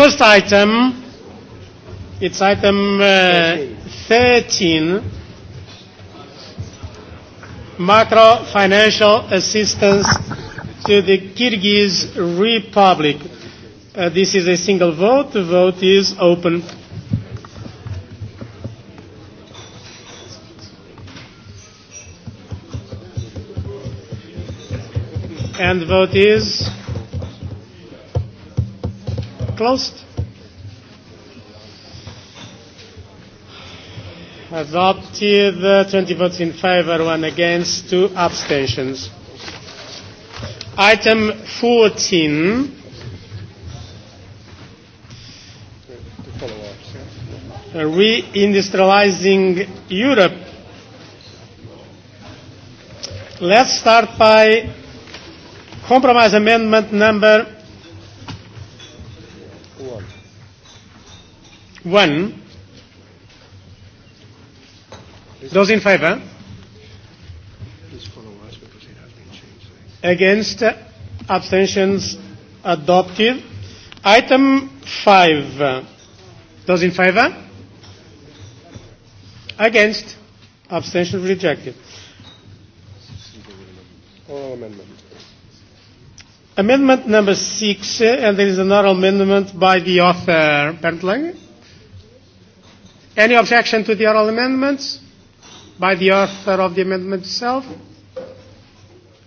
First item, it's item uh, 13, macro financial assistance to the Kyrgyz Republic. Uh, this is a single vote. The vote is open. And the vote is closed. Adopted 20 uh, votes in favor, one against, two abstentions. Item 14. Reindustrializing Europe. Let's start by compromise amendment number One. Those in favour. Against? Abstentions? Adopted. Item five. Those in favour. Against? Abstentions? Rejected. Oral amendment. Amendment number six and there is an oral amendment by the author, Bernd Lange. Any objection to the oral amendments by the author of the amendment itself?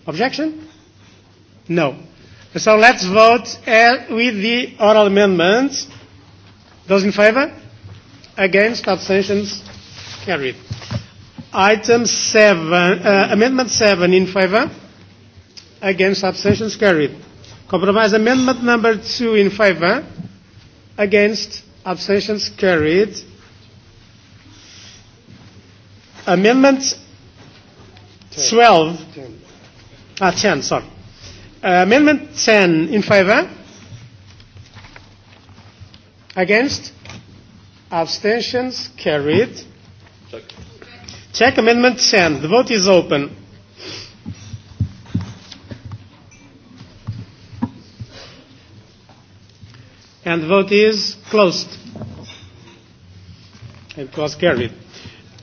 Objection? No. So let's vote eh, with the oral amendments. Those in favor? Against? Abstentions? Carried. Item 7, uh, eh, Amendment 7 in favor? Against? Abstentions? Carried. Compromise Amendment number 2 in favor? Against? Abstentions? Carried. Amendment 12. Ah, 10, sorry. Uh, amendment 10 in favor? Against? Abstentions? Carried. Check. Check Amendment 10. The vote is open. And the vote is closed. It was carried.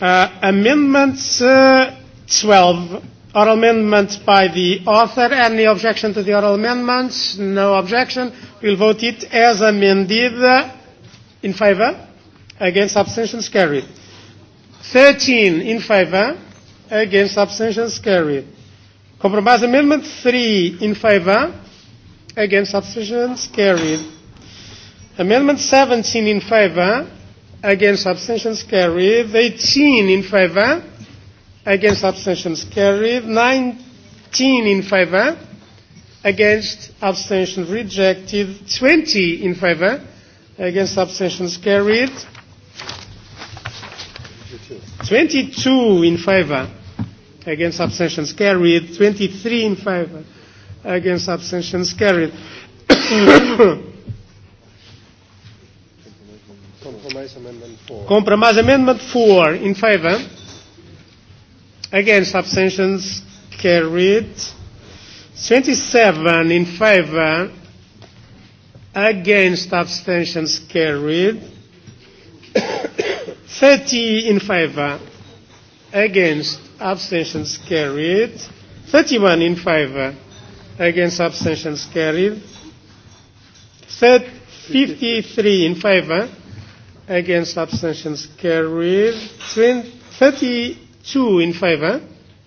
Uh, amendments uh, 12, oral amendments by the author. Any objection to the oral amendments? No objection. We'll vote it as amended. In favor? Against abstentions carried. 13 in favor. Against abstentions carried. Compromise amendment 3 in favor. Against abstentions carried. Amendment 17 in favor against abstentions carried. 18 in favor, against abstentions carried. 19 in favor, against abstentions rejected. 20 in favor, against abstentions carried. 22 in favor, against abstentions carried. 23 in favor, against abstentions carried. Compromise Amendment 4. Compromise Amendment 4 in favor. Against abstentions carried. 27 in favor. Against abstentions carried. 30 in favor. Against abstentions carried. 31 in favor. Against abstentions carried. 53 in favor against abstentions carried. 32 in favor,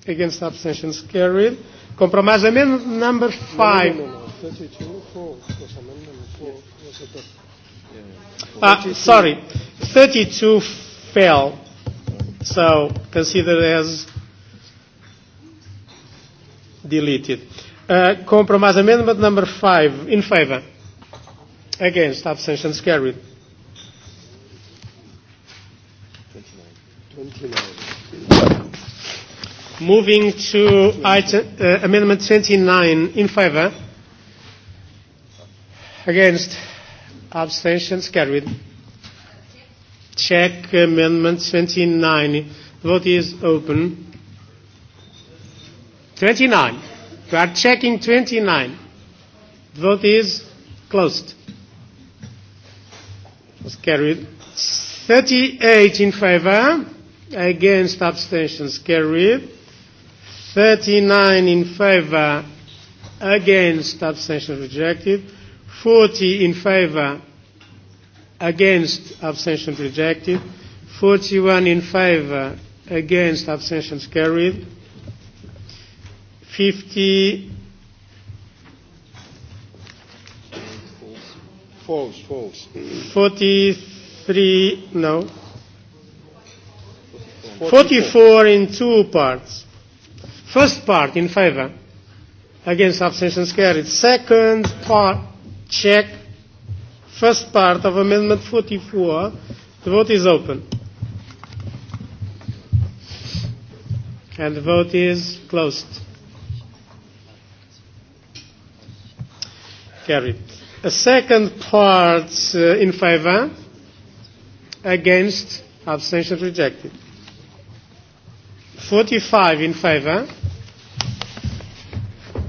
against abstentions carried. Compromise amendment number 5. No, no, no, uh, sorry, 32 fell. So considered as deleted. Uh, compromise amendment number 5 in favor. Against abstentions carried. 29. Moving to item, uh, amendment 29 in favor. Against. Abstentions carried. Check amendment 29. Vote is open. 29. We are checking 29. Vote is closed. Was carried. 38 in favor, against abstentions carried. 39 in favor, against abstentions rejected. 40 in favor, against abstentions rejected. 41 in favor, against abstentions carried. 50 false, false. 43 three, no, 44. in two parts. First part in favor, against abstentions carried. Second part, check. First part of Amendment 44. The vote is open. And the vote is closed. Carried. A second part uh, in favor against, abstention rejected. 45 in favor,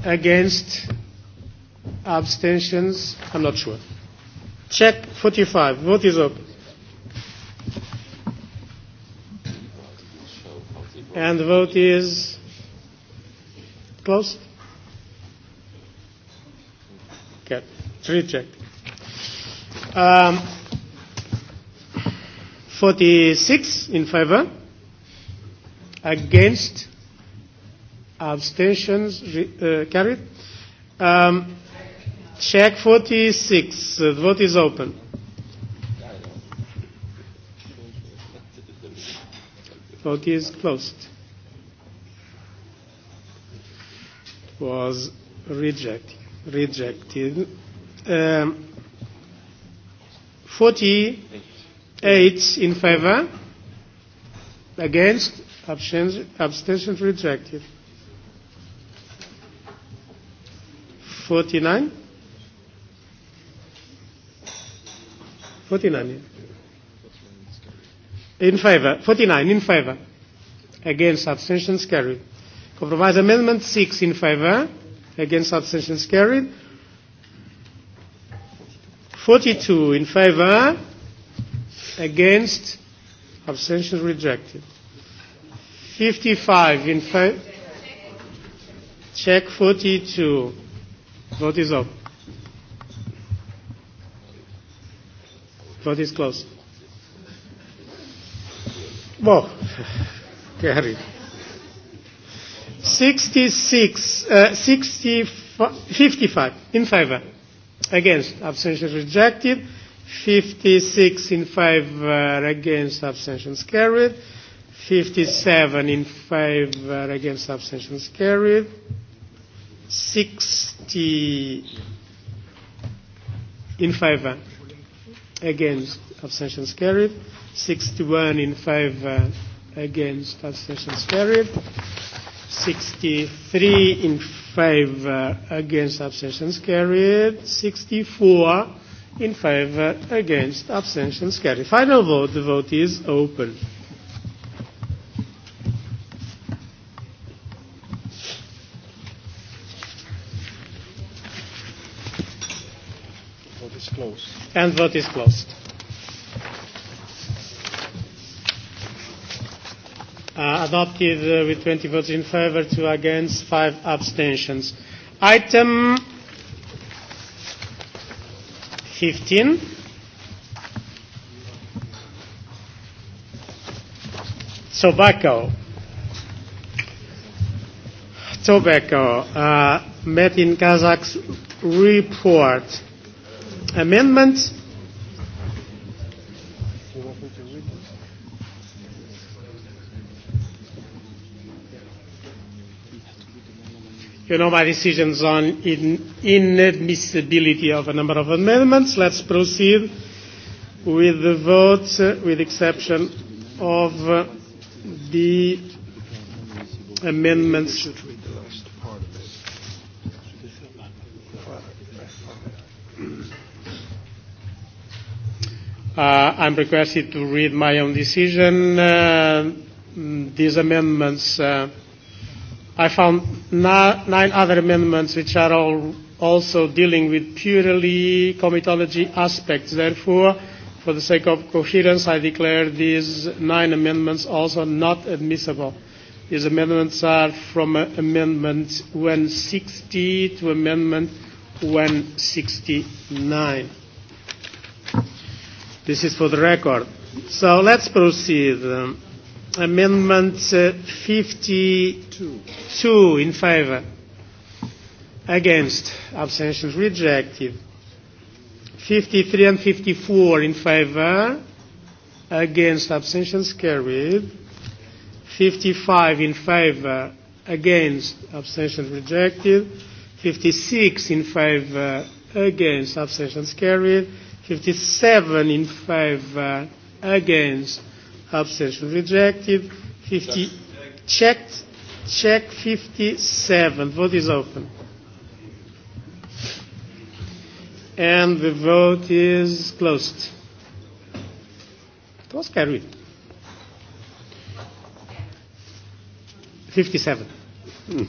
against, abstentions, I'm not sure. Check 45, vote is open. And the vote is closed. Okay, it's rejected. Um, 46 in favor, against, abstentions uh, carried. Um, check 46. The vote is open. Vote is closed. Was rejected. Rejected. Um, 40. 8 in favor, against, abstention rejected. 49? 49. In favor. 49 in favor. Against abstentions carried. Compromise amendment 6 in favor. Against abstentions carried. 42 in favor Against? abstention rejected. 55 in favor. Check 42. Vote is up. Vote is closed. Well, carry. 66, uh, 60, 55 in favor. Against. abstention rejected. 56 in favor against abstentions carried. 57 in favor against abstentions carried. 60 in favor against abstentions carried. 61 in favor against abstentions carried. 63 in favor against abstentions carried. 64 in favor, against, abstentions carried. Final vote, the vote is open. Vote is closed. And vote is closed. Uh, adopted uh, with 20 votes in favor, 2 against, 5 abstentions. Item 15. Tobacco. Tobacco, uh, met in Kazakh's report. Amendment. you know my decisions on in inadmissibility of a number of amendments. Let's proceed with the votes, uh, with exception of uh, the amendments. Uh, I'm requested to read my own decision. Uh, these amendments. Uh, i found nine other amendments which are all also dealing with purely comitology aspects. Therefore, for the sake of coherence, I declare these nine amendments also not admissible. These amendments are from uh, Amendment 160 to Amendment 169. This is for the record. So let's proceed. Um, Amendment 52 uh, in favor. Against. Abstentions rejected. 53 and 54 in favor. Against. Abstentions carried. 55 in favor. Against. Abstentions rejected. 56 in favor. Against. Abstentions carried. 57 in favor. Against abstention rejected. 50 checked. Check 57. Vote is open. And the vote is closed. It was carried. 57. Hmm.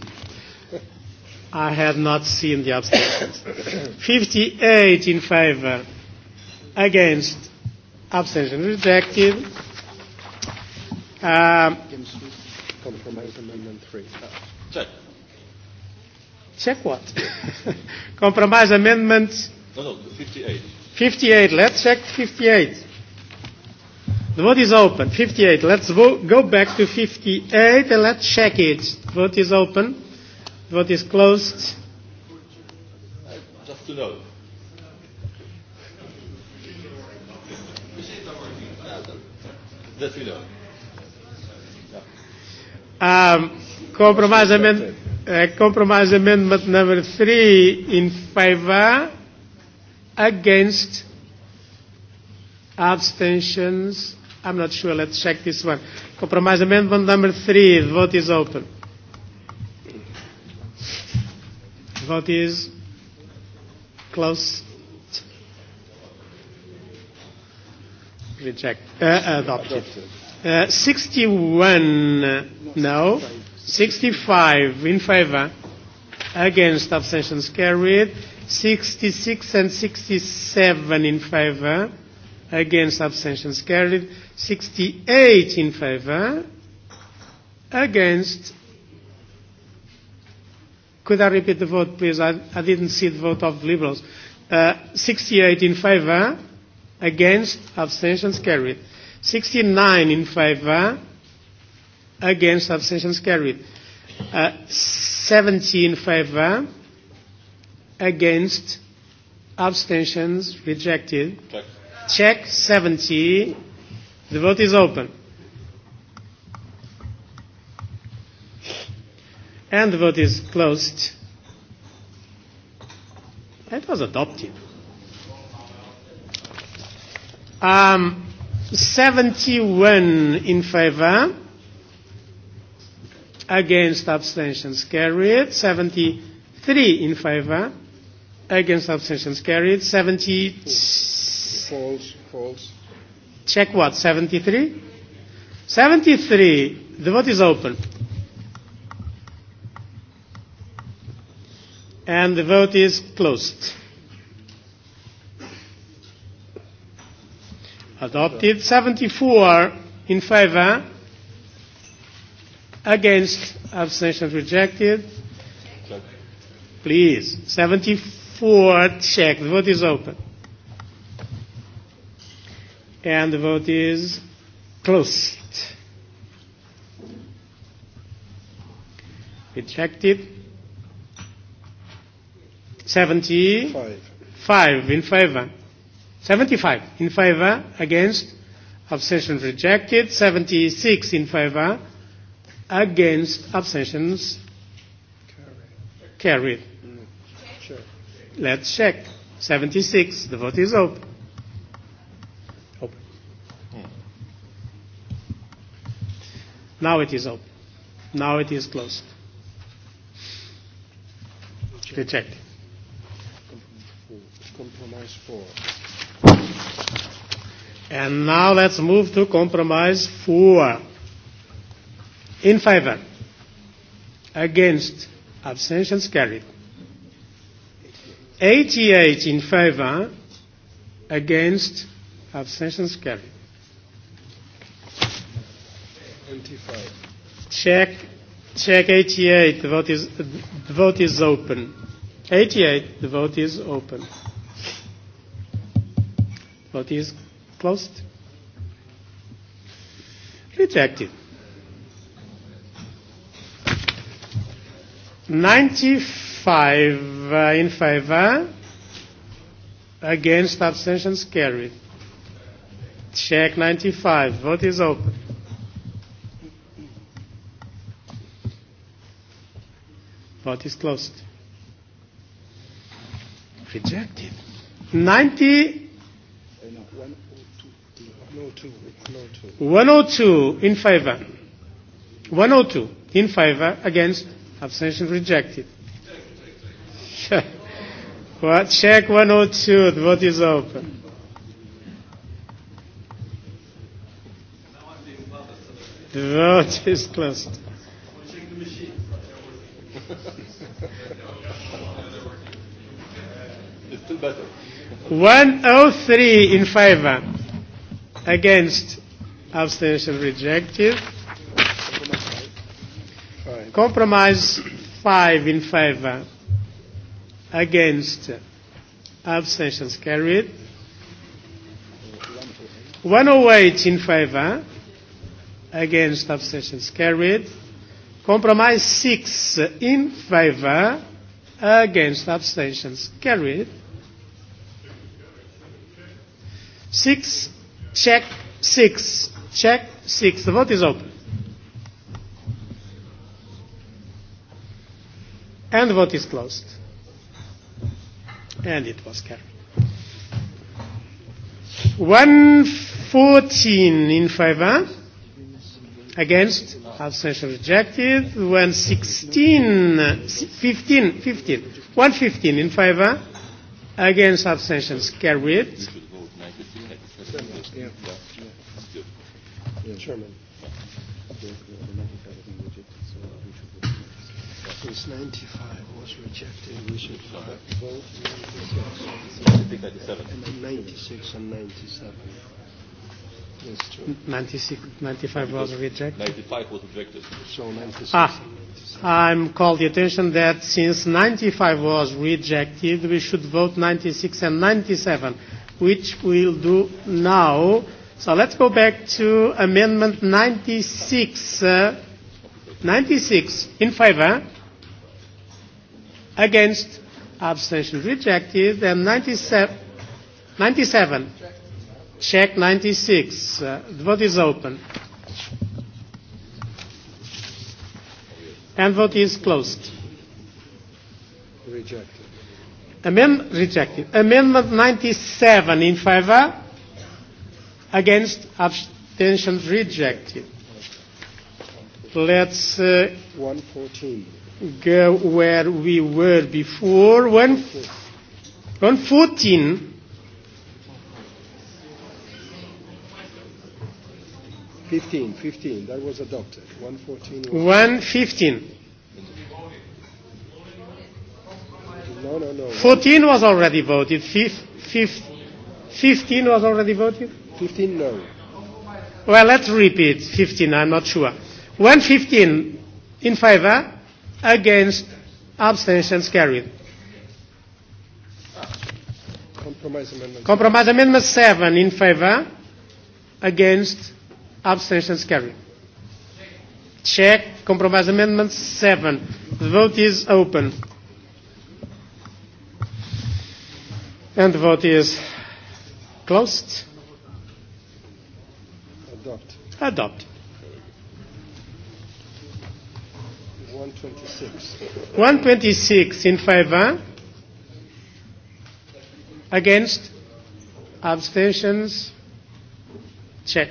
I had not seen the abstentions. 58 in favor, against, abstention rejected. Check. Uh, check what? compromise amendment. No, no, 58. 58. Let's check 58. The vote is open. 58. Let's vo- go back to 58 and let's check it. The vote is open. The vote is closed. just to know. That we know. Um, compromise, amend, uh, compromise amendment number three in favor, against, abstentions. I'm not sure. Let's check this one. Compromise amendment number three. The vote is open. The Vote is closed. Reject. Uh, adopted. adopted. 61 eh, no 65 in favor against abstentions carried 66 and 67 in favor against abstentions carried 68 in favor against could I repeat the vote please I, I didn't see the vote of the liberals uh, eh, 68 in favor against abstentions carried 69 in favor, against abstentions carried. Uh, 70 in favor, against abstentions rejected. Check. Check 70. The vote is open. And the vote is closed. It was adopted. Um, 71 in favor, against abstentions carried, 73 in favor, against abstentions carried, 70. False, false. Check what, 73? 73, the vote is open. And the vote is closed Adopted. 74 in favor. Against. Abstention rejected. Please. 74 check. The vote is open. And the vote is closed. Rejected. 75 Five in favor 75 in favor, against, abstentions rejected. 76 in favor, against, abstentions carried. Let's check. 76. The vote is open. Now it is open. Now it is closed. Rejected. Compromise four. And now let's move to compromise four. In favor, against, abstentions carried. 88 in favor, against, abstentions carried. 25. Check, check 88. The vote is, the vote is open. 88. The vote is open. Vote is closed. Rejected. 95 uh, in favor, against abstentions carried. Check 95. Vote is open. Vote is closed. Rejected. 90 102. No no in favor. 102 in favor against abstention rejected. what? Check 102. The vote is open. The vote is closed. One oh three 103 in favor Against. Abstention rejected. Compromise 5 in favor. Against. Abstentions carried. 108 in favor. Against. Abstentions carried. Compromise 6 in favor. Against. Abstentions carried. 6 Check six. Check six. The vote is open. And the vote is closed. And it was carried. 114 in favor. Against. Abstention rejected. 116. 15. 15. 115 in favor. Against abstentions carried. Chairman. 95 was rejected, we should vote 96. And 97. 95 was rejected. 95 was rejected. So 96. Ah, I'm called the attention that since 95 was rejected, we should vote 96 and 97 which we'll do now. So let's go back to Amendment 96. Uh, 96 in favor, against, abstention rejected, and 97. 97. Check 96. Uh, the vote is open. And vote is closed. Reject. Amend rejected. Amendment 97 in favor. Against abstentions rejected. Let's uh, go where we were before. 114. Fifteen, fifteen. That was adopted. One fourteen. One fifteen. No, no, no. 14 was already voted. 15 was already voted? 15, no. Well, let's repeat 15, I'm not sure. 115 in favor, against, abstentions carried. Compromise amendment. Compromise amendment 7 in favor, against, abstentions carried. Check. Compromise amendment 7. The vote is open. And what vote is closed. Adopt. Adopt. 126. 126 in favor. Against. Abstentions. Check.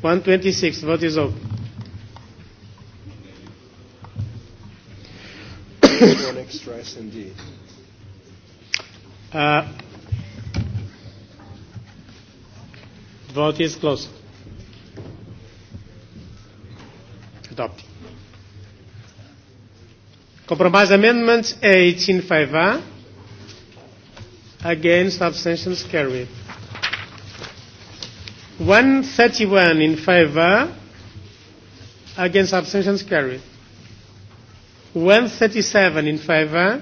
126. Vote is open. One extra S Eh, vote is closed. Adopted. Compromise amendments 8 in favor. Against abstentions carried. 131 in favor. Against abstentions carried. 137 in favor.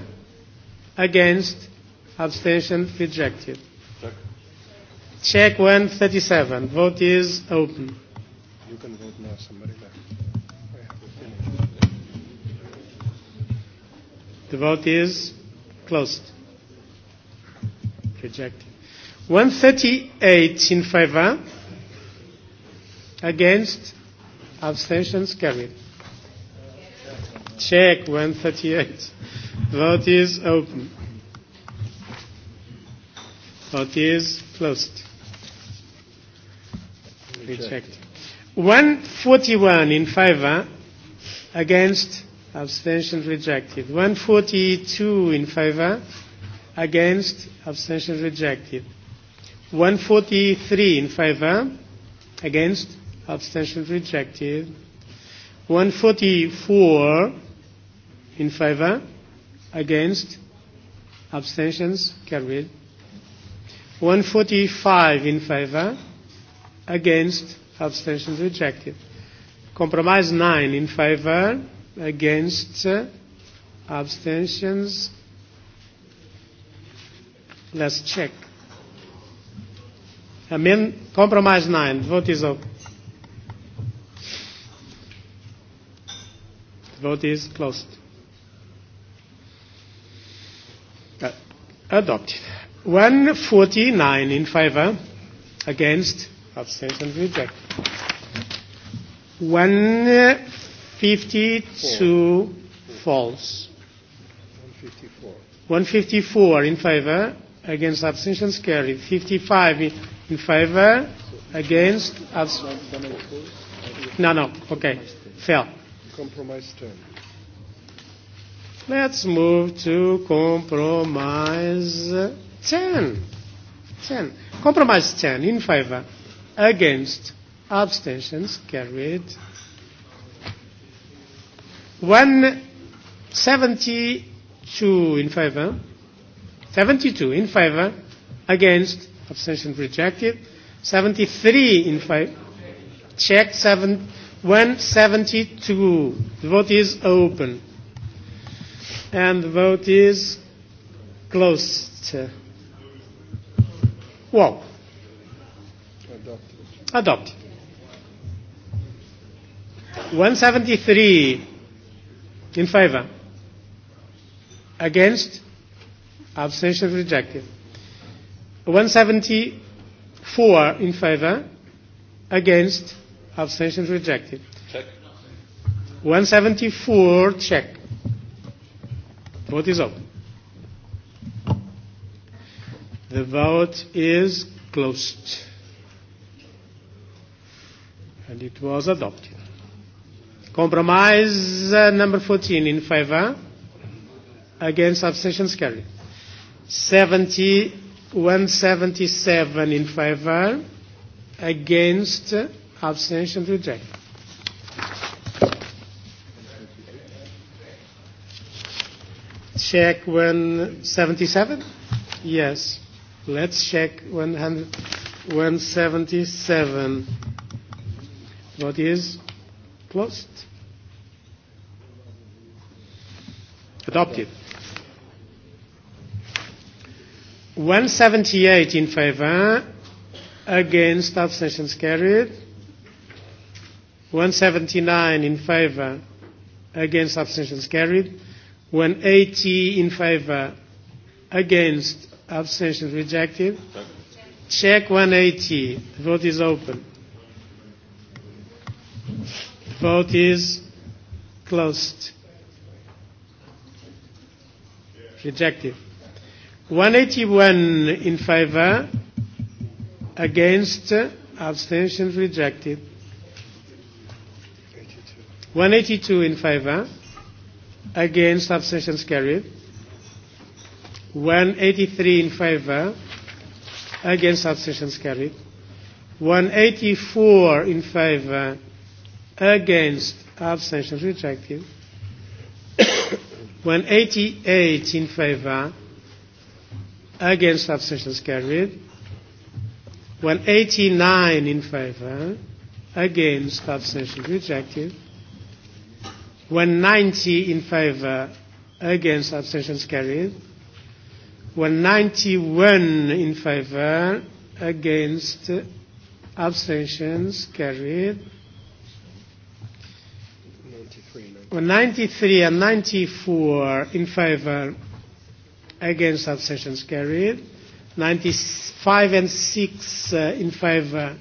Against abstention rejected. Check. Check 137. Vote is open. You can vote now, somebody there. The vote is closed. Rejected. 138 in favor. Against. Abstentions carried. Check 138. Vote is open. Vote is closed. Rejected. 141 in favor, against, abstention rejected. 142 in favor, against, abstention rejected. 143 in favor, against, abstention rejected. 144 in favor, against, abstentions carried. 145 in favor, against, abstentions rejected. Compromise 9 in favor, against, uh, abstentions. Let's check. Amend compromise 9. Vote is open. Vote is closed. Uh, adopted. 149 in favor, against, abstention reject 152 Four. false. 154 in favor, against abstention carried. 55 in, favor, against abstentions. No, no, okay, fail. Compromise term. Let's move to compromise 10. 10. Compromise 10 in favor. Against. Abstentions carried. 172 in favor. 72 in favor. Against. Abstention rejected. 73 in favor. Check 7, 172. The vote is open. And the vote is closed. Wow. Adopted. Adopted. 173 in favor. Against. Abstention rejected. 174 in favor. Against. Abstention rejected. Check. 174 check. Vote is open. The vote is closed. And it was adopted. Compromise uh, number 14 in favor. Against abstentions carried. 70, 177 in favor. Against abstention rejected. Check 177? Yes. Let's check 177. What is closed? Adopted. 178 in favor, against abstentions carried. 179 in favor, against abstentions carried. 180 in favor, against abstentions rejected. Check 180. The vote is open. The vote is closed. Rejected. 181 in favor, against, abstentions rejected. 182 in favor, against, abstentions carried. 183 in favor, against abstentions carried. 184 in favor, against abstentions rejected. 188 in favor, against abstentions carried. 189 in favor, against abstentions rejected. 190 in favor, against abstentions carried. 191 in favor, against, abstentions carried. 93 and 94 in favor, against abstentions carried. 95 and 6 uh, in favor,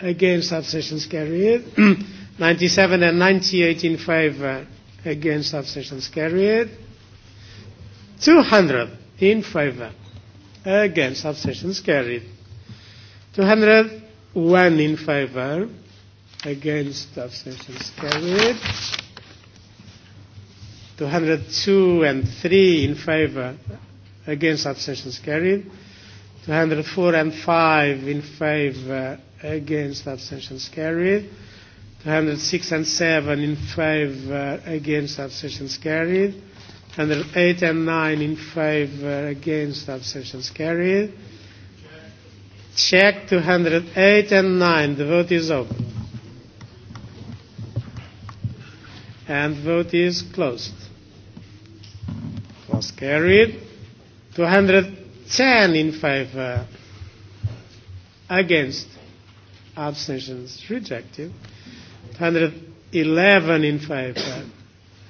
against abstentions carried. 97 and 98 in favor, against abstentions carried. 200 in favor Again, subsection is carried 201 in favor against is carried 202 and 3 in favor against is carried 204 and 5 in favor against is carried 206 and 7 in favor against is carried Under 8 and 9 in favor, against abstentions carried. Check 208 and 9. The vote is open. And vote is closed. Was carried. 210 in favor. Against. Abstentions rejected. 211 in favor.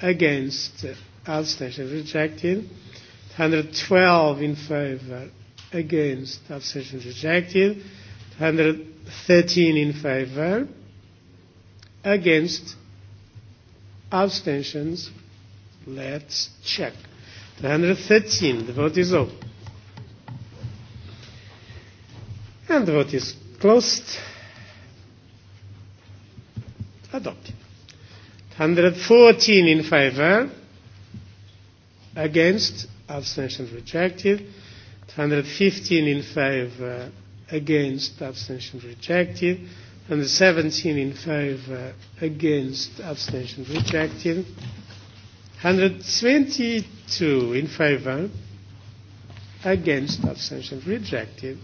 Against abstentions rejected. 112 in favor, against, abstentions rejected. 113 in favor, against, abstentions. Let's check. 113. The vote is open. And the vote is closed. Adopted. 114 in favor against, abstention rejected. 115 in favour, against, abstention rejected. 117 in favour, against, abstention rejected. 122 in favor against, abstention rejected.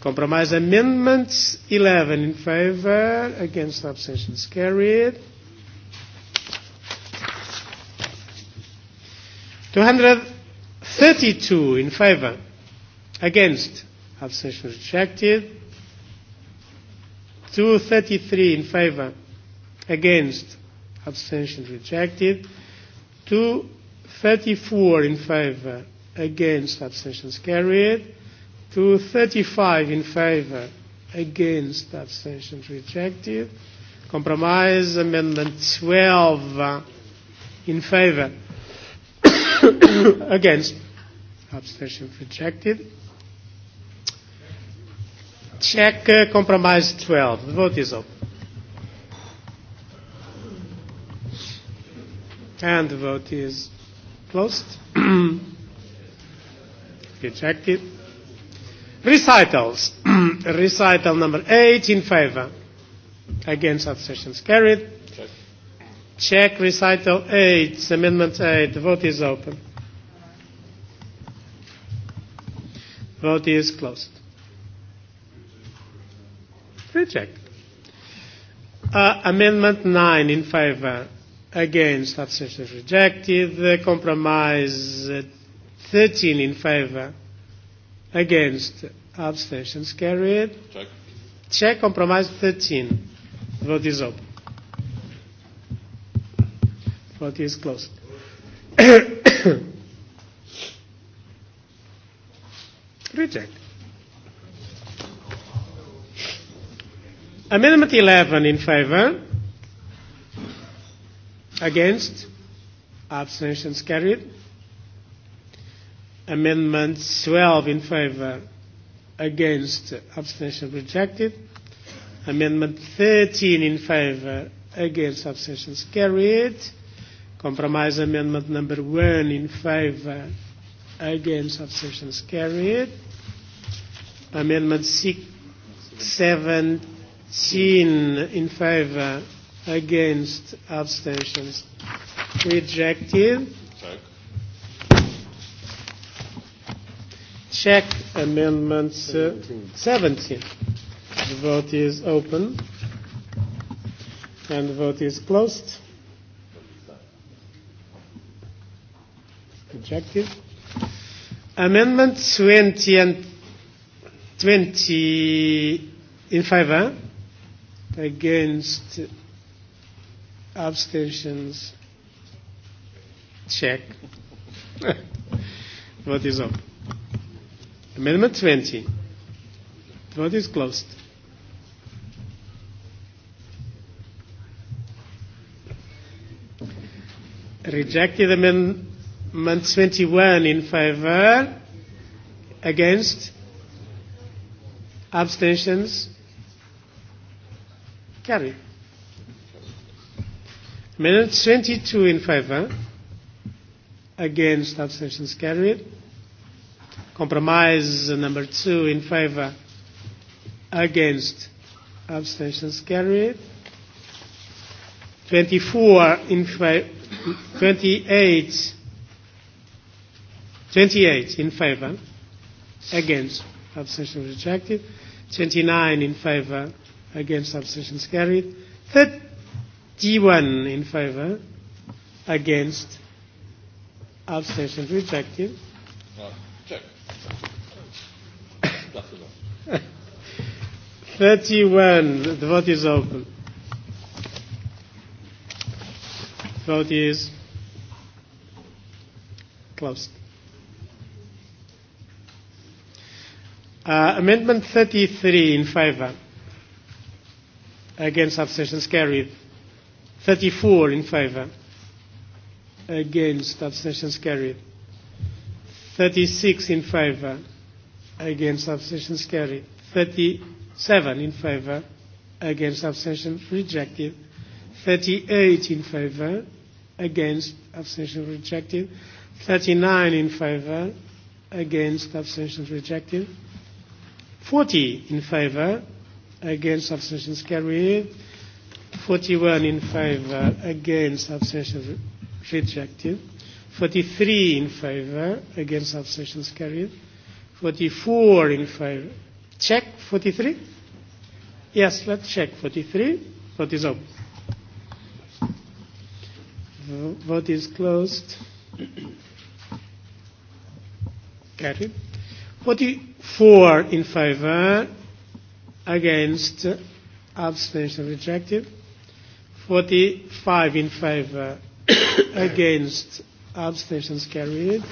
Compromise amendments 11 in favor against abstentions carried. 232 in favor. Against. Abstention rejected. 233 in favor. Against. Abstention rejected. 234 in favor. Against. Abstentions carried. 235 in favor. Against. Abstentions rejected. Compromise amendment 12 uh, in favor Against. Abstention rejected. Check uh, compromise 12. The vote is open. And the vote is closed. rejected. Recitals. Recital number 8 in favor. Against abstentions carried. Check recital 8, amendment 8. Vote is open. Vote is closed. Reject. Uh, amendment 9 in favor. Against. Abstentions rejected. The compromise uh, 13 in favor. Against. Abstentions carried. Check. Check compromise 13. Vote is open what is closed. Reject. Amendment 11 in favor. Against. Abstentions carried. Amendment 12 in favor. Against. Abstention rejected. Amendment 13 in favor. Against. Abstentions carried. Compromise amendment number one in favor, against abstentions carried. Amendment six, 17 in favor, against abstentions rejected. Check. Check amendment 17. Uh, 17. The vote is open and the vote is closed objective. Amendment 20 and 20 in favor. Against abstentions. Check. what is up. Amendment 20. What is closed. Rejected amendment month 21 in favor, against, abstentions, carry. Minute 22 in favor, against, abstentions, carry. Compromise number 2 in favor, against, abstentions, carry. 24 in favor, 28 28 in favor, against, abstention rejected. 29 in favor, against, abstention carried. 31 in favor, against, abstention rejected. No, check. 31, the vote is open. Vote is closed. Uh, amendment 33 in favour. Against abstentions carried. 34 in favour. Against abstentions carried. 36 in favour. Against abstentions carried. 37 in favour. Against abstention rejected. 38 in favour. Against abstention rejected. 39 in favour. Against abstention rejected. 40 in favor, against abstentions carried. 41 in favor, against abstentions rejected. 43 in favor, against abstentions carried. 44 in favor. Check 43? Yes, let's check 43. Vote is open. Vote is closed. Carried. 40, Four in favor, against, abstention rejected. 45 in favor, against, abstentions carried.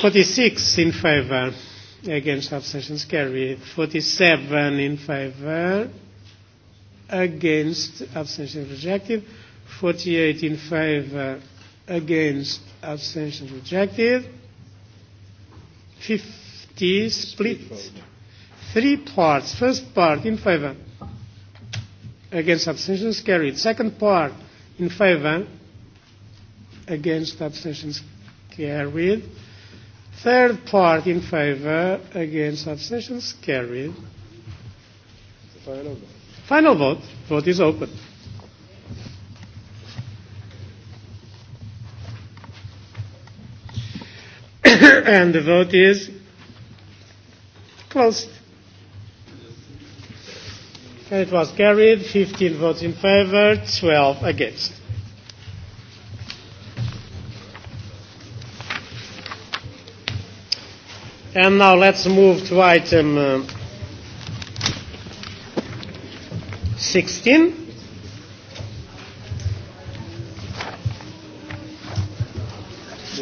46 in favor, against, abstentions carried. 47 in favor, against, abstentions rejected. 48 in favor, against, abstentions rejected. 50 split. Three parts. First part in favor. Against abstentions carried. Second part in favor. Against abstentions carried. Third part in favor. Against abstentions carried. Final vote. Final vote. Vote is open. and the vote is closed. it was carried, 15 votes in favor, 12 against. And now let's move to item uh, 16.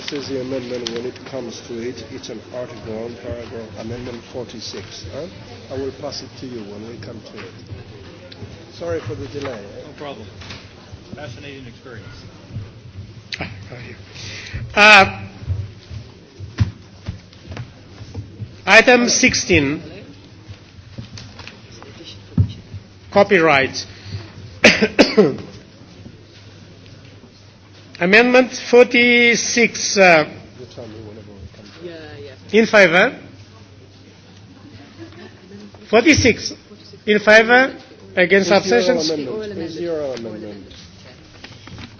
says the amendment when it comes to it. It's an article on paragraph amendment 46. Huh? I will pass it to you when we come to it. Sorry for the delay. Eh? No problem. Fascinating experience. Uh, item 16 copyright Amendment 46 uh, in favor. 46 in favor against abstentions.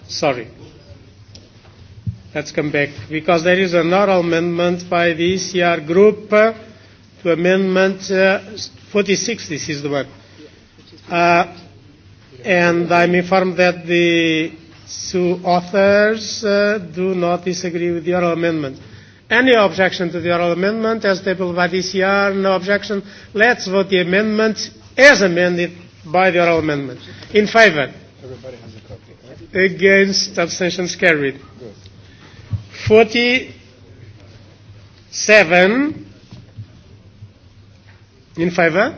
Sorry. Let's come back because there is an oral amendment by the ECR group uh, to amendment uh, 46. This is the one. Uh, and I'm informed that the So authors uh, do not disagree with the oral amendment. Any objection to the oral amendment as tabled by DCR? No objection. Let's vote the amendment as amended by the oral amendment. In favor? Everybody has a copy. Right? Against abstentions carried. Good. 47 in favor?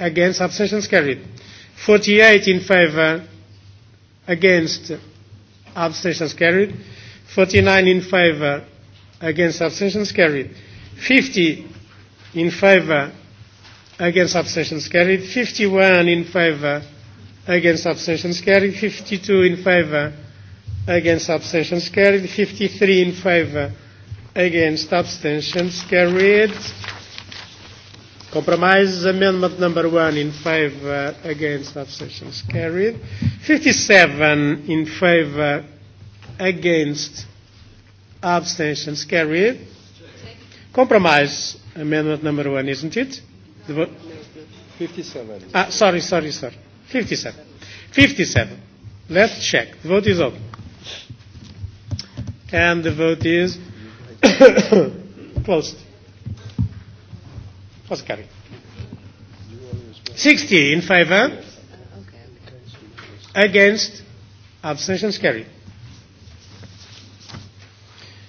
Against abstentions carried. 48 in favor? against abstentions carried 49 in favor against abstentions carried 50 in favor against abstentions carried 51 in favor against abstentions carried 52 in favor against abstentions carried 53 in favor against abstentions carried Compromise amendment number one in favor, against abstentions carried. 57 in favor, against abstentions carried. Compromise amendment number one, isn't it? The 57. Ah, sorry, sorry, sorry. 57. 57. Let's check. The vote is open. And the vote is closed. Was 60 in favor. Against. Abstentions carried.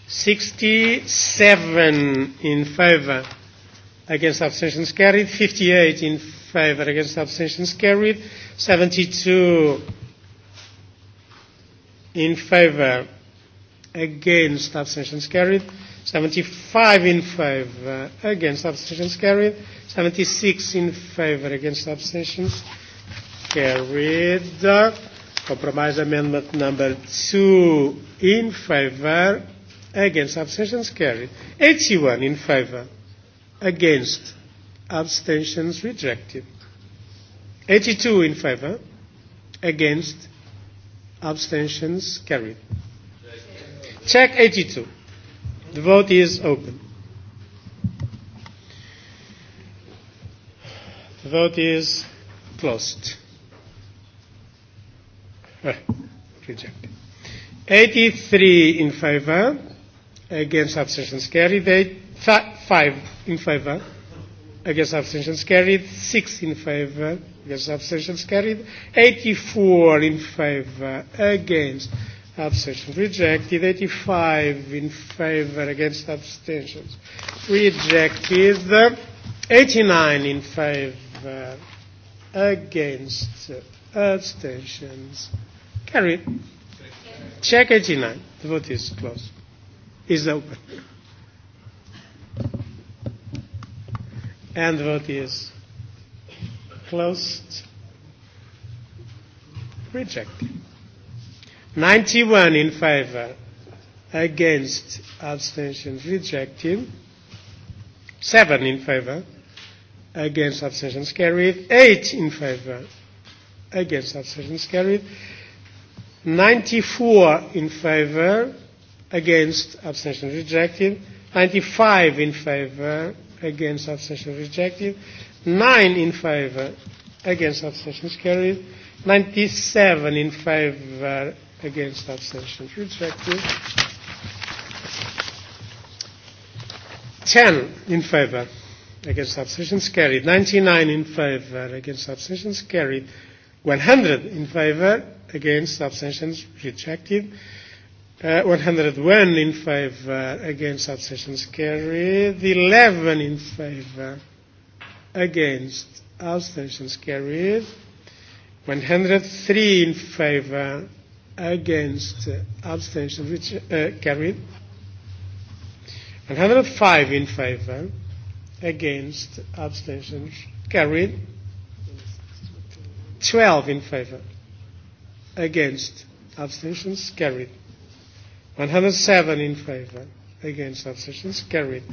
67 in favor. Against abstentions carried. 58 in favor. Against abstentions carried. 72 in favor. Against abstentions carried. 75 in favour against abstentions carried. 76 in favour against abstentions carried. Compromise amendment number 2 in favour against abstentions carried. 81 in favour against abstentions rejected. 82 in favour against abstentions carried. Check 82. The vote is open. The vote is closed. Uh, rejected. 83 in favor, against abstentions carried. Eight, th- in favor, against abstentions carried. Six in favor, against abstentions carried. 84 in favor, against Abstentions rejected 85 in favor against abstentions rejected 89 in favor against abstentions carried check 89 the vote is closed is open and the vote is closed rejected 91 in favor, against, abstention, rejected. 7 in favor, against, abstention, carried. 8 in favor, against, abstention, carried. 94 in favor, against, abstention rejected. 95 in favor, against, abstention rejected. 9 in favor, against, abstention, carried. 97 in favor, against abstentions rejected. Ten in favor against abstentions carried. Ninety-nine in favor against abstentions carried. One hundred in favor against abstentions rejected. Uh, one in favor against abstentions carried. Eleven in favor against abstentions carried. One hundred three in favor against uh, abstention which uh, carried 105 in favor against abstention carried 12 in favor against abstentions carried 107 in favor against abstentions carried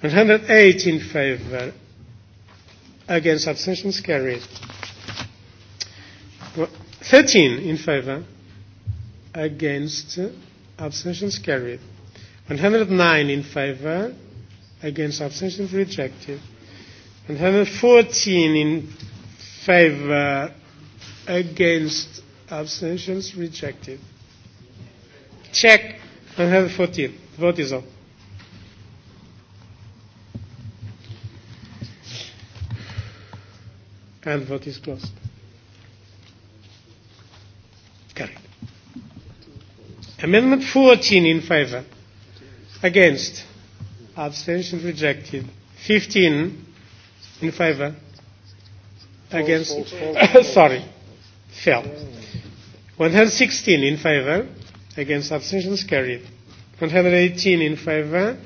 108 in favor against abstentions carried 13 in favor against abstentions carried. 109 in favor against abstentions rejected. 114 in favor against abstentions rejected. Check 114. The Vote is up. And vote is closed. Correct. Amendment 14 in favor. Against. Abstention rejected. 15 in favor. Against. False, false, false, Sorry. Fell. 116 in favor. Against abstentions carried. 118 in favor.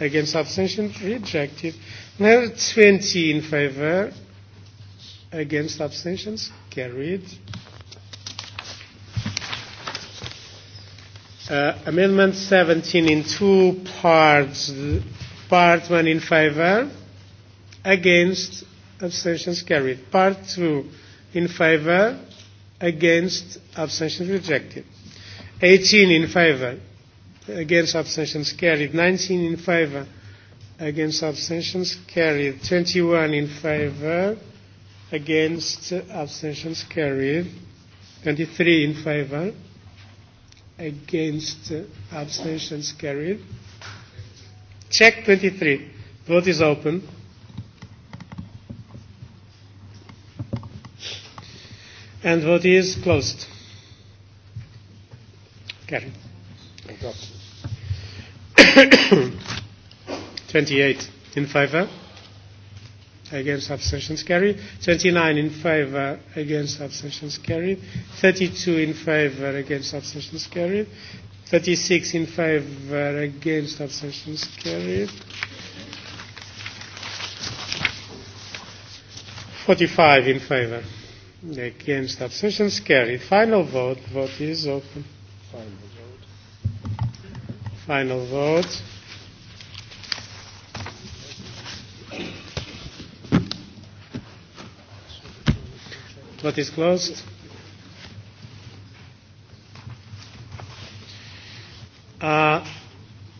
Against abstention rejected. 120 in favor. Against abstentions carried. Uh, amendment 17 in two parts. Part 1 in favour, against, abstentions carried. Part 2 in favour, against, abstentions rejected. 18 in favour, against abstentions carried. 19 in favour, against abstentions carried. 21 in favour, against abstentions carried. 23 in favour against abstentions carried. Check 23. Vote is open. And vote is closed. Carried. 28 in favor against abstentions carried. 29 in favor against abstentions carried. 32 in favor against abstentions carried. 36 in favor against abstentions carried. 45 in favor against abstentions carried. Final vote. Vote is open. Final vote. Final vote. What is closed. Uh,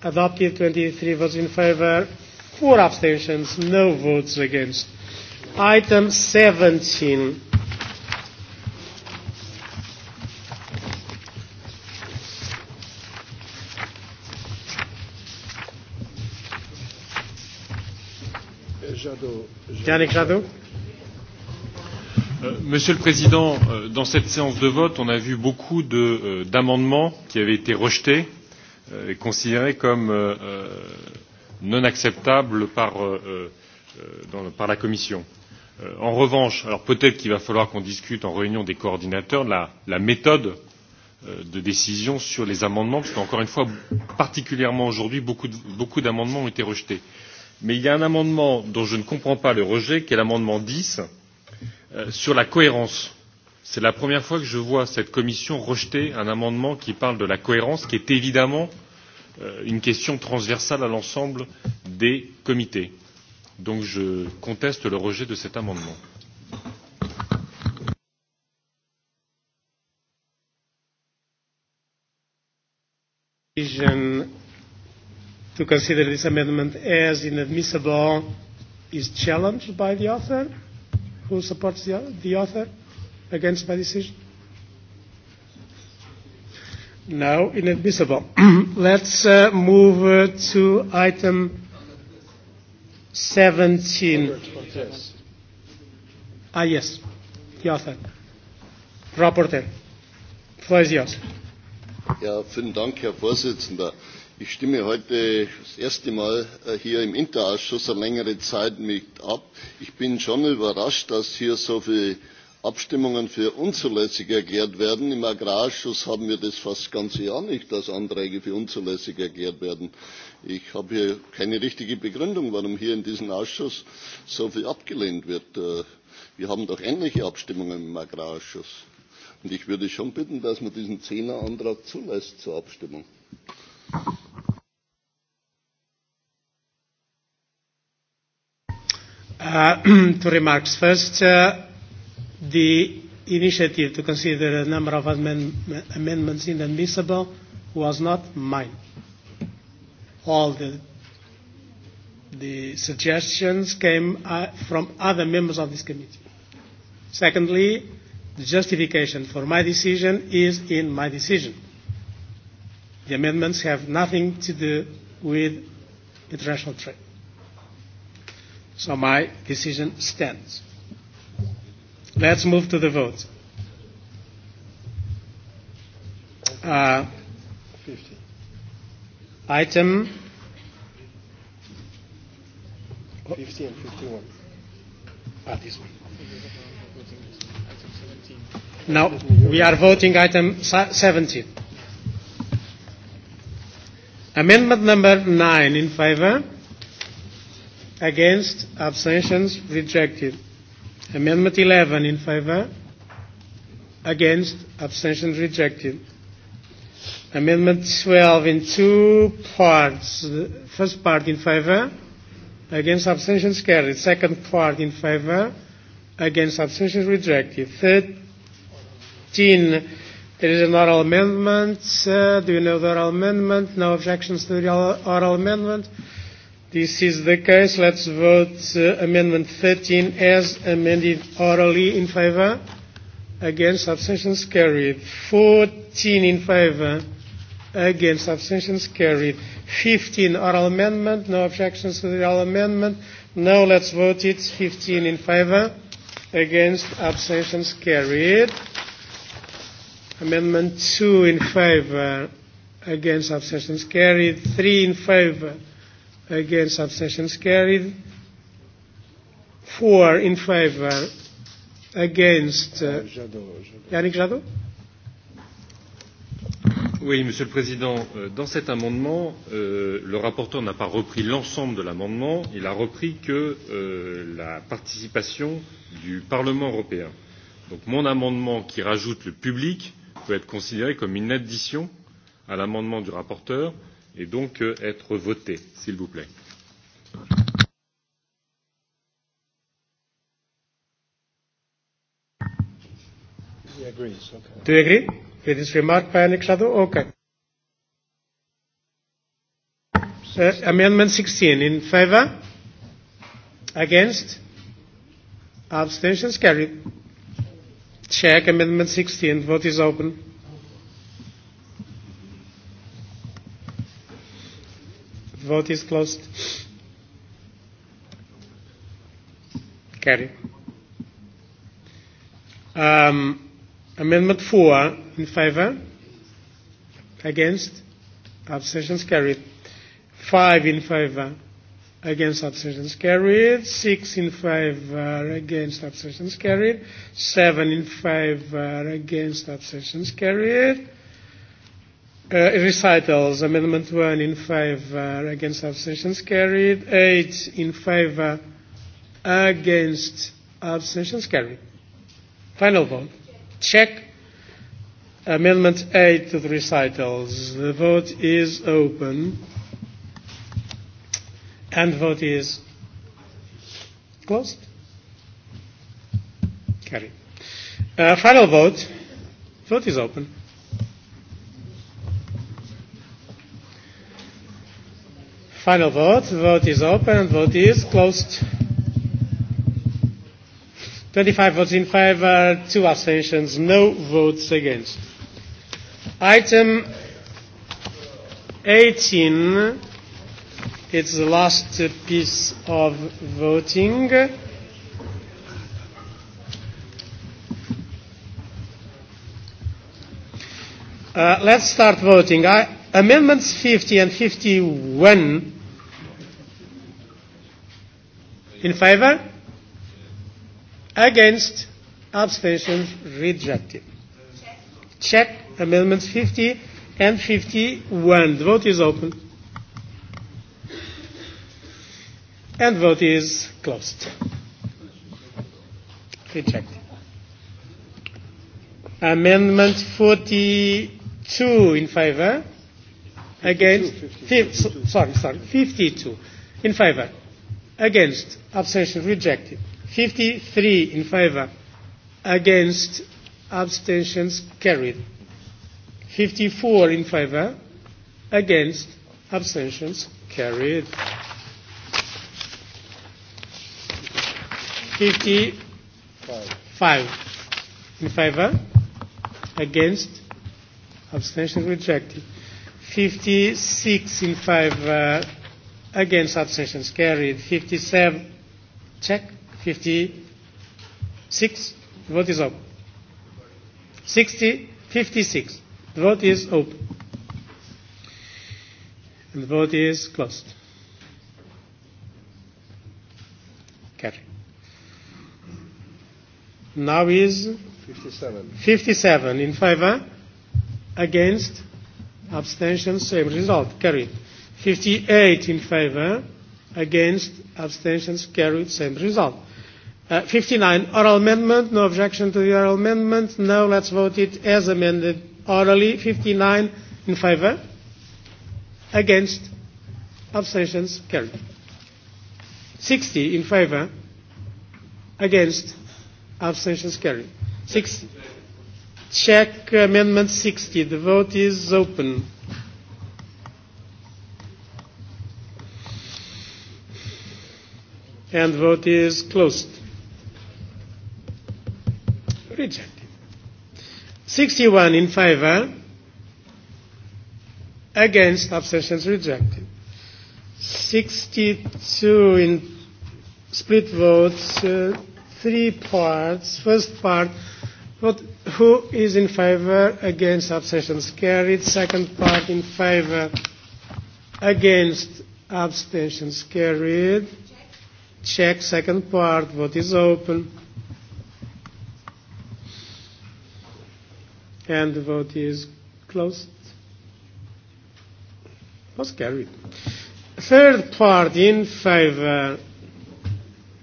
adopted 23 votes in favor, 4 abstentions, no votes against. Item 17. Jadot. Yannick Jadot. Monsieur le Président, euh, dans cette séance de vote, on a vu beaucoup euh, d'amendements qui avaient été rejetés euh, et considérés comme non acceptables par, la Commission. En revanche, alors peut-être qu'il va falloir qu'on discute en réunion des coordinateurs de la, méthode de décision sur les amendements, parce qu'encore une fois, particulièrement aujourd'hui, beaucoup, d'amendements ont été rejetés. Mais il y a un amendement dont je ne comprends pas le rejet, qui est l'amendement dix euh, Euh, sur la cohérence c'est la première fois que je vois cette commission rejeter un amendement qui parle de la cohérence qui est évidemment euh, une question transversale à l'ensemble des comités. donc je conteste le rejet de cet amendement. to consider this amendment as inadmissible is challenged by the author who supports the, the author against my decision? No, inadmissible. Let's uh, move uh, to item 17. Ah, yes, the author. Rapporteur. Floor is yours. Ja, vielen Dank, Herr Vorsitzender. Ich stimme heute das erste Mal äh, hier im Interausschuss eine längere Zeit mit ab. Ich bin schon überrascht, dass hier so viele Abstimmungen für unzulässig erklärt werden. Im Agrarausschuss haben wir das fast das ganze Jahr nicht, dass Anträge für unzulässig erklärt werden. Ich habe hier keine richtige Begründung, warum hier in diesem Ausschuss so viel abgelehnt wird. Äh, wir haben doch ähnliche Abstimmungen im Agrarausschuss. Und ich würde schon bitten, dass man diesen Zehner-Antrag zulässt zur Abstimmung. Uh, two remarks. First, uh, the initiative to consider a number of amend amendments inadmissible was not mine. All the, the suggestions came uh, from other members of this committee. Secondly, the justification for my decision is in my decision. The amendments have nothing to do with international trade. So my decision stands. Let's move to the vote. Uh, item 15 and 51. Ah, this one. Now we are voting item 17. Amendment number nine in favor. Against. Abstentions. Rejected. Amendment 11 in favor. Against. Abstentions. Rejected. Amendment 12 in two parts. First part in favor. Against abstentions carried. Second part in favor. Against abstentions rejected. 13 There is an oral amendment. Uh, do you know the oral amendment? No objections to the oral amendment. This is the case. Let's vote uh, Amendment 13 as amended orally in favor. Against abstentions carried. 14 in favor. Against abstentions carried. 15 oral amendment. No objections to the oral amendment. Now let's vote it. 15 in favor. Against abstentions carried. Amendment 2 in favor, against abstentions carried. 3 in favor, against abstentions carried. 4 in favor, against. Uh, Yannick Jadot Oui, Monsieur le Président, euh, dans cet amendement, euh, le rapporteur n'a pas repris l'ensemble de l'amendement, il a repris que euh, la participation du Parlement européen. Donc mon amendement qui rajoute le public peut être considéré comme une addition à l'amendement du rapporteur et donc euh, être voté, s'il vous plaît. He agrees, okay. Do you agree remark by Nick Shadow? Okay. Uh, amendment 16 in favor? Against? Abstentions carried. Check Amendment 16. Vote is open. Vote is closed. Carry. Um, amendment 4 in favor. Against. Abstentions carried. 5 in favor against abstentions carried. Six in favor uh, against abstentions carried. Seven in favor uh, against abstentions carried. Uh, recitals. Amendment 1 in favor uh, against abstentions carried. 8 in favor against abstentions carried. Final vote. Check. Amendment 8 to the recitals. The vote is open. And the vote is closed. Carry. Uh, final vote. Vote is open. Final vote. Vote is open. Vote is closed. 25 votes in favor, two abstentions, no votes against. Item 18 It's the last piece of voting. Uh, let's start voting. I, amendments 50 and 51 in favor? Against? Abstentions? Rejected. Check. Check amendments 50 and 51. The vote is open. And vote is closed. Rejected. Amendment 42 in favor. Against. 52, sorry, sorry. 52 in favor. Against. Abstention rejected. 53 in favor. Against. Abstentions carried. 54 in favor. Against. Abstentions carried. 55 in favor, against, abstention rejected. 56 in favor, against, abstentions carried. 57, check. 56, vote is open. 60, 56, the vote is open. And the vote is closed now is 57. 57 in favor, against, abstention same result, carried. 58 in favor, against, abstentions, carried, same result. Uh, 59, oral amendment, no objection to the oral amendment. No, let's vote it as amended orally. 59 in favor, against, abstentions, carried. 60 in favor, against, Abstentions carried. Six. Check Amendment 60. The vote is open. And the vote is closed. Rejected. 61 in favor. Against abstentions rejected. 62 in split votes. Uh, three parts. First part, what, who is in favor against abstentions carried? Second part, in favor against abstentions carried. Check. Check second part. What is open. And the vote is closed. Was carried. Third part in favor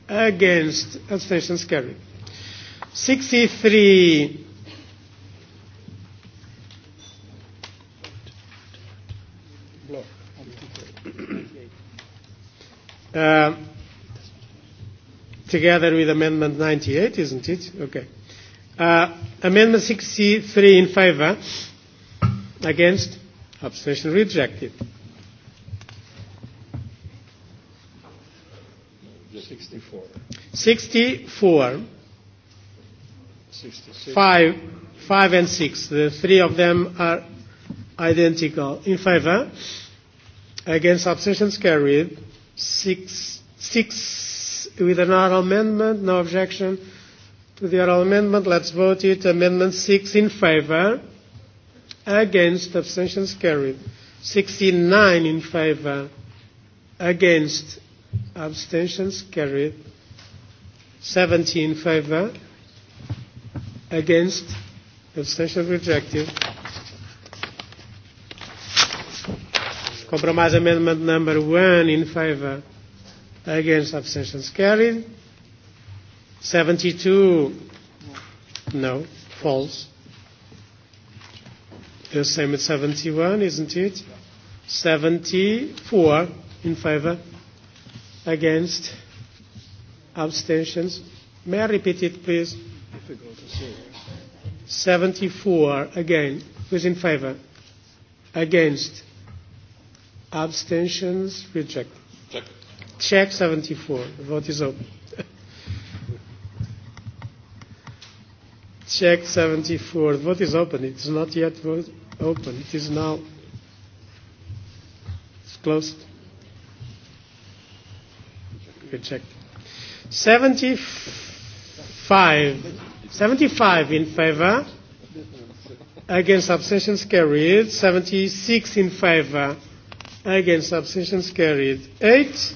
Against. Abstentions carried. 63. Uh, together with Amendment 98, isn't it? Okay. Uh, amendment 63 in favour. Against. Abstention rejected. 64. 64. 5 Five, five and six. The three of them are identical. In favor, against abstentions carried. Six, six with an oral amendment, no objection to the oral amendment. Let's vote it. Amendment six in favor, against abstentions carried. 69 in favor, against abstentions carried. 17 in favor, against, abstentions rejected. Compromise amendment number one in favor, against, abstentions carried. 72, no, false. The same with 71, isn't it? 74 in favor Against? Abstentions? May I repeat it, please? 74 again. Who's in favor? Against? Abstentions? Reject. Check. Check 74. The vote is open. Check 74. The vote is open. It is not yet vote open. It is now. It's closed rejected. 75, 75 in favor, against abstentions carried. 76 in favor, against abstentions carried. 8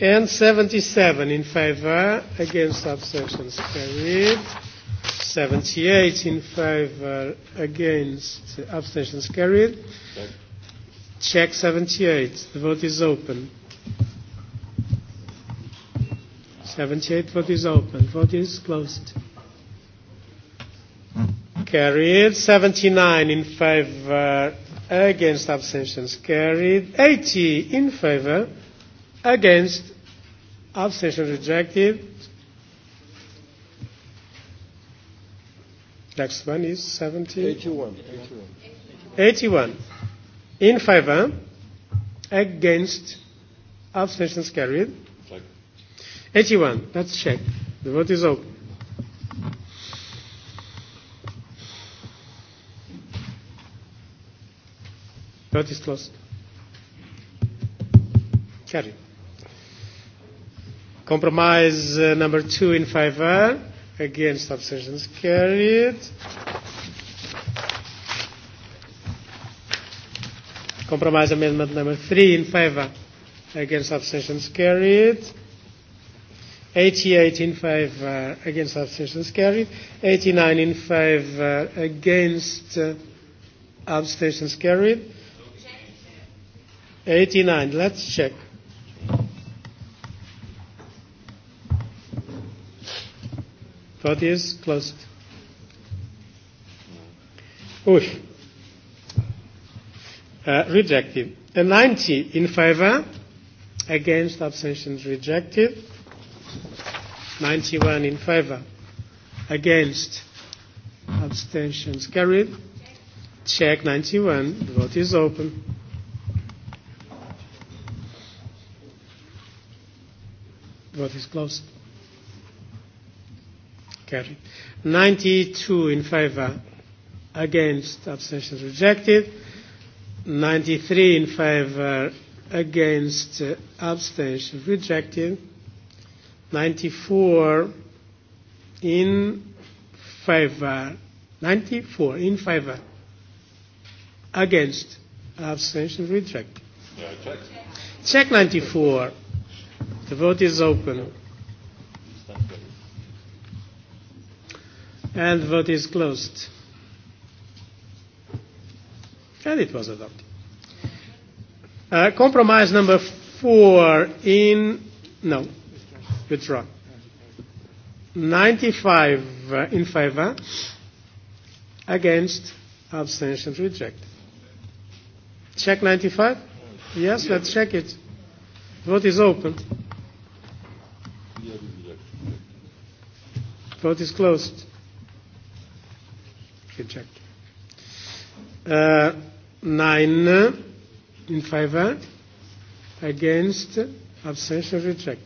and 77 in favor, against abstentions carried. 78 in favor, against abstentions carried. Check 78. The vote is open. 78, what is open. what is closed. Carried. 79 in favor, against abstentions. Carried. 80 in favor, against abstention rejected. Next one is 70. 81. 81. 81. In favor, against abstentions carried. 81, let's check. The vote is open. Vote is closed. Carried. Compromise uh, number two in favor. Against abstentions carried. Compromise amendment number three in favor. Against abstentions carried. 88 in favor, uh, against abstentions carried. 89 in favor, uh, against uh, abstentions carried. 89, let's check. Vote is closed. Oof. Uh, rejected. A 90 in favor, against abstentions rejected. 91 in favor. Against. Abstentions carried. Check 91. The vote is open. The vote is closed. Carried. 92 in favor. Against. Abstentions rejected. 93 in favor. Against. Uh, abstentions rejected. 94 in favor. 94 in favor. Against. Abstention reject. Yeah, check. check 94. The vote is open. And the vote is closed. And it was adopted. Uh, compromise number four in, no, Withdrawn. Uh, 95 in favor. Against. abstention reject. Check 95? Yes, let's check it. Vote is open. Vote is closed. Reject. Uh, nine uh, in favor. Against. Abstention reject.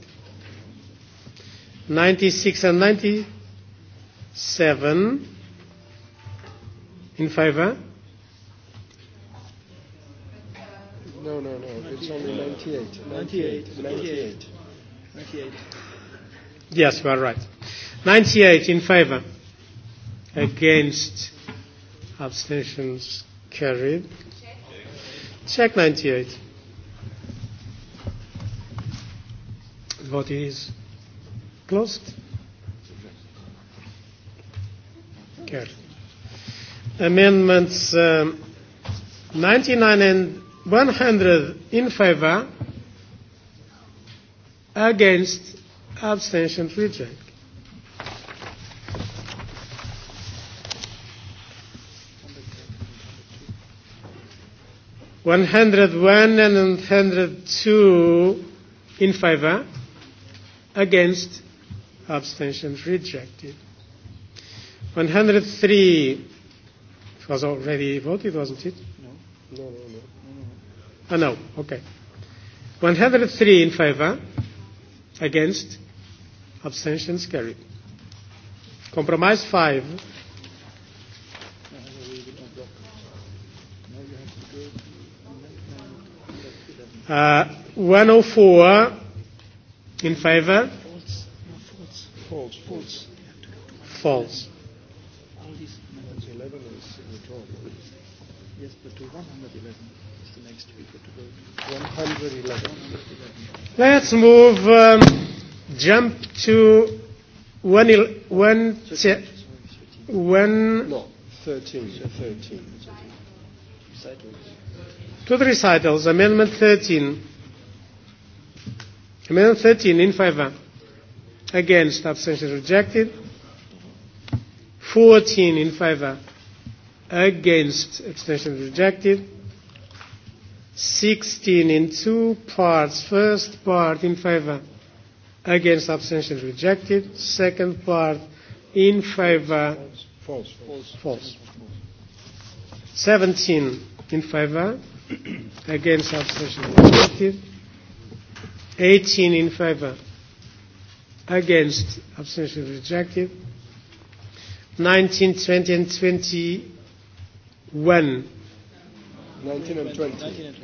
96 and 97 in favor? No, no, no. It's only 98. 98. 98. 98. Yes, you are right. 98 in favor. Against. Abstentions carried. Check 98. What is Closed? Carried. Amendments um, 99 and 100 in favor, against, abstention, reject. One hundred one and one hundred two in favor, against abstentions rejected. 103 it was already voted, wasn't it? No, no, no. no. Ah, no, okay. 103 in favor, against, abstentions carried. Compromise 5. Uh, 104 in favor, False. False. False. All these numbers. 11 is in the top. Yes, but to 111 is the next speaker to go to. 111. 111. Let's move, um, jump to one, il, one, te, one. No, 13. 13. To the recitals, Amendment 13. Amendment 13 in favor. Against, abstention rejected. 14 in favor. Against, abstention rejected. 16 in two parts. First part in favor. Against, abstention rejected. Second part in favor. False. False. False. 17 in favor. Against, abstention rejected. 18 in favor against abstention rejected 19 20 and 21 19 and 20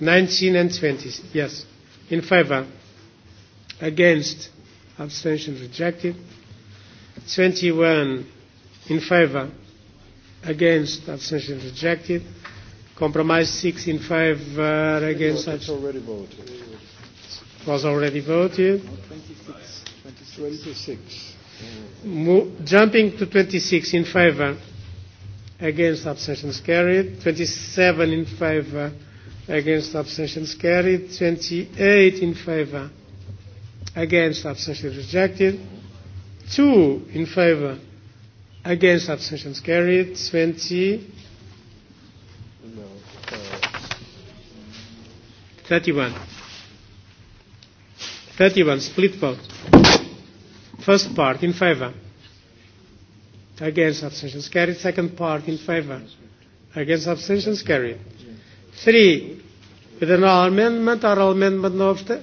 19 and 20 yes in favor against abstention rejected 21 in favor against abstention rejected compromise 6 in favor against abstention already voted was already voted. 26. 26. Mo- jumping to 26 in favor, against abstentions carried. 27 in favor, against abstentions carried. 28 in favor, against abstentions rejected. 2 in favor, against abstentions carried. 20. 31 31, split vote. First part, in favor. Against abstentions carried. Second part, in favor. Against abstentions carried. Three, with an amendment, oral amendment, no, obst-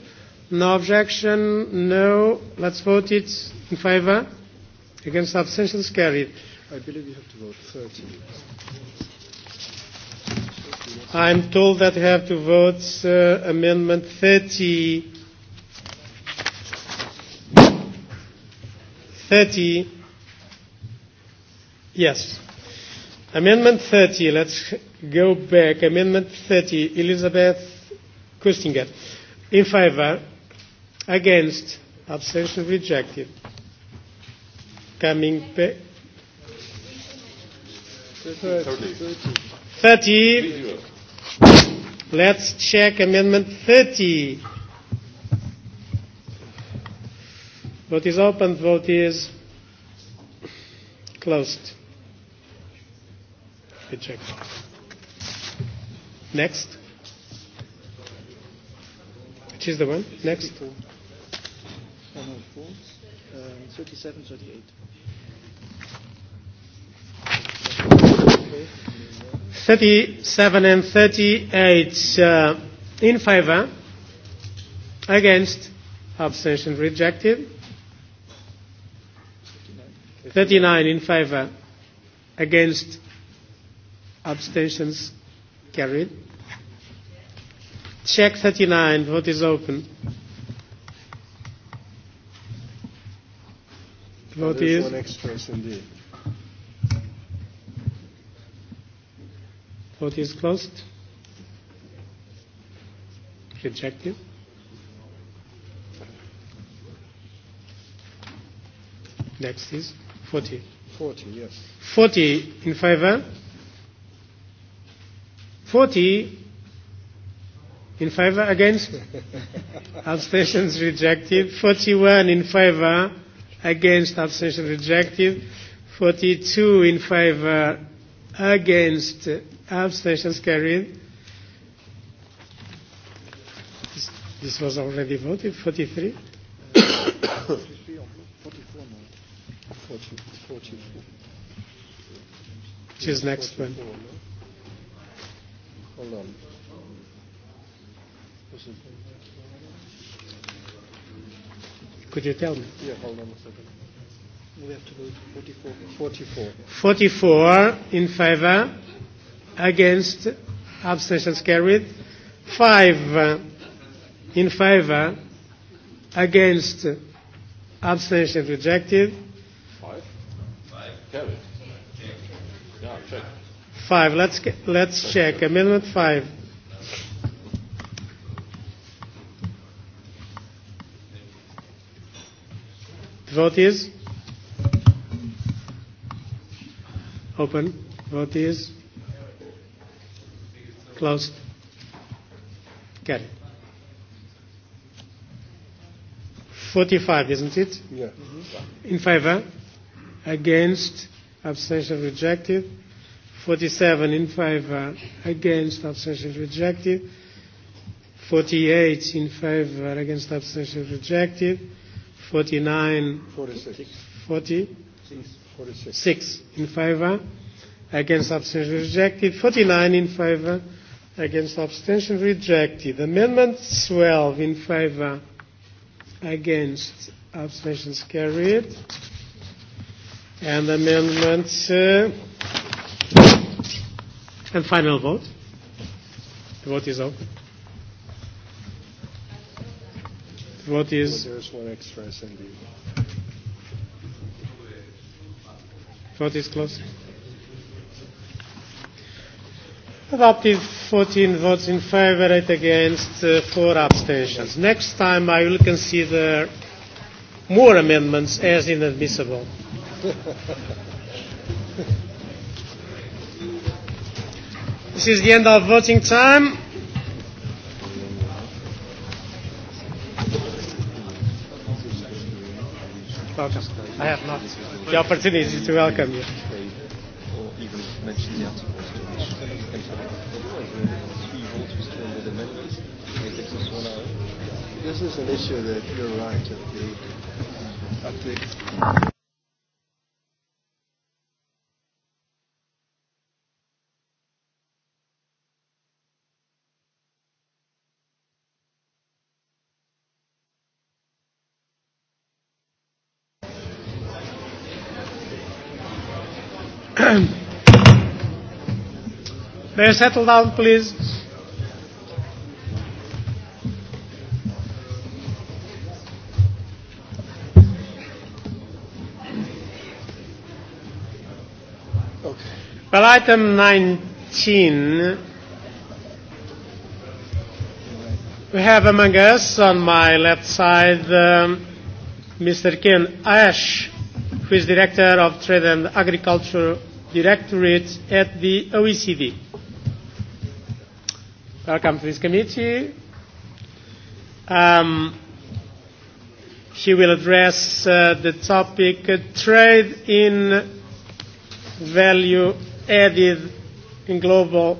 no objection, no. Let's vote it in favor. Against abstentions carried. I believe you have to vote 30. I'm told that you have to vote uh, amendment 30. 30. Yes. Amendment 30. Let's go back. Amendment 30. Elizabeth Kustinger. In favor. Against. Abstention rejected. Coming back. 30. 30. Let's check Amendment 30. Vote is open. Vote is closed. Check. Next. Which is the one? Next. 37, 38. Thirty-seven and thirty-eight uh, in favor, against, abstention rejected. 39 in favour, against, abstentions carried. Check 39, vote is open. Vote is. one extra indeed. Vote is closed. Rejected. Next is. 40. 40, yes. 40 in favor. Eh? 40 in favor eh, against. abstentions rejected. 41 in favor eh? against. Abstentions rejected. 42 in favor against. Abstentions carried. This, this was already voted. 43. Which is next one? Hold on. Could you tell me? Yeah, hold on a second. We have to go to 44. 44. 44 in favor, against, abstentions carried. 5 uh, in favor, against, abstentions rejected. No, five. Let's let's check. Amendment five. The vote is open. Vote is closed. Forty five, isn't it? Yeah. Mm-hmm. In favor? against, abstention rejected. 47 in favor, against, abstention rejected. 48 in favor, against, abstention rejected. 49, 46. 40, 46. 6 in favor, against, abstention rejected. 49 in favor, against, abstention rejected. Amendment 12 in favor, against, abstention carried and amendments uh, and final vote. The vote is open. The vote is. Well, there's one extra SND. Vote is closed. Adopted 14 votes in favor, 8 against, uh, 4 abstentions. Next time I will consider more amendments as inadmissible. This is the end of voting time. Welcome. I have not the opportunity to welcome you. This is an issue that you're right at the, at the May you settle down, please? Well, item 19. We have among us on my left side um, Mr. Ken Ash, who is Director of Trade and Agriculture Directorate at the OECD. Welcome to this committee. Um, she will address uh, the topic uh, trade in value added in global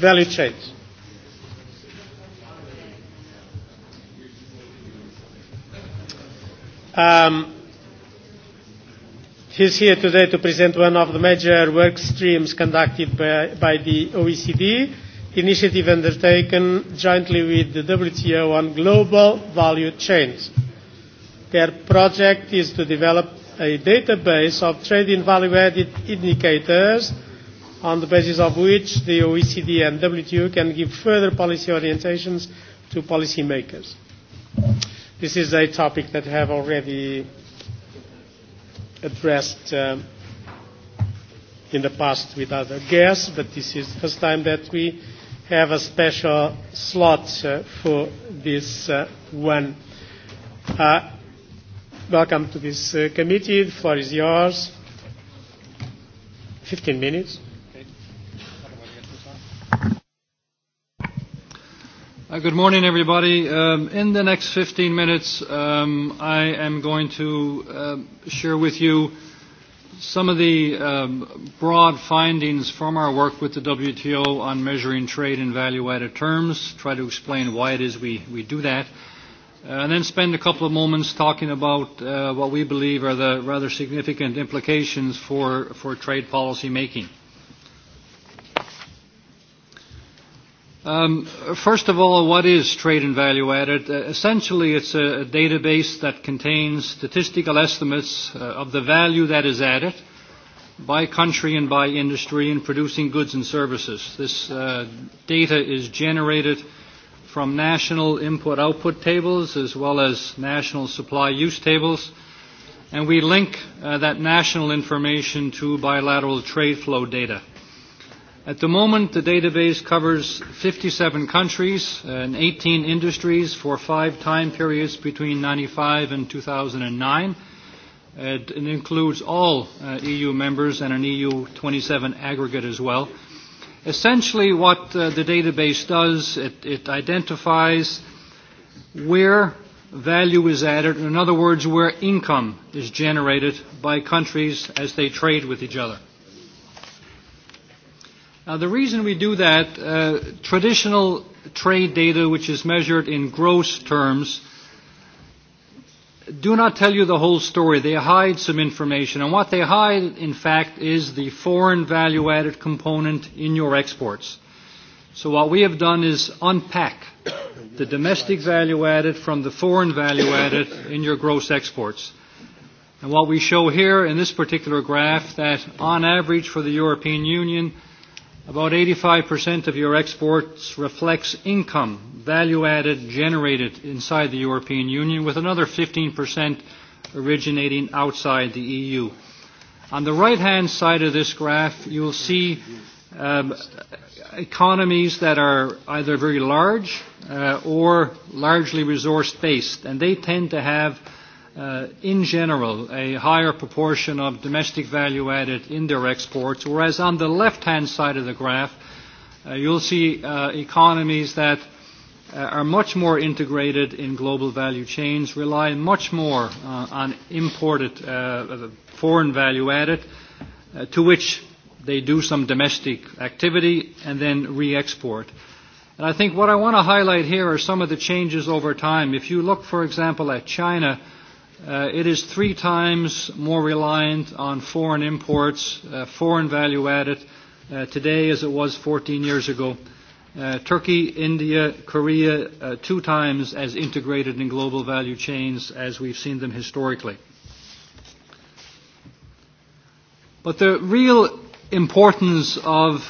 value chains. Um, He's here today to present one of the major work streams conducted by, by the OECD, initiative undertaken jointly with the WTO on global value chains. Their project is to develop a database of trade in value-added indicators on the basis of which the OECD and WTO can give further policy orientations to policymakers. This is a topic that I have already addressed um, in the past with other guests, but this is the first time that we have a special slot uh, for this uh, one. Uh, welcome to this uh, committee. The floor is yours. 15 minutes. Uh, good morning, everybody. Um, in the next 15 minutes, um, I am going to uh, share with you some of the um, broad findings from our work with the WTO on measuring trade in value-added terms, try to explain why it is we, we do that, uh, and then spend a couple of moments talking about uh, what we believe are the rather significant implications for, for trade policy making. Um, first of all, what is trade and value added? Uh, essentially, it's a, a database that contains statistical estimates uh, of the value that is added by country and by industry in producing goods and services. This uh, data is generated from national input-output tables as well as national supply-use tables, and we link uh, that national information to bilateral trade flow data. At the moment, the database covers 57 countries and 18 industries for five time periods between 95 and 2009. It includes all uh, EU members and an EU 27 aggregate as well. Essentially, what uh, the database does, it, it identifies where value is added, in other words, where income is generated by countries as they trade with each other. Now, the reason we do that, uh, traditional trade data, which is measured in gross terms, do not tell you the whole story. They hide some information. And what they hide, in fact, is the foreign value added component in your exports. So what we have done is unpack the domestic value added from the foreign value added in your gross exports. And what we show here in this particular graph that on average for the European Union, About 85% of your exports reflects income, value added generated inside the European Union, with another 15% originating outside the EU. On the right-hand side of this graph, you'll see um, economies that are either very large uh, or largely resource-based, and they tend to have – uh, in general, a higher proportion of domestic value added in their exports, whereas on the left-hand side of the graph, uh, you'll see uh, economies that uh, are much more integrated in global value chains, rely much more uh, on imported uh, foreign value added, uh, to which they do some domestic activity and then re-export. And I think what I want to highlight here are some of the changes over time. If you look, for example, at China, uh, Uh, it is three times more reliant on foreign imports, uh, foreign value added uh, today as it was 14 years ago. Uh, Turkey, India, Korea, uh, two times as integrated in global value chains as we've seen them historically. But the real importance of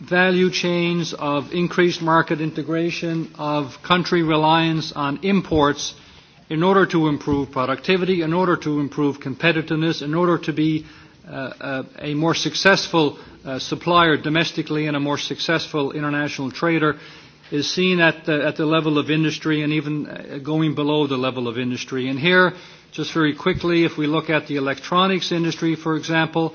value chains, of increased market integration, of country reliance on imports in order to improve productivity, in order to improve competitiveness, in order to be uh, uh, a more successful uh, supplier domestically and a more successful international trader is seen at the, level of industry and even going below the level of industry. And here, just very quickly, if we look at the electronics industry, for example,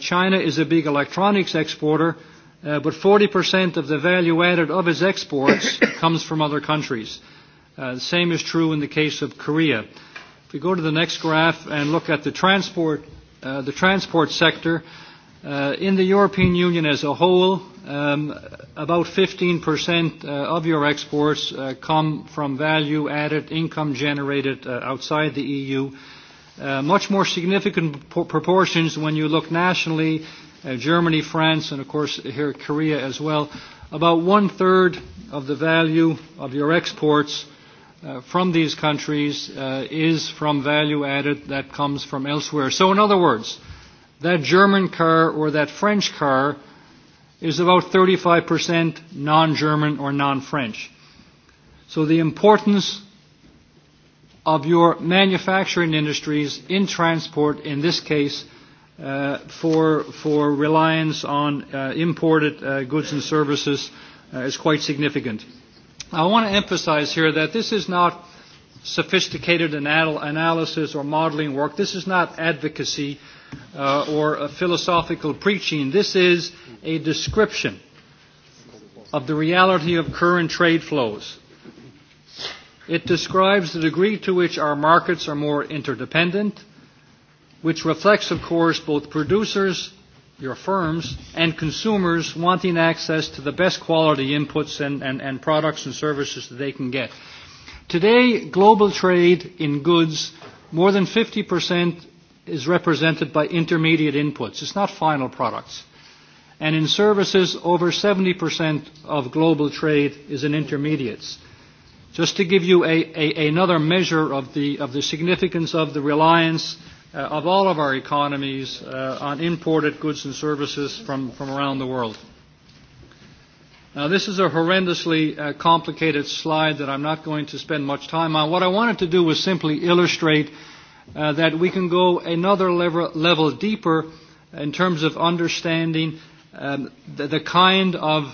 China is a big electronics exporter, but 40% of the value added of its exports comes from other countries. Uh, the same is true in the case of Korea. If we go to the next graph and look at the transport, uh, the transport sector, uh, in the European Union as a whole, um, about 15% uh, of your exports uh, come from value added income generated uh, outside the EU. Uh, much more significant proportions when you look nationally, uh, Germany, France, and of course here Korea as well. About one third of the value of your exports uh, from these countries uh, is from value added that comes from elsewhere. So, in other words, that German car or that French car is about 35% non German or non French. So, the importance of your manufacturing industries in transport, in this case, uh, for, for reliance on uh, imported uh, goods and services uh, is quite significant. I want to emphasize here that this is not sophisticated anal- analysis or modeling work. This is not advocacy uh, or a philosophical preaching. This is a description of the reality of current trade flows. It describes the degree to which our markets are more interdependent, which reflects, of course, both producers your firms and consumers wanting access to the best quality inputs and, and, and products and services that they can get. Today, global trade in goods, more than 50% is represented by intermediate inputs. It's not final products. And in services, over 70% of global trade is in intermediates. Just to give you a, a, another measure of the, of the significance of the reliance uh, of all of our economies uh, on imported goods and services from, from around the world. Now, this is a horrendously uh, complicated slide that I'm not going to spend much time on. What I wanted to do was simply illustrate uh, that we can go another level, level deeper in terms of understanding um, the, the kind of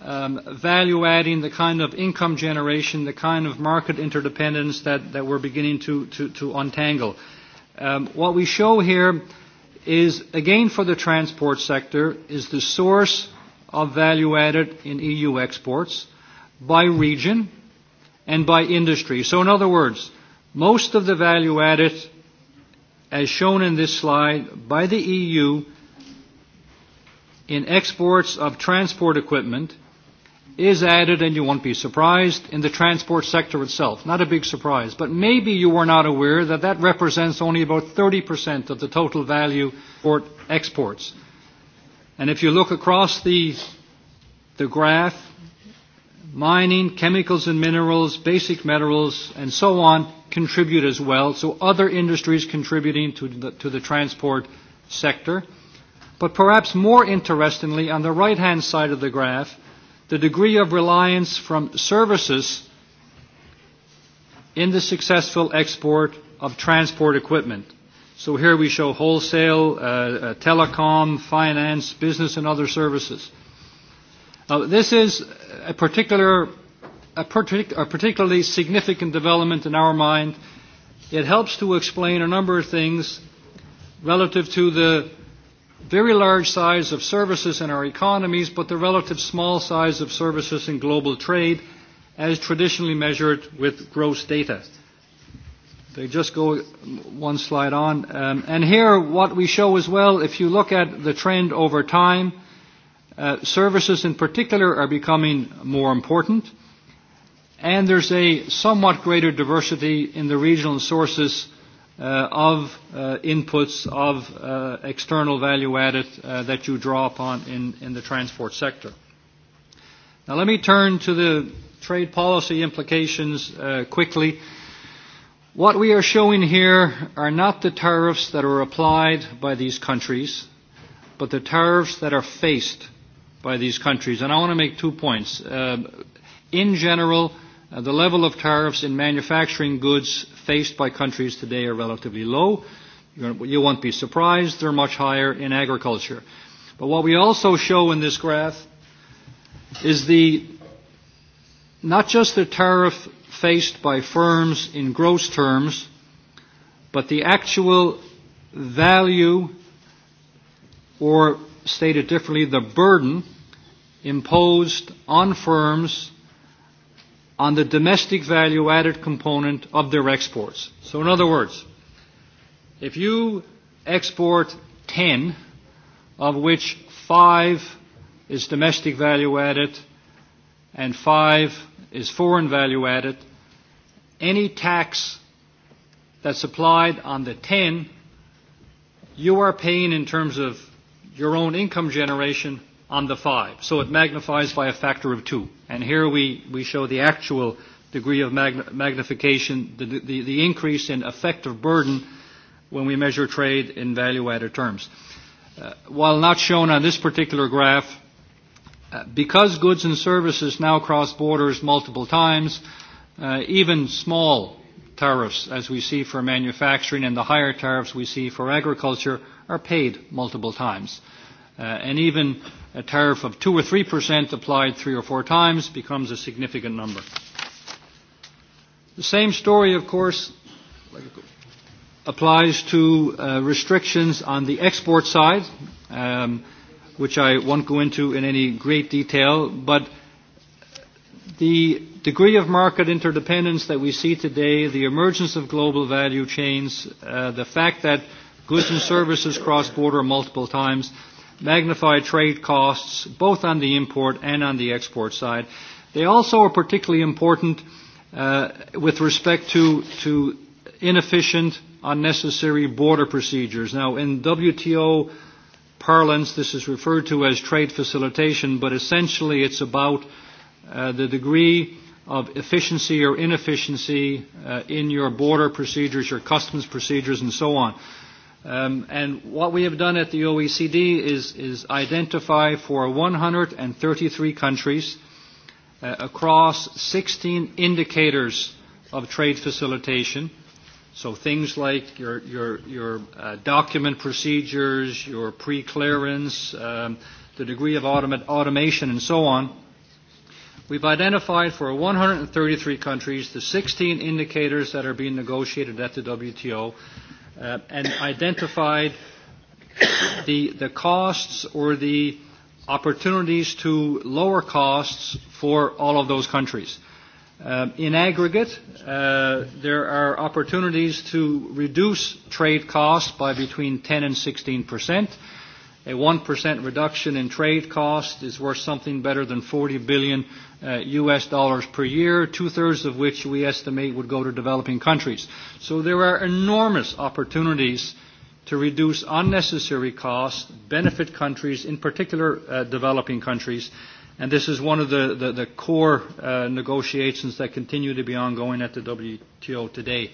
um, value adding, the kind of income generation, the kind of market interdependence that, that we're beginning to, to, to untangle. Uh, Um, what we show here is, again for the transport sector, is the source of value added in EU exports by region and by industry. So in other words, most of the value added, as shown in this slide, by the EU in exports of transport equipment is added, and you won't be surprised, in the transport sector itself. Not a big surprise, but maybe you were not aware that that represents only about 30% of the total value for exports. And if you look across the, the graph, mining, chemicals and minerals, basic minerals, and so on contribute as well. So other industries contributing to the, to the transport sector. But perhaps more interestingly, on the right-hand side of the graph, the degree of reliance from services in the successful export of transport equipment. So here we show wholesale, uh, uh, telecom, finance, business and other services. Now this is a, particular, a, partic a particularly significant development in our mind. It helps to explain a number of things relative to the very large size of services in our economies, but the relative small size of services in global trade as traditionally measured with gross data. They just go one slide on. Um, and here, what we show as well, if you look at the trend over time, uh, services in particular are becoming more important. And there's a somewhat greater diversity in the regional sources uh, uh, of uh, inputs of uh, external value added uh, that you draw upon in, in the transport sector. Now let me turn to the trade policy implications uh, quickly. What we are showing here are not the tariffs that are applied by these countries, but the tariffs that are faced by these countries. And I want to make two points. Uh, in general, uh, the level of tariffs in manufacturing goods faced by countries today are relatively low. you won't be surprised, they're much higher in agriculture. But what we also show in this graph is the not just the tariff faced by firms in gross terms, but the actual value or stated differently, the burden imposed on firms on the domestic value added component of their exports. So, in other words, if you export 10, of which 5 is domestic value added and 5 is foreign value added, any tax that's applied on the 10 you are paying in terms of your own income generation on the 5. So it magnifies by a factor of 2. And here we, we show the actual degree of mag- magnification, the, the, the increase in effective burden when we measure trade in value-added terms. Uh, while not shown on this particular graph, uh, because goods and services now cross borders multiple times, uh, even small tariffs, as we see for manufacturing, and the higher tariffs we see for agriculture, are paid multiple times. Uh, and even a tariff of 2 or 3 applied three or four times becomes a significant number. The same story, of course, applies to uh, restrictions on the export side, um, which I won't go into in any great detail, but the degree of market interdependence that we see today, the emergence of global value chains, uh, the fact that goods and services cross border multiple times, magnify trade costs, both on the import and on the export side. They also are particularly important uh, with respect to, to inefficient, unnecessary border procedures. Now, in WTO parlance, this is referred to as trade facilitation, but essentially it's about uh, the degree of efficiency or inefficiency uh, in your border procedures, your customs procedures, and so on. Um, and what we have done at the OECD is, is identify for 133 countries uh, across 16 indicators of trade facilitation. So things like your, your, your uh, document procedures, your pre-clearance, um, the degree of automa- automation, and so on. We've identified for 133 countries the 16 indicators that are being negotiated at the WTO uh, and identified the, the costs or the opportunities to lower costs for all of those countries. Uh, in aggregate, uh, there are opportunities to reduce trade costs by between 10 and 16 percent. Uh, a 1% reduction in trade costs is worth something better than 40 billion uh, US dollars per year, two-thirds of which we estimate would go to developing countries. So there are enormous opportunities to reduce unnecessary costs, benefit countries, in particular uh, developing countries, and this is one of the, the, the core uh, negotiations that continue to be ongoing at the WTO today.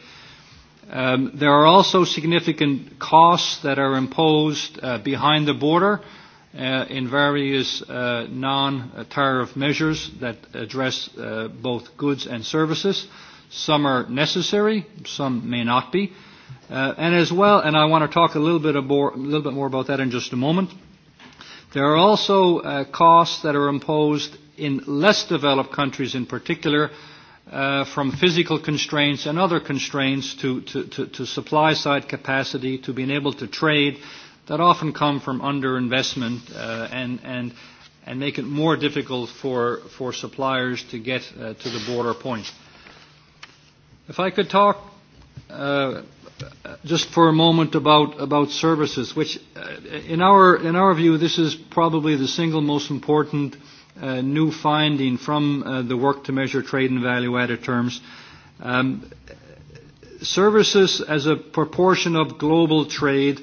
Um, there are also significant costs that are imposed uh, behind the border uh, in various uh, non-tariff measures that address uh, both goods and services. Some are necessary, some may not be. Uh, and as well, and I want to talk a little bit, abor- a little bit more about that in just a moment, there are also uh, costs that are imposed in less developed countries in particular uh, from physical constraints and other constraints to, to, to, to supply side capacity, to being able to trade, that often come from underinvestment uh, and, and, and make it more difficult for, for suppliers to get uh, to the border point. If I could talk uh, just for a moment about, about services, which uh, in, our, in our view, this is probably the single most important uh, uh, new finding from uh, the work to measure trade in value-added terms. Um, services as a proportion of global trade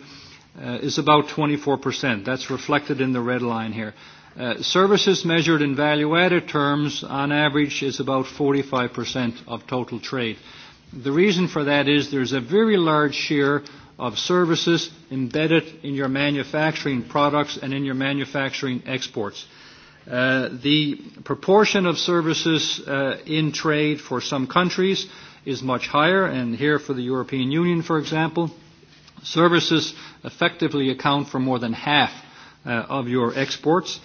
uh, is about 24%. That's reflected in the red line here. Uh, services measured in value-added terms, on average, is about 45% of total trade. The reason for that is there's a very large share of services embedded in your manufacturing products and in your manufacturing exports. Uh, Uh, the proportion of services uh, in trade for some countries is much higher, and here for the European Union, for example, services effectively account for more than half uh, of your exports.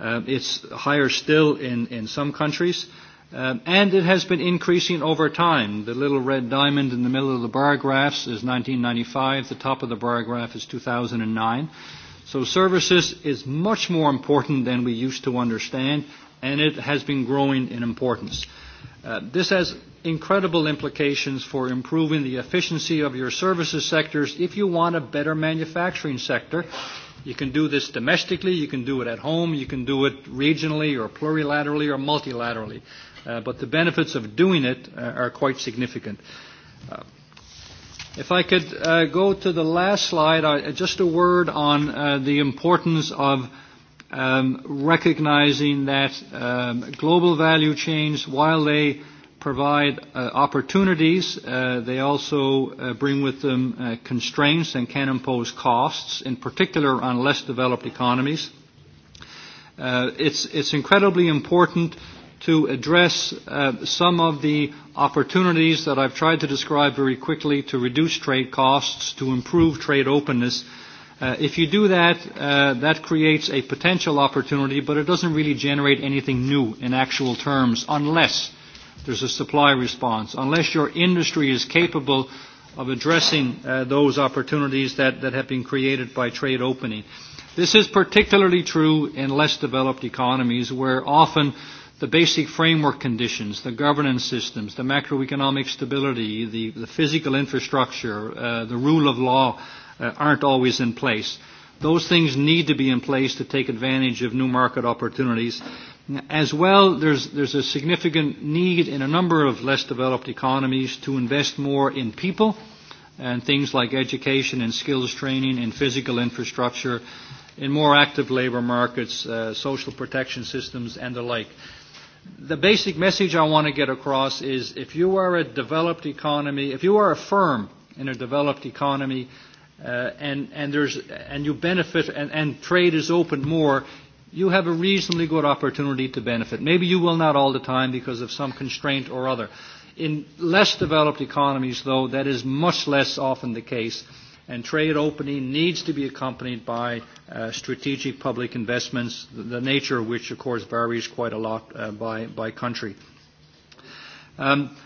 Uh, it's higher still in, in some countries. Um, and it has been increasing over time. The little red diamond in the middle of the bar graphs is 1995. The top of the bar graph is 2009. So services is much more important than we used to understand, and it has been growing in importance. Uh, this has incredible implications for improving the efficiency of your services sectors. If you want a better manufacturing sector, you can do this domestically, you can do it at home, you can do it regionally or plurilaterally or multilaterally. Uh, but the benefits of doing it uh, are quite significant. Uh, If I could uh, go to the last slide, I, uh, just a word on uh, the importance of um, recognizing that um, global value chains, while they provide uh, opportunities, uh, they also uh, bring with them uh, constraints and can impose costs, in particular on less developed economies. Uh, it's, it's incredibly important to address uh, some of the opportunities that I've tried to describe very quickly to reduce trade costs, to improve trade openness. Uh, if you do that, uh, that creates a potential opportunity, but it doesn't really generate anything new in actual terms unless there's a supply response, unless your industry is capable of addressing uh, those opportunities that, that have been created by trade opening. This is particularly true in less developed economies where often uh, the basic framework conditions, the governance systems, the macroeconomic stability, the, the physical infrastructure, uh, the rule of law uh, aren't always in place. Those things need to be in place to take advantage of new market opportunities. As well, there's, there's a significant need in a number of less developed economies to invest more in people and things like education and skills training and physical infrastructure in more active labor markets, uh, social protection systems and the like the basic message I want to get across is if you are a developed economy, if you are a firm in a developed economy, uh, and, and, there's, and you benefit and, and trade is open more, you have a reasonably good opportunity to benefit. Maybe you will not all the time because of some constraint or other. In less developed economies, though, that is much less often the case and trade opening needs to be accompanied by uh, strategic public investments, the nature of which, of course, varies quite a lot uh, by, by country. Um,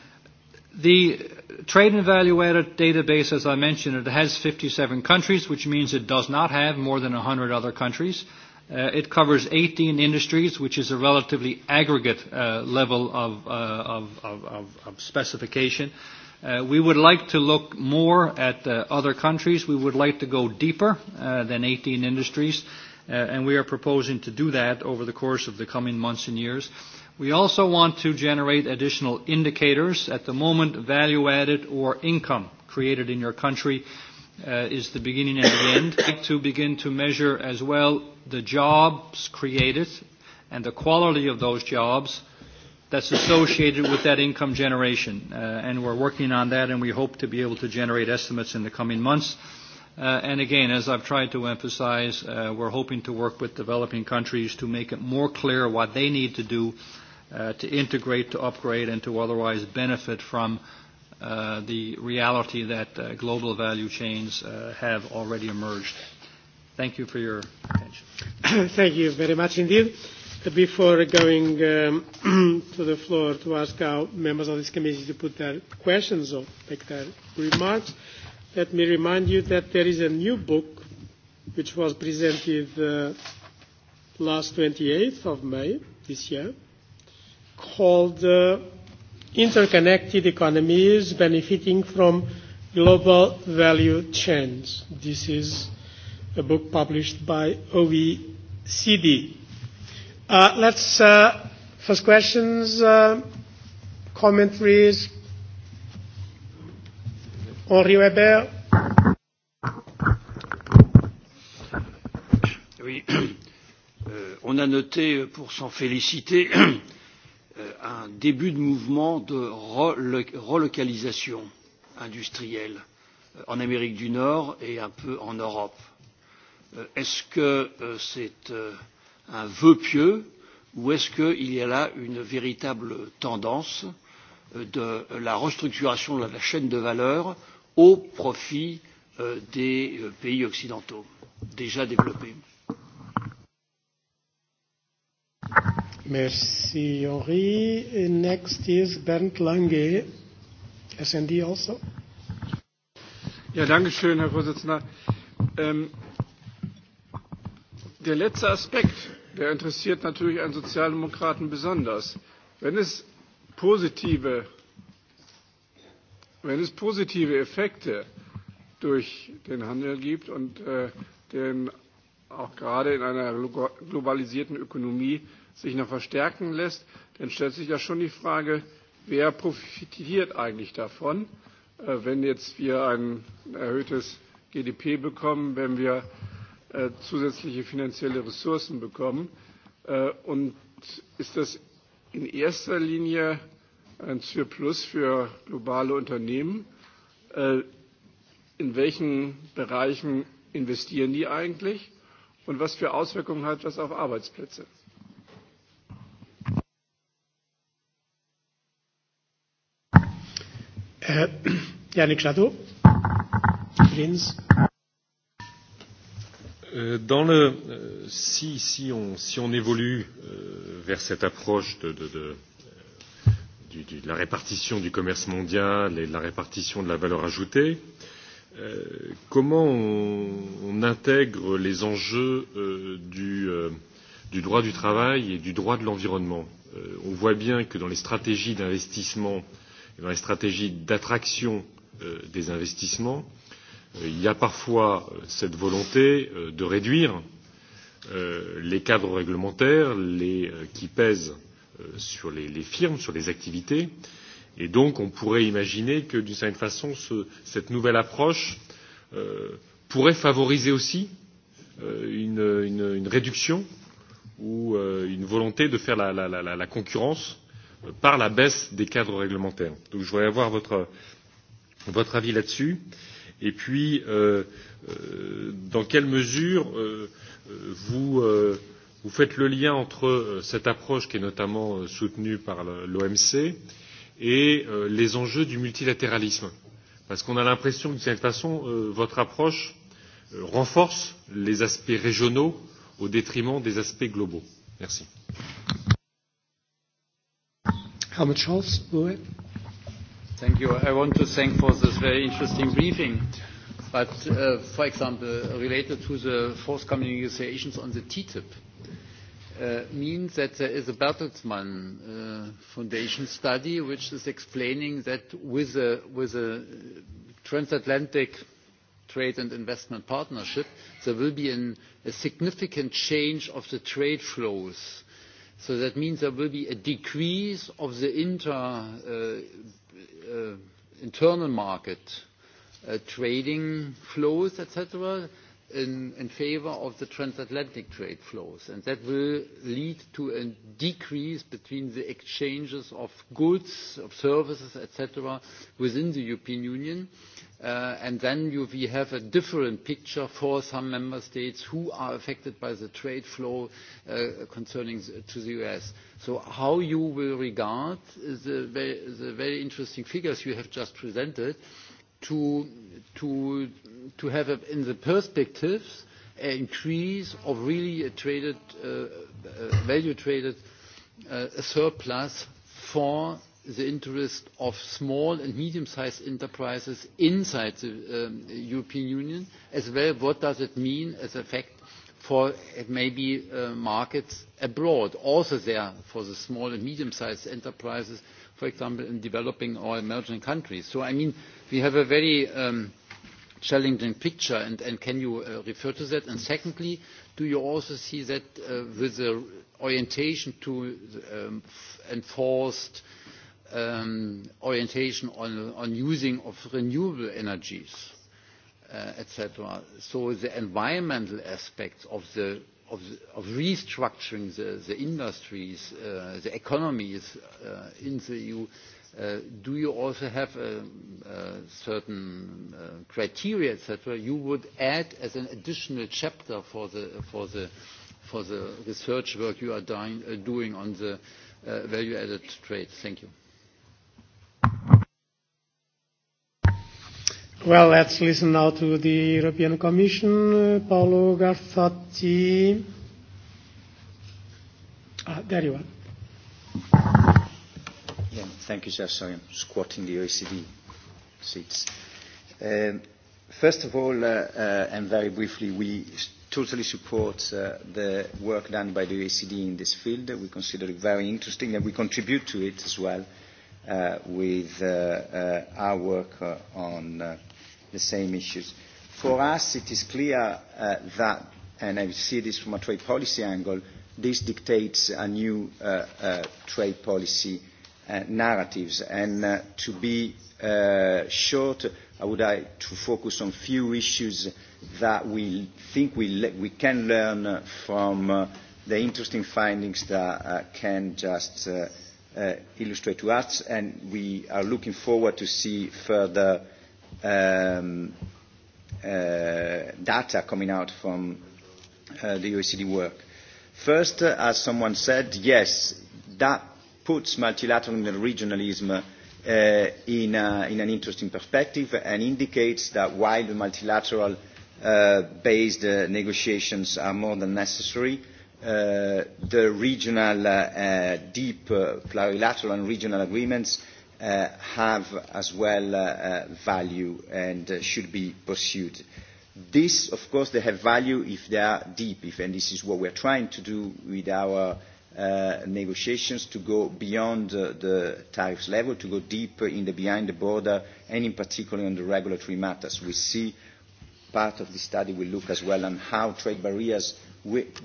the trade and value added database, as I mentioned, it has 57 countries, which means it does not have more than 100 other countries. Uh, it covers 18 industries, which is a relatively aggregate uh, level of, uh, of, of, of, of specification. Uh, Uh, we would like to look more at uh, other countries. We would like to go deeper uh, than 18 industries, uh, and we are proposing to do that over the course of the coming months and years. We also want to generate additional indicators. At the moment, value added or income created in your country uh, is the beginning and the end. like to begin to measure as well the jobs created and the quality of those jobs that's associated with that income generation. Uh, and we're working on that, and we hope to be able to generate estimates in the coming months. Uh, and again, as I've tried to emphasize, uh, we're hoping to work with developing countries to make it more clear what they need to do uh, to integrate, to upgrade, and to otherwise benefit from uh, the reality that uh, global value chains uh, have already emerged. Thank you for your attention. Thank you very much indeed. Before going um, to the floor to ask our members of this committee to put their questions or make their remarks, let me remind you that there is a new book which was presented uh, last 28th of May this year called uh, Interconnected Economies Benefiting from Global Value Chains. This is a book published by OECD. Uh, let's uh, first questions, uh, commentaries. Henri Weber. Oui, euh, on a noté, euh, pour s'en féliciter, euh, un début de mouvement de relocalisation industrielle euh, en Amérique du Nord et un peu en Europe. Euh, Est-ce que euh, c'est euh, un vœu pieux ou est-ce qu'il y a là une véritable tendance euh, de la restructuration de la chaîne de valeur au profit euh, des euh, pays occidentaux déjà développés Merci Henri. And next is Bernd Lange, SND also. Ja, danke schön, Herr Vorsitzender. Ähm, der letzte Aspekt der interessiert natürlich einen Sozialdemokraten besonders. Wenn es positive, wenn es positive Effekte durch den Handel gibt und äh, den auch gerade in einer globalisierten Ökonomie sich noch verstärken lässt, dann stellt sich ja schon die Frage, wer profitiert eigentlich davon, äh, wenn jetzt wir ein erhöhtes GDP bekommen, wenn wir Äh, zusätzliche finanzielle Ressourcen bekommen. Äh, und ist das in erster Linie ein Surplus für globale Unternehmen? Äh, in welchen Bereichen investieren die eigentlich? Und was für Auswirkungen hat das auf Arbeitsplätze? Janik Jadot, Jens. Euh, dans le, euh, si, si, on, si on évolue euh, vers cette approche de, de, de, euh, du, du, de la répartition du commerce mondial et de la répartition de la valeur ajoutée, euh, comment on, on intègre les enjeux euh, du, euh, du droit du travail et du droit de l'environnement euh, On voit bien que dans les stratégies d'investissement et dans les stratégies d'attraction euh, des investissements, euh, il y a parfois cette volonté euh, de réduire euh, les cadres réglementaires les, euh, qui pèsent sur les, les firmes, sur les activités. Et donc, on pourrait imaginer que, d'une certaine façon, ce, cette nouvelle approche euh, pourrait favoriser aussi euh, une, une, une réduction ou euh, une volonté de faire la, la, la, la concurrence euh, par la baisse des cadres réglementaires. Donc, je voudrais avoir votre, votre avis là-dessus. Euh, Et puis, euh, euh, dans quelle mesure euh, euh, vous, euh, vous faites le lien entre euh, cette approche qui est notamment soutenue par l'OMC et euh, les enjeux du multilatéralisme Parce qu'on a l'impression que, de cette façon, euh, votre approche euh, renforce les aspects régionaux au détriment des aspects globaux. Merci. Helmut Scholz, Blue Thank you. I want to thank for this very interesting briefing. But, uh, for example, related to the forthcoming negotiations on the TTIP, Uh, means that there is a Bertelsmann uh, Foundation study which is explaining that with a, with a transatlantic trade and investment partnership, there will be an, a significant change of the trade flows. So that means there will be a decrease of the inter uh, Uh, internal market uh, trading flows, etc., in, favour of the transatlantic trade flows. And that will lead to a decrease between the exchanges of goods, of services, etc., within the European Union Uh, and then we have a different picture for some member states who are affected by the trade flow uh, concerning the, US. So how you will regard the very, interesting figures you have just presented to, have in the perspectives an increase of really a uh, value traded surplus for the interest of small and medium-sized enterprises inside the um, European Union, as well what does it mean as a fact for uh, maybe uh, markets abroad, also there for the small and medium-sized enterprises, for example, in developing or emerging countries. So, I mean, we have a very um, challenging picture, and, and can you uh, refer to that? And secondly, do you also see that with the orientation to um, enforced Um, orientation on, using of renewable energies, uh, etc. So the environmental aspects of the of, the, of restructuring the, the industries, uh, the economies uh, in the EU, uh, do you also have a, um, a uh, certain uh, criteria, etc., you would add as an additional chapter for the, for the, for the research work you are dying, uh, doing on the uh, value-added trade? Thank you. Well, let's listen now to the European Commission, uh, Paolo Garzotti. Ah, there you are. Yeah, thank you, sir. Sorry, I'm squatting the OECD seats. Um, first of all, uh, uh, and very briefly, we totally support uh, the work done by the OECD in this field. We consider it very interesting and we contribute to it as well uh, with uh, uh, our work uh, on uh, the same issues. For us, it is clear uh, that, and I see this from a trade policy angle, this dictates a new uh, uh, trade policy uh, narratives. And uh, to be uh, short, I would like to focus on few issues that we think we, we can learn from uh, the interesting findings that uh, can just uh, uh, illustrate to us, and we are looking forward to see further um, uh, data coming out from uh, the OECD work. First, uh, as someone said, yes, that puts multilateralism and regionalism uh, in, a, uh, in an interesting perspective and indicates that while the multilateral uh, based uh, negotiations are more than necessary, uh, the regional uh, uh, deep uh, plurilateral and regional agreements uh, uh, have as well uh, uh, value and uh, should be pursued. This, of course, they have value if they are deep, if, and this is what we're trying to do with our uh, negotiations to go beyond uh, the tariffs level, to go deeper in the behind the border, and in particular on the regulatory matters. We see part of the study will look as well on how trade barriers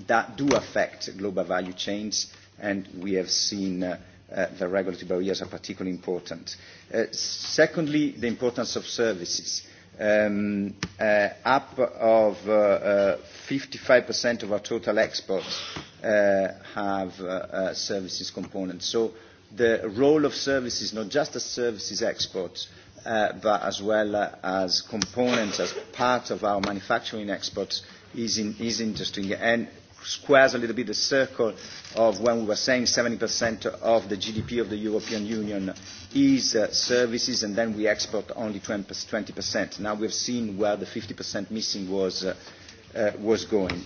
that do affect global value chains, and we have seen uh, Uh, the regulatory barriers are particularly important. Uh, secondly, the importance of services. Um, uh, up of uh, uh, 55% of our total exports uh, have uh, uh, services components. So the role of services, not just as services exports, uh, but as well uh, as components, as part of our manufacturing exports, is, in, is interesting. And squares a little bit the circle of when we were saying 70% of the GDP of the European Union is uh, services and then we export only 20%. Now we've seen where the 50% missing was, uh, uh, was going.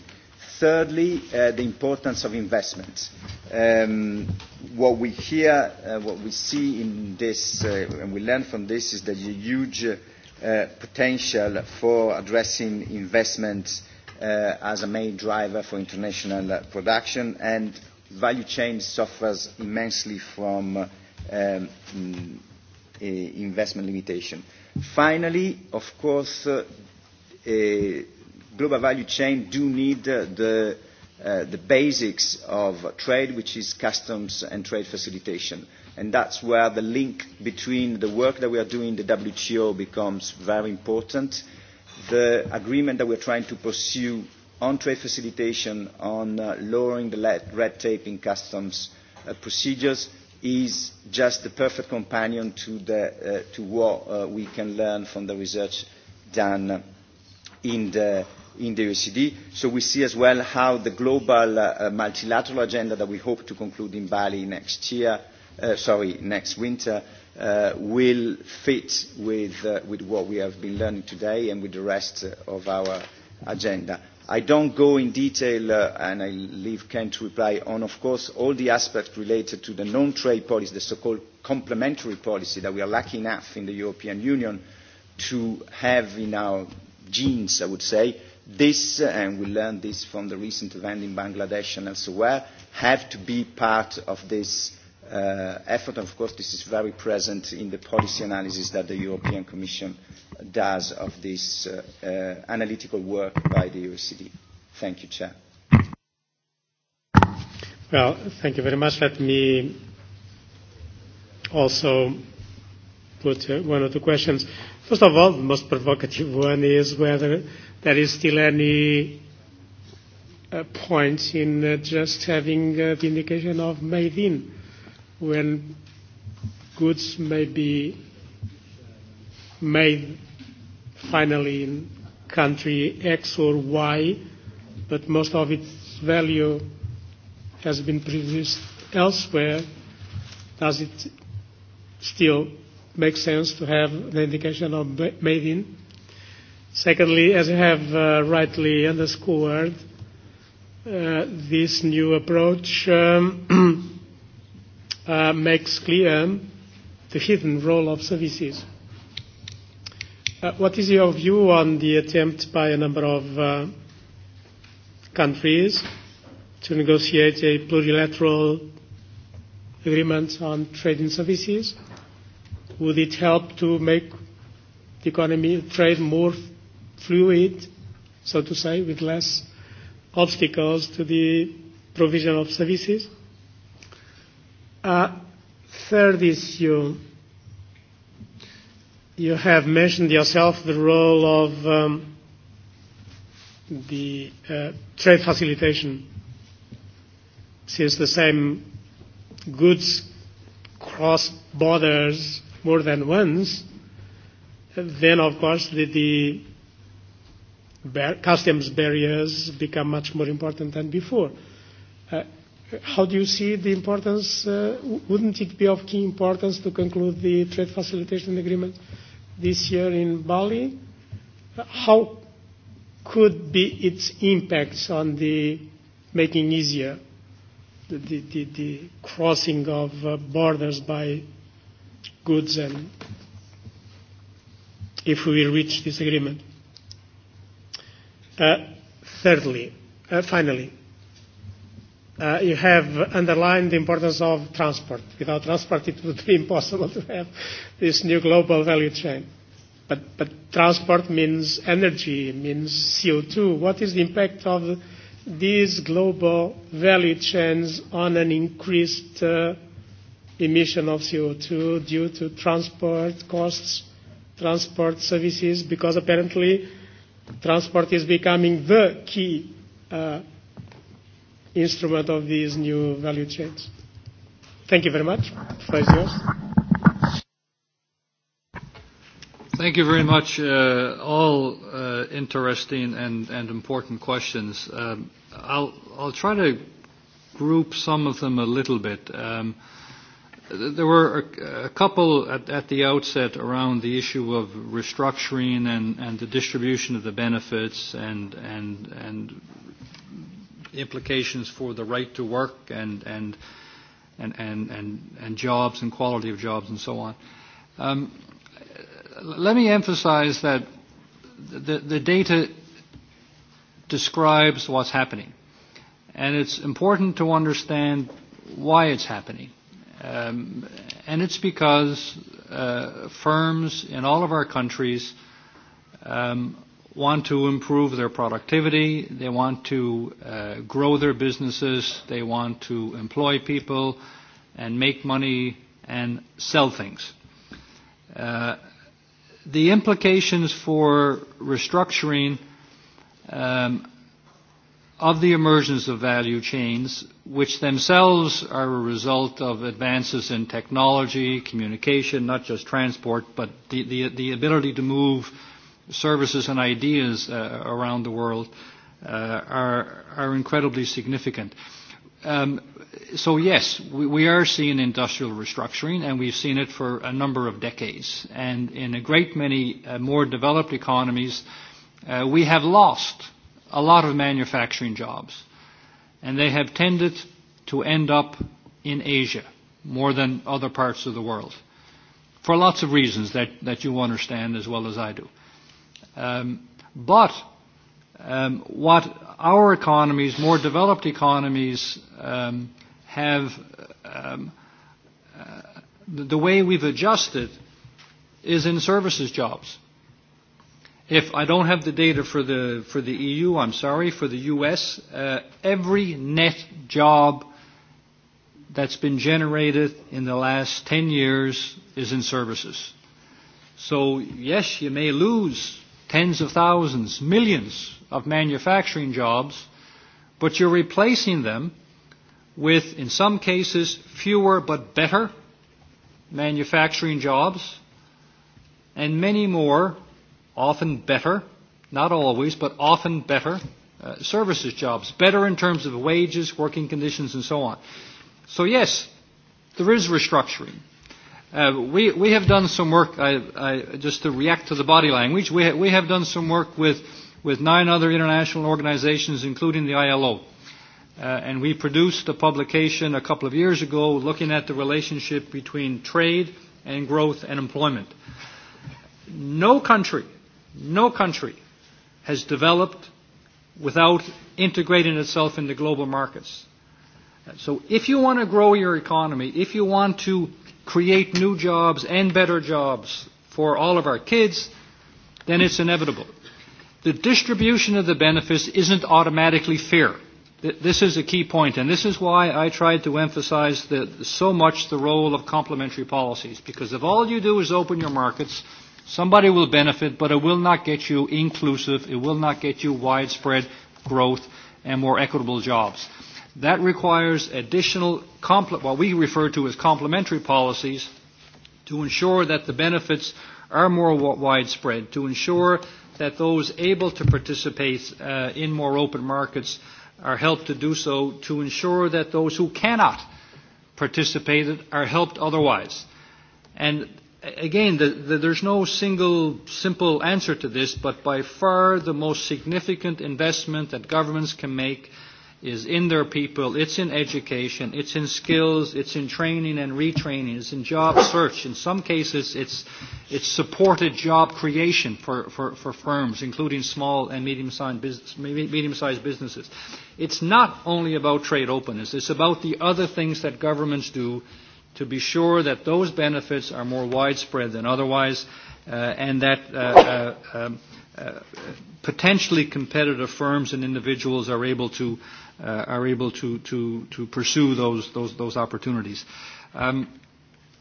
Thirdly, uh, the importance of investment. Um, what we hear, uh, what we see in this, uh, and we learn from this, is the huge uh, potential for addressing investments uh, as a main driver for international uh, production and value chain suffers immensely from uh, um, uh, investment limitation. Finally, of course, uh, uh, global value chain do need uh, the, uh, the basics of trade, which is customs and trade facilitation. And that's where the link between the work that we are doing in the WTO becomes very important the agreement that we're trying to pursue on trade facilitation, on uh, lowering the red tape in customs uh, procedures, is just the perfect companion to, the, uh, to what uh, we can learn from the research done in the, in the OECD. So we see as well how the global uh, uh, multilateral agenda that we hope to conclude in Bali next year, uh, sorry, next winter, Uh, will fit with, uh, with what we have been learning today and with the rest of our agenda. I don't go in detail, uh, and I leave Ken to reply, on, of course, all the aspects related to the non-trade policy, the so-called complementary policy that we are lucky enough in the European Union to have in our genes, I would say. This, uh, and we learned this from the recent event in Bangladesh and elsewhere, have to be part of this uh, effort. Of course, this is very present in the policy analysis that the European Commission does of this uh, uh, analytical work by the OECD. Thank you, Chair. Well, thank you very much. Let me also put uh, one or two questions. First of all, the most provocative one is whether there is still any uh, point in uh, just having uh, the indication of made in when goods may be made finally in country X or Y, but most of its value has been produced elsewhere, does it still make sense to have the indication of made in? Secondly, as you have uh, rightly underscored, uh, this new approach um, uh, makes clear the hidden role of services. Uh, what is your view on the attempt by a number of uh, countries to negotiate a plurilateral agreement on trade services? Would it help to make the economy trade more fluid, so to say, with less obstacles to the provision of services? a third issue. You have mentioned yourself the role of um, the uh, trade facilitation, since the same goods cross borders more than once, then of course the, the bar- customs barriers become much more important than before. Uh, How do you see the importance? Uh, wouldn't it be of key importance to conclude the trade facilitation agreement this year in Bali? How could be its impacts on the making easier the, the, the, the crossing of uh, borders by goods and if we reach this agreement? Uh, thirdly, uh, finally, uh, you have underlined the importance of transport. Without transport, it would be impossible to have this new global value chain. But, but transport means energy, means CO2. What is the impact of these global value chains on an increased uh, emission of CO2 due to transport costs, transport services? Because apparently, transport is becoming the key uh, instrument of these new value chains. Thank you very much. The floor is yours. Thank you very much. Uh, all uh, interesting and, and important questions. Um, I'll, I'll try to group some of them a little bit. Um, there were a, a couple at, at the outset around the issue of restructuring and, and the distribution of the benefits and, and, and implications for the right to work and, and, and, and, and, and jobs and quality of jobs and so on. Um, let me emphasize that the, the data describes what's happening. And it's important to understand why it's happening. Um, and it's because uh, firms in all of our countries um, want to improve their productivity, they want to uh, grow their businesses, they want to employ people and make money and sell things. Uh, the implications for restructuring um, of the emergence of value chains, which themselves are a result of advances in technology, communication, not just transport, but the, the, the ability to move uh, services and ideas uh, around the world uh, are, are incredibly significant. Um, so yes, we, we are seeing industrial restructuring, and we've seen it for a number of decades. And in a great many uh, more developed economies, uh, we have lost a lot of manufacturing jobs, and they have tended to end up in Asia more than other parts of the world for lots of reasons that, that you understand as well as I do. Um, but um, what our economies, more developed economies, um, have, um, uh, the way we've adjusted is in services jobs. If I don't have the data for the, for the EU, I'm sorry, for the US, uh, every net job that's been generated in the last 10 years is in services. So yes, you may lose tens of thousands, millions of manufacturing jobs, but you're replacing them with, in some cases, fewer but better manufacturing jobs, and many more, often better, not always, but often better, uh, services jobs, better in terms of wages, working conditions, and so on. So yes, there is restructuring. Uh, we, we have done some work, I, I, just to react to the body language, we, ha, we have done some work with, with nine other international organizations, including the ILO. Uh, and we produced a publication a couple of years ago looking at the relationship between trade and growth and employment. No country, no country has developed without integrating itself into global markets. So if you want to grow your economy, if you want to create new jobs and better jobs for all of our kids, then it's inevitable. The distribution of the benefits isn't automatically fair. This is a key point, and this is why I tried to emphasize the, so much the role of complementary policies, because if all you do is open your markets, somebody will benefit, but it will not get you inclusive, it will not get you widespread growth and more equitable jobs. That requires additional, what we refer to as complementary policies, to ensure that the benefits are more widespread, to ensure that those able to participate uh, in more open markets are helped to do so, to ensure that those who cannot participate are helped otherwise. And again, the, the, there's no single simple answer to this, but by far the most significant investment that governments can make – is in their people, it's in education, it's in skills, it's in training and retraining, it's in job search. In some cases, it's, it's supported job creation for, for, for firms, including small and medium-sized, business, medium-sized businesses. It's not only about trade openness, it's about the other things that governments do to be sure that those benefits are more widespread than otherwise uh, and that uh, uh, um, uh, potentially competitive firms and individuals are able to uh, are able to, to, to pursue those, those, those opportunities. Um,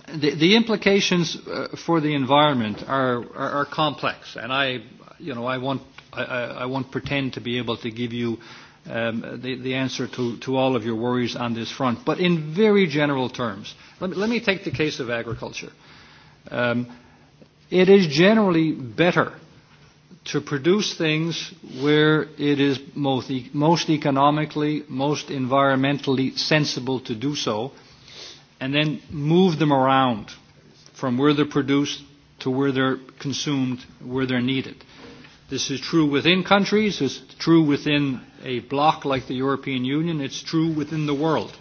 the, the implications uh, for the environment are, are, are complex, and I, you know, I won't, I, I won't pretend to be able to give you um, the, the answer to, to all of your worries on this front. But in very general terms, let me, let me take the case of agriculture. Um, it is generally better to produce things where it is most, e most economically, most environmentally sensible to do so, and then move them around from where they're produced to where they're consumed, where they're needed. This is true within countries, it's true within a bloc like the European Union, it's true within the world.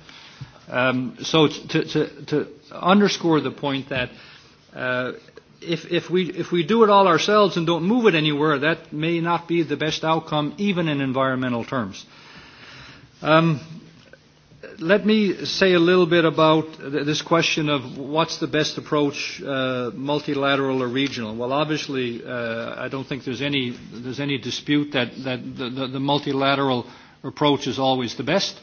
Um, so to, to, to underscore the point that uh, if, if, we, if we do it all ourselves and don't move it anywhere, that may not be the best outcome, even in environmental terms. Um, let me say a little bit about this question of what's the best approach, uh, multilateral or regional. Well, obviously, uh, I don't think there's any, there's any dispute that, that the, the, the multilateral approach is always the best. Uh,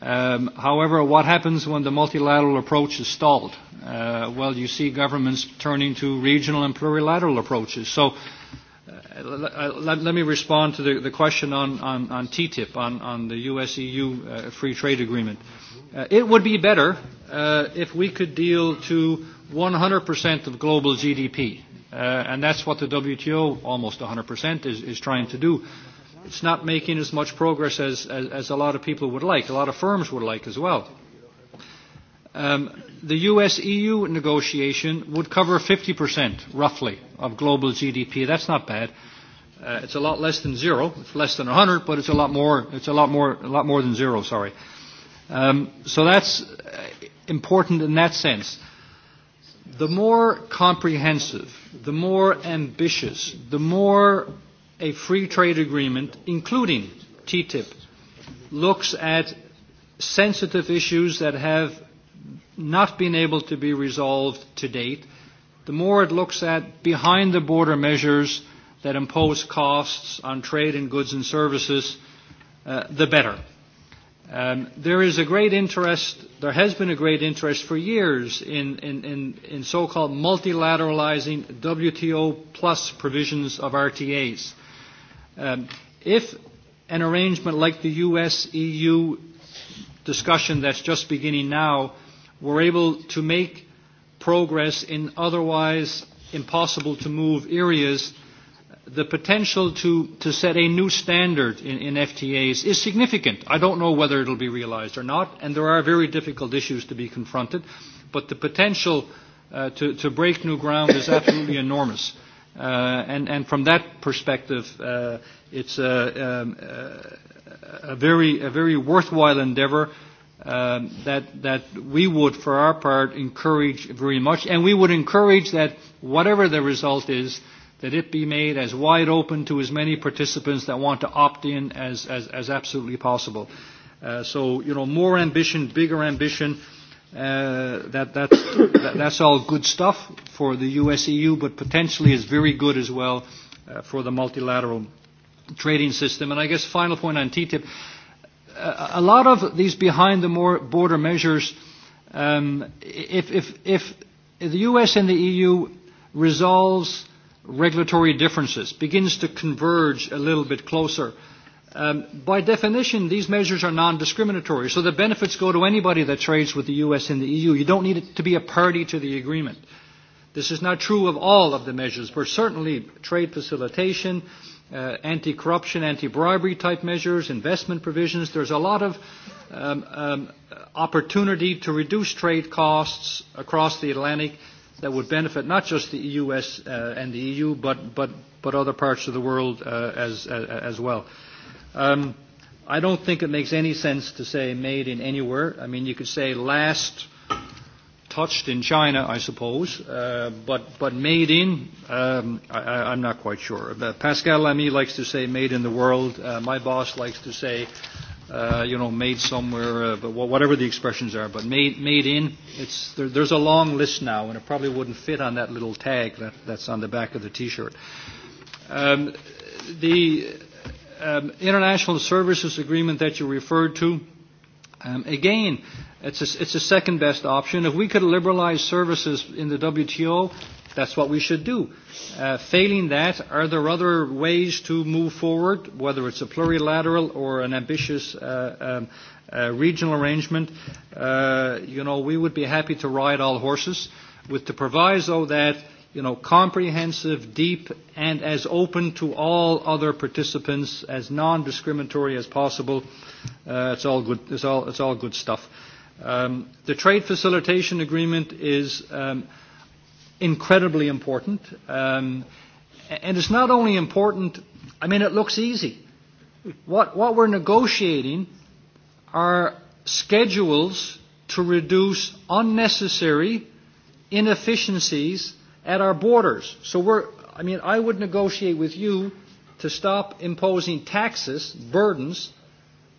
Um, however, what happens when the multilateral approach is stalled? Uh, well, you see governments turning to regional and plurilateral approaches. So uh, uh, let, let me respond to the, the question on, on, on TTIP, on, on the US-EU e uh, free trade agreement. Uh, it would be better uh, if we could deal to 100% of global GDP. Uh, and that's what the WTO, almost 100%, is, is trying to do. Uh, it's not making as much progress as, as, as a lot of people would like, a lot of firms would like as well. Um, the US-EU e negotiation would cover 50%, roughly, of global GDP. That's not bad. Uh, it's a lot less than zero. It's less than 100, but it's a lot more. It's a lot more. A lot more than zero. Sorry. Um, so that's uh, important in that sense. The more comprehensive, the more ambitious, the more a free trade agreement, including TTIP, looks at sensitive issues that have not been able to be resolved to date, the more it looks at behind the border measures that impose costs on trade in goods and services, uh, the better. Um, there is a great interest, there has been a great interest for years in, in, in, in so-called multilateralizing WTO plus provisions of RTAs. Uh, Um, if an arrangement like the US EU discussion that's just beginning now were able to make progress in otherwise impossible to move areas, the potential to, to set a new standard in, in FTAs is significant. I don't know whether it will be realized or not, and there are very difficult issues to be confronted, but the potential uh, to, to break new ground is absolutely enormous. Uh, and, and from that perspective, uh, it's a, um, a, a, very, a very worthwhile endeavor um, that, that we would, for our part, encourage very much. And we would encourage that whatever the result is, that it be made as wide open to as many participants that want to opt in as, as, as absolutely possible. Uh, so, you know, more ambition, bigger ambition, uh, Uh, that, that's, that, that's all good stuff for the US EU, but potentially is very good as well uh, for the multilateral trading system. And I guess final point on TTIP, uh, a lot of these behind the more border measures, um, if, if, if the US and the EU resolves regulatory differences, begins to converge a little bit closer, uh, Um, by definition, these measures are non-discriminatory, so the benefits go to anybody that trades with the U.S. and the EU. You don't need it to be a party to the agreement. This is not true of all of the measures, but certainly trade facilitation, uh, anti-corruption, anti-bribery type measures, investment provisions. There's a lot of um, um, opportunity to reduce trade costs across the Atlantic that would benefit not just the US uh, and the EU, but, but, but other parts of the world uh, as, uh, as well. Um, I don't think it makes any sense to say made in anywhere. I mean, you could say last touched in China, I suppose, uh, but, but made in, um, I, I'm not quite sure. But Pascal Lamy likes to say made in the world. Uh, my boss likes to say, uh, you know, made somewhere, uh, but whatever the expressions are, but made, made in, it's, there, there's a long list now, and it probably wouldn't fit on that little tag that, that's on the back of the T-shirt. Um, the um, international services agreement that you referred to, um, again, it's a, it's a second best option. If we could liberalize services in the WTO, that's what we should do. Uh, failing that, are there other ways to move forward, whether it's a plurilateral or an ambitious uh, um, uh, regional arrangement? Uh, you know, we would be happy to ride all horses with the proviso that you know, comprehensive, deep, and as open to all other participants, as non-discriminatory as possible. Uh, it's all good. It's all, it's all good stuff. Um, the trade facilitation agreement is um, incredibly important, um, and it's not only important. I mean, it looks easy. What what we're negotiating are schedules to reduce unnecessary inefficiencies at our borders. So we're, I mean, I would negotiate with you to stop imposing taxes, burdens,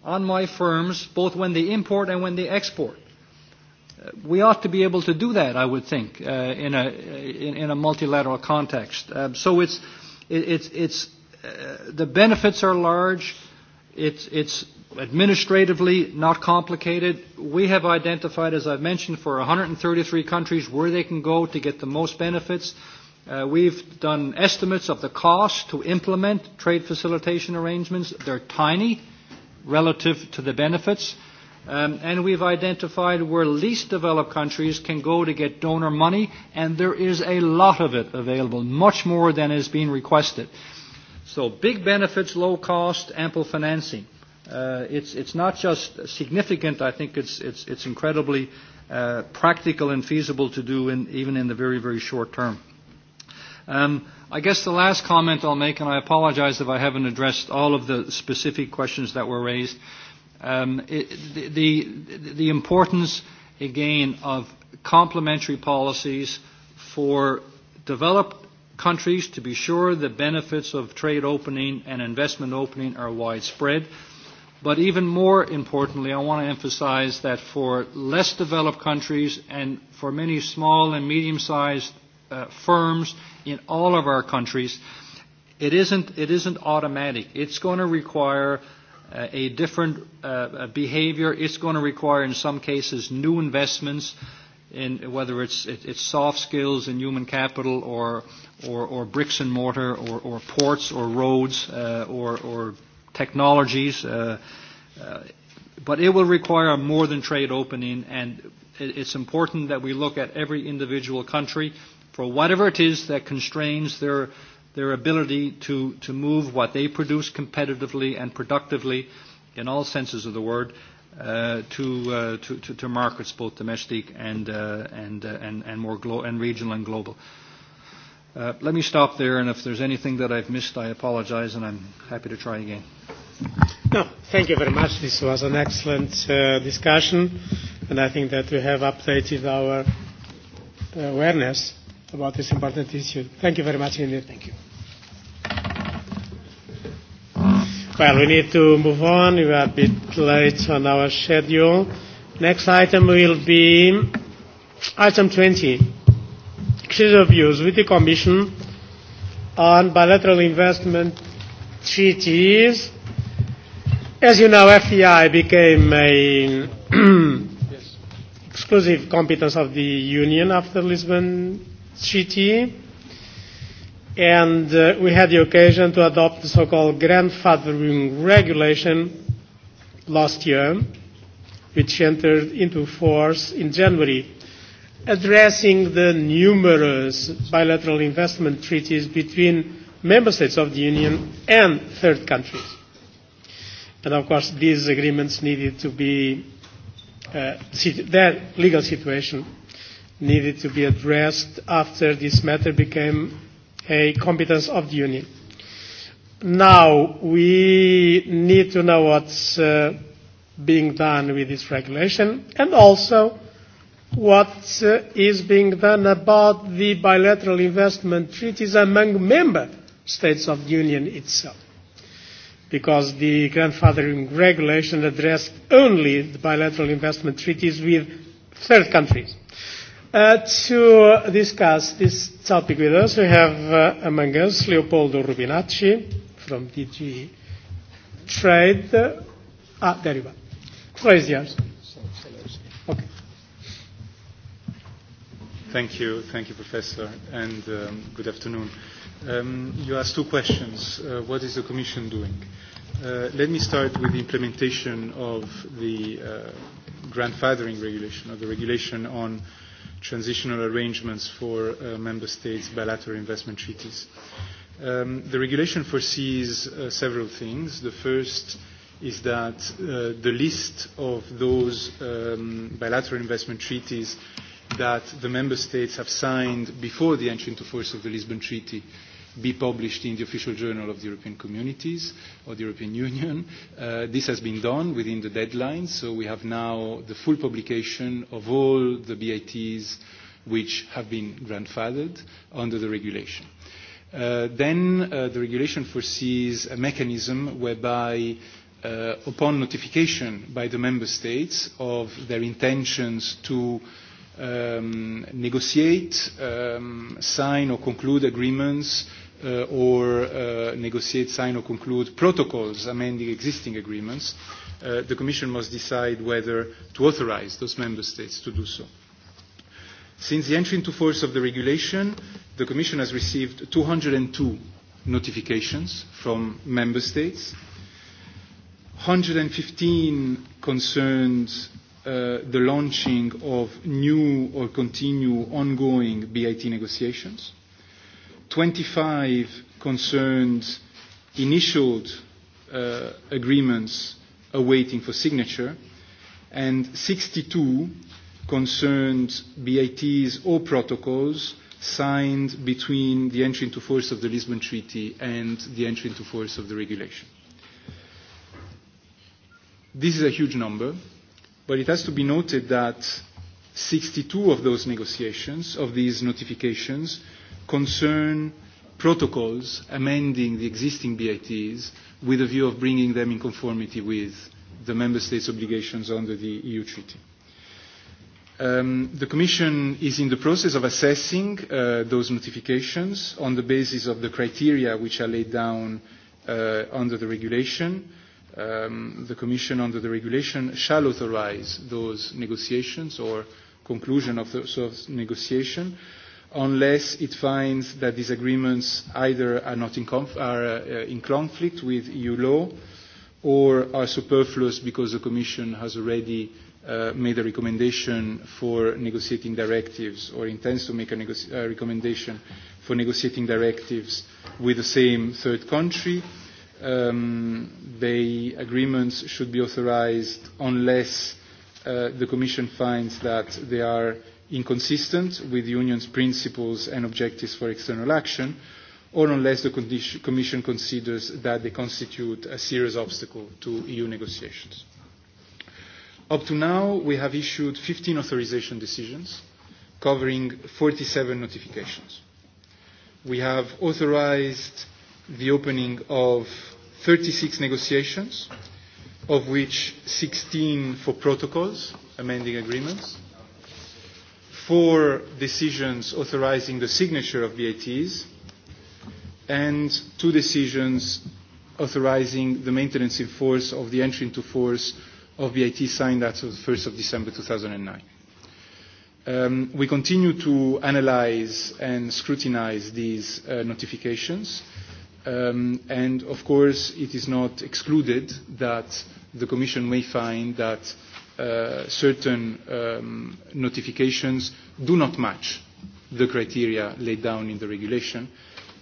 on my firms, both when they import and when they export. Uh, we ought to be able to do that, I would think, uh, in, a, in, in a multilateral context. Um, so it's, it, it's, it's, uh, the benefits are large It's, it's administratively not complicated. We have identified, as I've mentioned, for 133 countries where they can go to get the most benefits. Uh, we've done estimates of the cost to implement trade facilitation arrangements. They're tiny relative to the benefits. Um, and we've identified where least developed countries can go to get donor money, and there is a lot of it available, much more than is being requested. Uh, So big benefits, low cost, ample financing. Uh, it's, it's not just significant, I think it's, it's, it's incredibly uh, practical and feasible to do in, even in the very, very short term. Um, I guess the last comment I'll make, and I apologize if I haven't addressed all of the specific questions that were raised, um, it, the, the, the importance, again, of complementary policies for developed countries to be sure the benefits of trade opening and investment opening are widespread. But even more importantly, I want to emphasize that for less developed countries and for many small and medium sized uh, firms in all of our countries, it isn't, it isn't automatic. It's going to require uh, a different uh, behavior. It's going to require, in some cases, new investments. Uh, in whether it's, it, it's soft skills and human capital or, or, or bricks and mortar or, or ports or roads uh, or, or technologies. Uh, uh, but it will require more than trade opening, and it's important that we look at every individual country for whatever it is that constrains their, their ability to, to move what they produce competitively and productively in all senses of the word uh, to, uh, to, to, to markets both domestic and, uh, and, uh, and, and more glo- and regional and global. Uh, let me stop there, and if there's anything that I've missed, I apologize, and I'm happy to try again. No, thank you very much. This was an excellent uh, discussion, and I think that we have updated our uh, awareness about this important issue. Thank you very much indeed. Thank you. Well, we need to move on. We are a bit late on our schedule. Next item will be item 20, exchange of views with the Commission on bilateral investment treaties. As you know, FDI e became a exclusive competence of the Union after the Lisbon Treaty and uh, we had the occasion to adopt the so-called grandfathering regulation last year, which entered into force in January, addressing the numerous bilateral investment treaties between member states of the Union and third countries. And of course, these agreements needed to be, uh, their legal situation needed to be addressed after this matter became a competence of the Union. Now, we need to know what's uh, being done with this regulation and also what uh, is being done about the bilateral investment treaties among member states of the Union itself. Because the grandfathering regulation addressed only the bilateral investment treaties with third countries. Uh, to discuss this topic with us, we have uh, among us Leopoldo Rubinacci from DG Trade. Uh, ah, there you are. Floor is yours. Okay. Thank you, thank you, Professor, and um, good afternoon. Um, you asked two questions. Uh, what is the Commission doing? Uh, let me start with the implementation of the uh, grandfathering regulation, or the regulation on uh, transitional arrangements for uh, member states' bilateral investment treaties. Um, the regulation foresees uh, several things. The first is that uh, the list of those um, bilateral investment treaties that the member states have signed before the entry into force of the Lisbon Treaty uh, be published in the official journal of the European communities or the European Union. Uh, this has been done within the deadline, so we have now the full publication of all the BITs which have been grandfathered under the regulation. Uh, then uh, the regulation foresees a mechanism whereby uh, upon notification by the member states of their intentions to um, negotiate, um, sign or conclude agreements uh, or uh, negotiate, sign or conclude protocols amending existing agreements, uh, the Commission must decide whether to authorize those member states to do so. Since the entry into force of the regulation, the Commission has received 202 notifications from member states. 115 concerned uh, the launching of new or continue ongoing BIT negotiations. 25 concerned initialed uh, agreements awaiting for signature, and 62 concerned BITs or protocols signed between the entry into force of the Lisbon Treaty and the entry into force of the regulation. This is a huge number, but it has to be noted that 62 of those negotiations, of these notifications, concern protocols amending the existing BITs with a view of bringing them in conformity with the Member States' obligations under the EU Treaty. Um, the Commission is in the process of assessing uh, those notifications on the basis of the criteria which are laid down uh, under the regulation. Um, the Commission under the regulation shall authorize those negotiations or conclusion of those negotiations unless it finds that these agreements either are, not in, conf- are uh, in conflict with EU law or are superfluous because the Commission has already uh, made a recommendation for negotiating directives or intends to make a uh, recommendation for negotiating directives with the same third country. Um, the agreements should be authorized unless uh, the Commission finds that they are inconsistent with the Union's principles and objectives for external action, or unless the Commission considers that they constitute a serious obstacle to EU negotiations. Up to now, we have issued 15 authorization decisions covering 47 notifications. We have authorized the opening of 36 negotiations, of which 16 for protocols, amending agreements, four decisions authorizing the signature of VATs and two decisions authorizing the maintenance in force of the entry into force of VAT signed as of 1st of December 2009. Um, we continue to analyze and scrutinize these uh, notifications. Um, and of course, it is not excluded that the Commission may find that Uh, certain um, notifications do not match the criteria laid down in the regulation,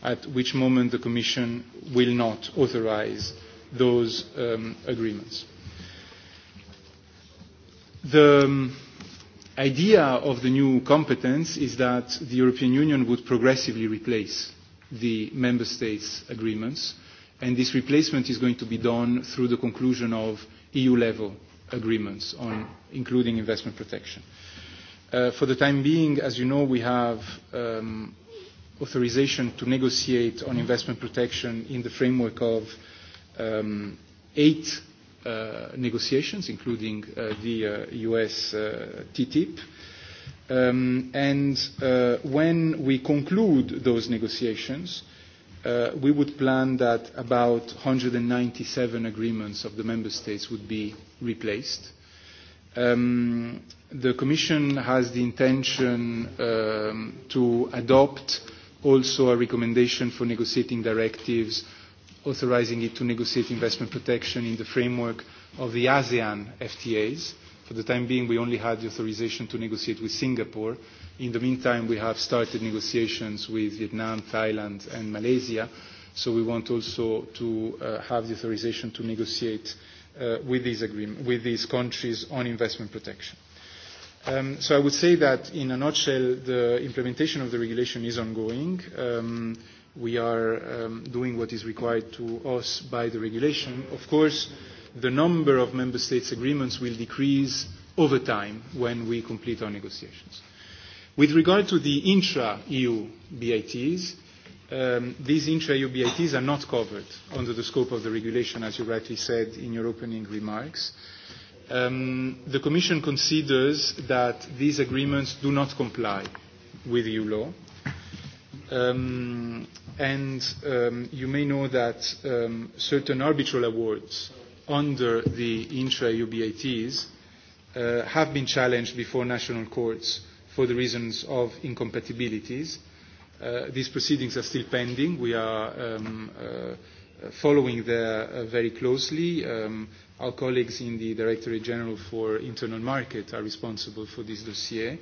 at which moment the Commission will not authorize those um, agreements. The um, idea of the new competence is that the European Union would progressively replace the member states' agreements, and this replacement is going to be done through the conclusion of EU-level agreements on including investment protection. Uh, for the time being, as you know, we have um, authorization to negotiate on investment protection in the framework of um, eight uh, negotiations, including uh, the uh, US uh, TTIP. Um, and uh, when we conclude those negotiations, uh, uh, we would plan that about 197 agreements of the member states would be replaced. Um, the Commission has the intention um, to adopt also a recommendation for negotiating directives authorizing it to negotiate investment protection in the framework of the ASEAN FTAs. For the time being, we only had the authorization to negotiate with Singapore. In the meantime, we have started negotiations with Vietnam, Thailand, and Malaysia. So we want also to uh, have the authorization to negotiate uh, with, these agreement, with these countries on investment protection. Um, so I would say that, in a nutshell, the implementation of the regulation is ongoing. Um, we are um, doing what is required to us by the regulation. Of course, the number of member states' agreements will decrease over time when we complete our negotiations. With regard to the intra-EU BITs, um, these intra-EU BITs are not covered under the scope of the regulation, as you rightly said in your opening remarks. Um, the Commission considers that these agreements do not comply with EU law. Um, and um, you may know that um, certain arbitral awards under the intra-EU BITs uh, have been challenged before national courts for the reasons of incompatibilities. Uh, these proceedings are still pending. We are um, uh, following them uh, very closely. Um, our colleagues in the Directorate General for Internal Market are responsible for this dossier.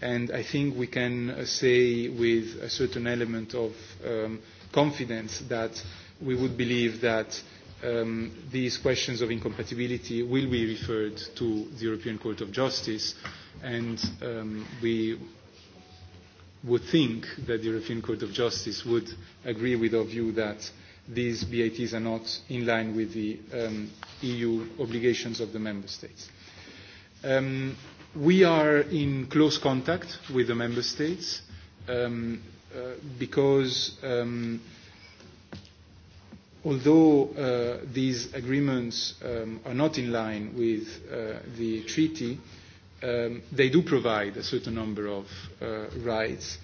And I think we can uh, say with a certain element of um, confidence that we would believe that um, these questions of incompatibility will be referred to the European Court of Justice and um, we would think that the European Court of Justice would agree with our view that these BATs are not in line with the um, EU obligations of the Member States. Um, we are in close contact with the Member States um, uh, because um, although uh, these agreements um, are not in line with uh, the treaty, uh, um, they do provide a certain number of uh, rights.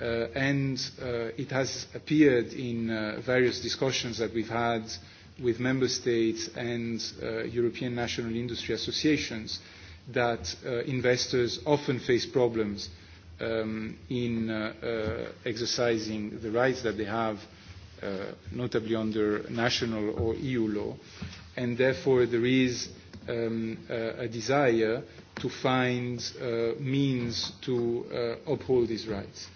Uh, and uh, it has appeared in uh, various discussions that we've had with member states and uh, European national industry associations that uh, investors often face problems um, in uh, uh, exercising the rights that they have, uh, notably under national or EU law. And therefore, there is um, uh, a desire to find uh, means to uh, uphold these rights.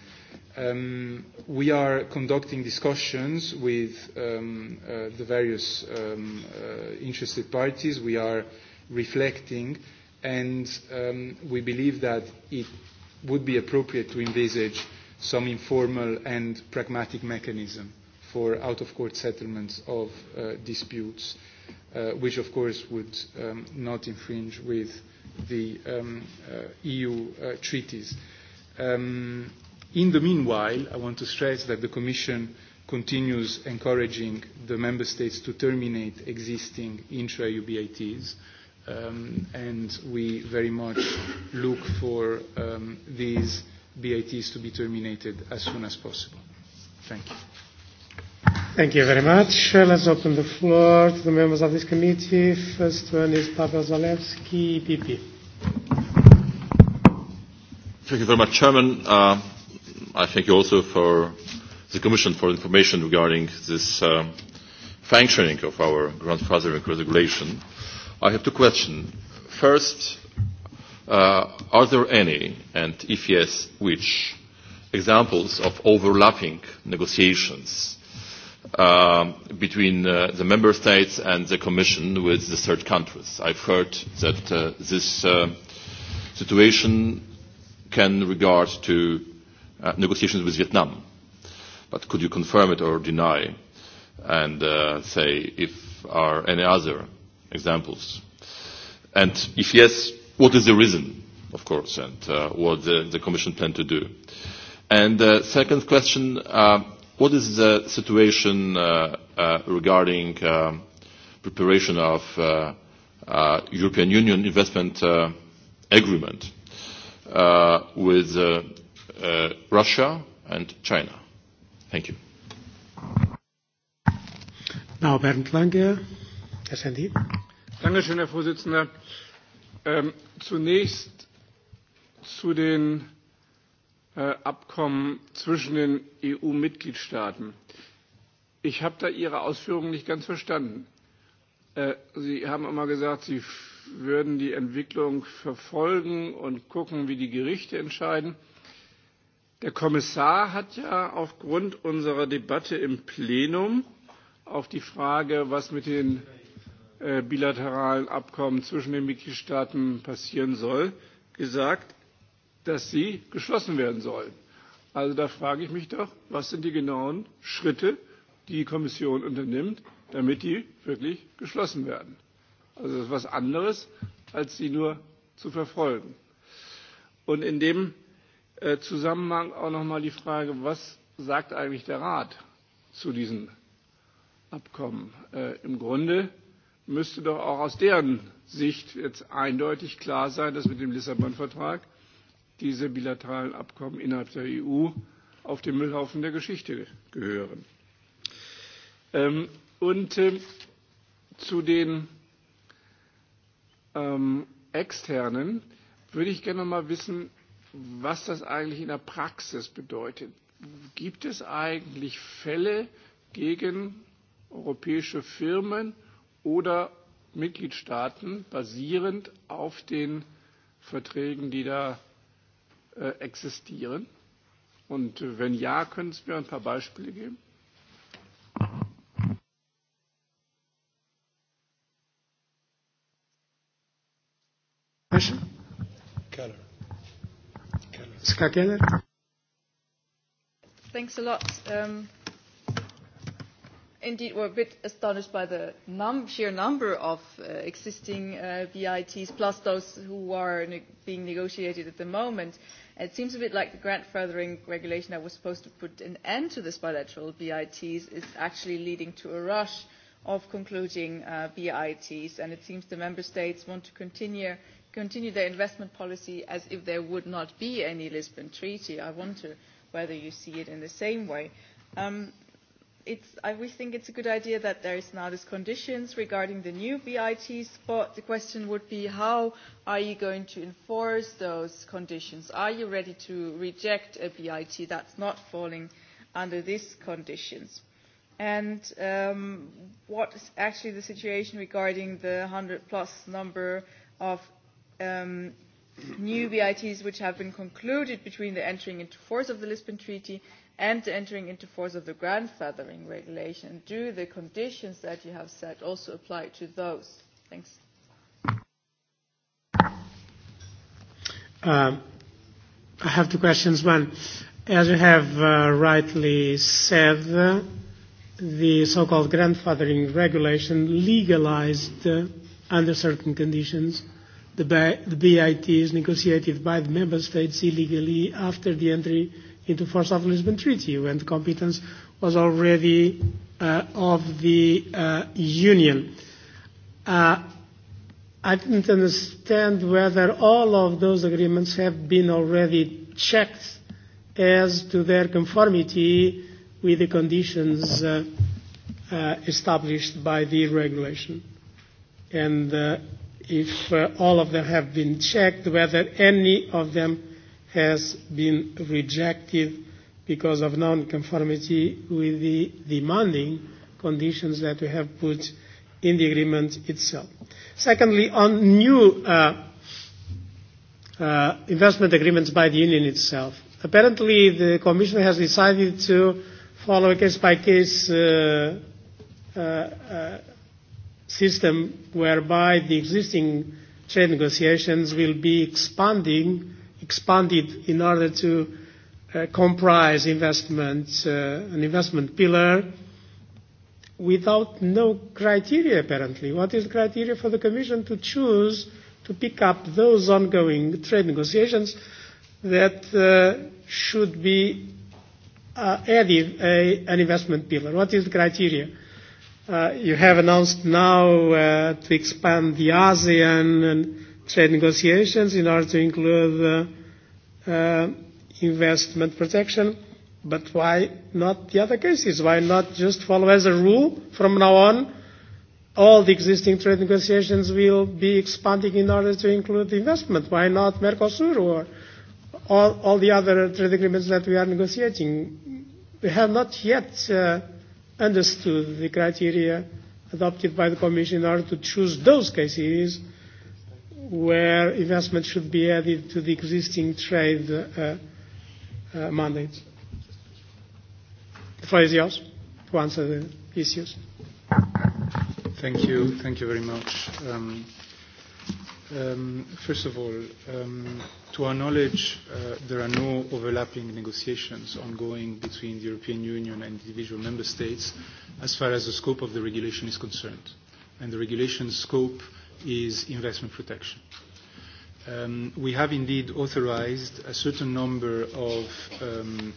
Um, we are conducting discussions with um, uh, the various um, uh, interested parties. We are reflecting, and um, we believe that it would be appropriate to envisage some informal and pragmatic mechanism for out-of-court settlements of uh, disputes, uh, which of course would um, not infringe with uh, the um, uh, EU uh, treaties. Um, in the meanwhile, I want to stress that the Commission continues encouraging the Member States to terminate existing intra-EU BITs, um, and we very much look for um, these BITs to be terminated as soon as possible. Thank you. Thank you very much. Let's open the floor to the members of this committee. First one is Pavel Zalewski, EPP. Thank you very much, Chairman. Uh, I thank you also for the Commission for information regarding this uh, functioning of our grandfathering regulation. I have two questions. First, uh, are there any, and if yes, which, examples of overlapping negotiations Um, between uh, the member states and the commission with the third countries. I've heard that uh, this uh, situation can regard to uh, negotiations with Vietnam. But could you confirm it or deny and uh, say if are any other examples? And if yes, what is the reason, of course, and uh, what the, the Commission plan to do? And uh, second question, uh, What is the situation uh, uh, regarding uh, preparation of uh, uh, European Union investment uh, agreement uh, with uh, uh, Russia and China? Thank you. Now Bernd Lange, SND. Dankeschön, Herr Vorsitzender. Ähm, zunächst zu den Äh, Abkommen zwischen den EU-Mitgliedstaaten. Ich habe da Ihre Ausführungen nicht ganz verstanden. Äh, Sie haben immer gesagt, Sie würden die Entwicklung verfolgen und gucken, wie die Gerichte entscheiden. Der Kommissar hat ja aufgrund unserer Debatte im Plenum auf die Frage, was mit den äh, bilateralen Abkommen zwischen den Mitgliedstaaten passieren soll, gesagt, dass sie geschlossen werden sollen. Also da frage ich mich doch, was sind die genauen Schritte, die die Kommission unternimmt, damit die wirklich geschlossen werden. Also das ist was anderes, als sie nur zu verfolgen. Und in dem äh, Zusammenhang auch nochmal die Frage, was sagt eigentlich der Rat zu diesen Abkommen? Äh, Im Grunde müsste doch auch aus deren Sicht jetzt eindeutig klar sein, dass mit dem Lissabon-Vertrag diese bilateralen Abkommen innerhalb der EU auf den Müllhaufen der Geschichte gehören. Ähm, und ähm, zu den ähm, externen würde ich gerne mal wissen, was das eigentlich in der Praxis bedeutet. Gibt es eigentlich Fälle gegen europäische Firmen oder Mitgliedstaaten basierend auf den Verträgen, die da Äh, existieren? Und wenn ja, können Sie mir ein paar Beispiele geben? Keller. Keller. Thanks a lot. Um, indeed were a bit astonished by the sheer number of uh, existing VITs, uh, plus those who are being negotiated at the moment. It seems a bit like the grandfathering regulation that was supposed to put an end to this bilateral BITs is actually leading to a rush of concluding uh, BITs, and it seems the member states want to continue, continue their investment policy as if there would not be any Lisbon Treaty. I wonder whether you see it in the same way. Um, we think it is a good idea that there are now these conditions regarding the new BITs, but the question would be how are you going to enforce those conditions? Are you ready to reject a BIT that's not falling under these conditions? And um, what is actually the situation regarding the 100 plus number of um, new BITs which have been concluded between the entering into force of the Lisbon Treaty and the entering into force of the grandfathering regulation do the conditions that you have set also apply to those? Thanks. Um, I have two questions. One, as you have uh, rightly said, uh, the so-called grandfathering regulation legalized, uh, under certain conditions, the, the BITs negotiated by the member states illegally after the entry into force of the Lisbon Treaty when the competence was already uh, of the uh, Union. Uh, I didn't understand whether all of those agreements have been already checked as to their conformity with the conditions uh, uh, established by the regulation. And uh, if uh, all of them have been checked, whether any of them has been rejected because of non-conformity with the demanding conditions that we have put in the agreement itself. Secondly, on new uh, uh, investment agreements by the Union itself, apparently the Commission has decided to follow a case-by-case -case, uh, uh, uh, system whereby the existing trade negotiations will be expanding expanded in order to uh, comprise investment, uh, an investment pillar without no criteria, apparently. What is the criteria for the Commission to choose to pick up those ongoing trade negotiations that uh, should be uh, added a, an investment pillar? What is the criteria? Uh, you have announced now uh, to expand the ASEAN and trade negotiations in order to include uh, uh, investment protection. But why not the other cases? Why not just follow as a rule from now on? All the existing trade negotiations will be expanding in order to include investment. Why not Mercosur or all, all the other trade agreements that we are negotiating? We have not yet uh, understood the criteria adopted by the Commission in order to choose those cases where investment should be added to the existing trade uh, uh, mandates. The floor is yours to answer the issues. Thank you. Thank you very much. Um, um, first of all, um, to our knowledge, uh, there are no overlapping negotiations ongoing between the European Union and individual member states as far as the scope of the regulation is concerned. And the regulation scope uh, is investment protection. Um, we have indeed authorized a certain number of um,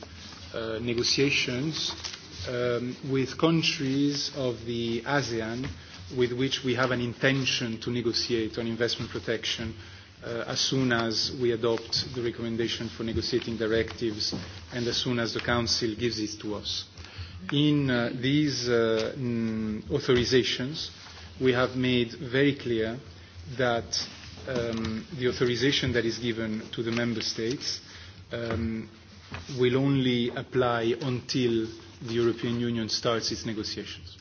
uh, negotiations um, with countries of the ASEAN with which we have an intention to negotiate on investment protection uh, as soon as we adopt the recommendation for negotiating directives and as soon as the Council gives it to us. In uh, these uh, mm, authorizations, we have made very clear that um, the authorization that is given to the member states um, will only apply until the European Union starts its negotiations.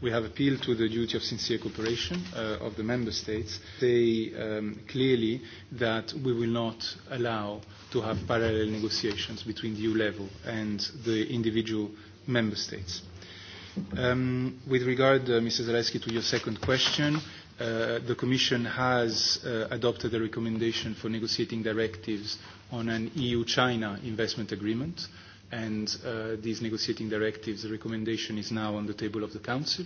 We have appealed to the duty of sincere cooperation uh, of the member states. They um, clearly that we will not allow to have parallel negotiations between the EU level and the individual member states. Um, with regard, uh, Mrs. Zaleski, to your second question, Uh, the Commission has uh, adopted a recommendation for negotiating directives on an EU-China investment agreement, and uh, these negotiating directives, the recommendation is now on the table of the Council.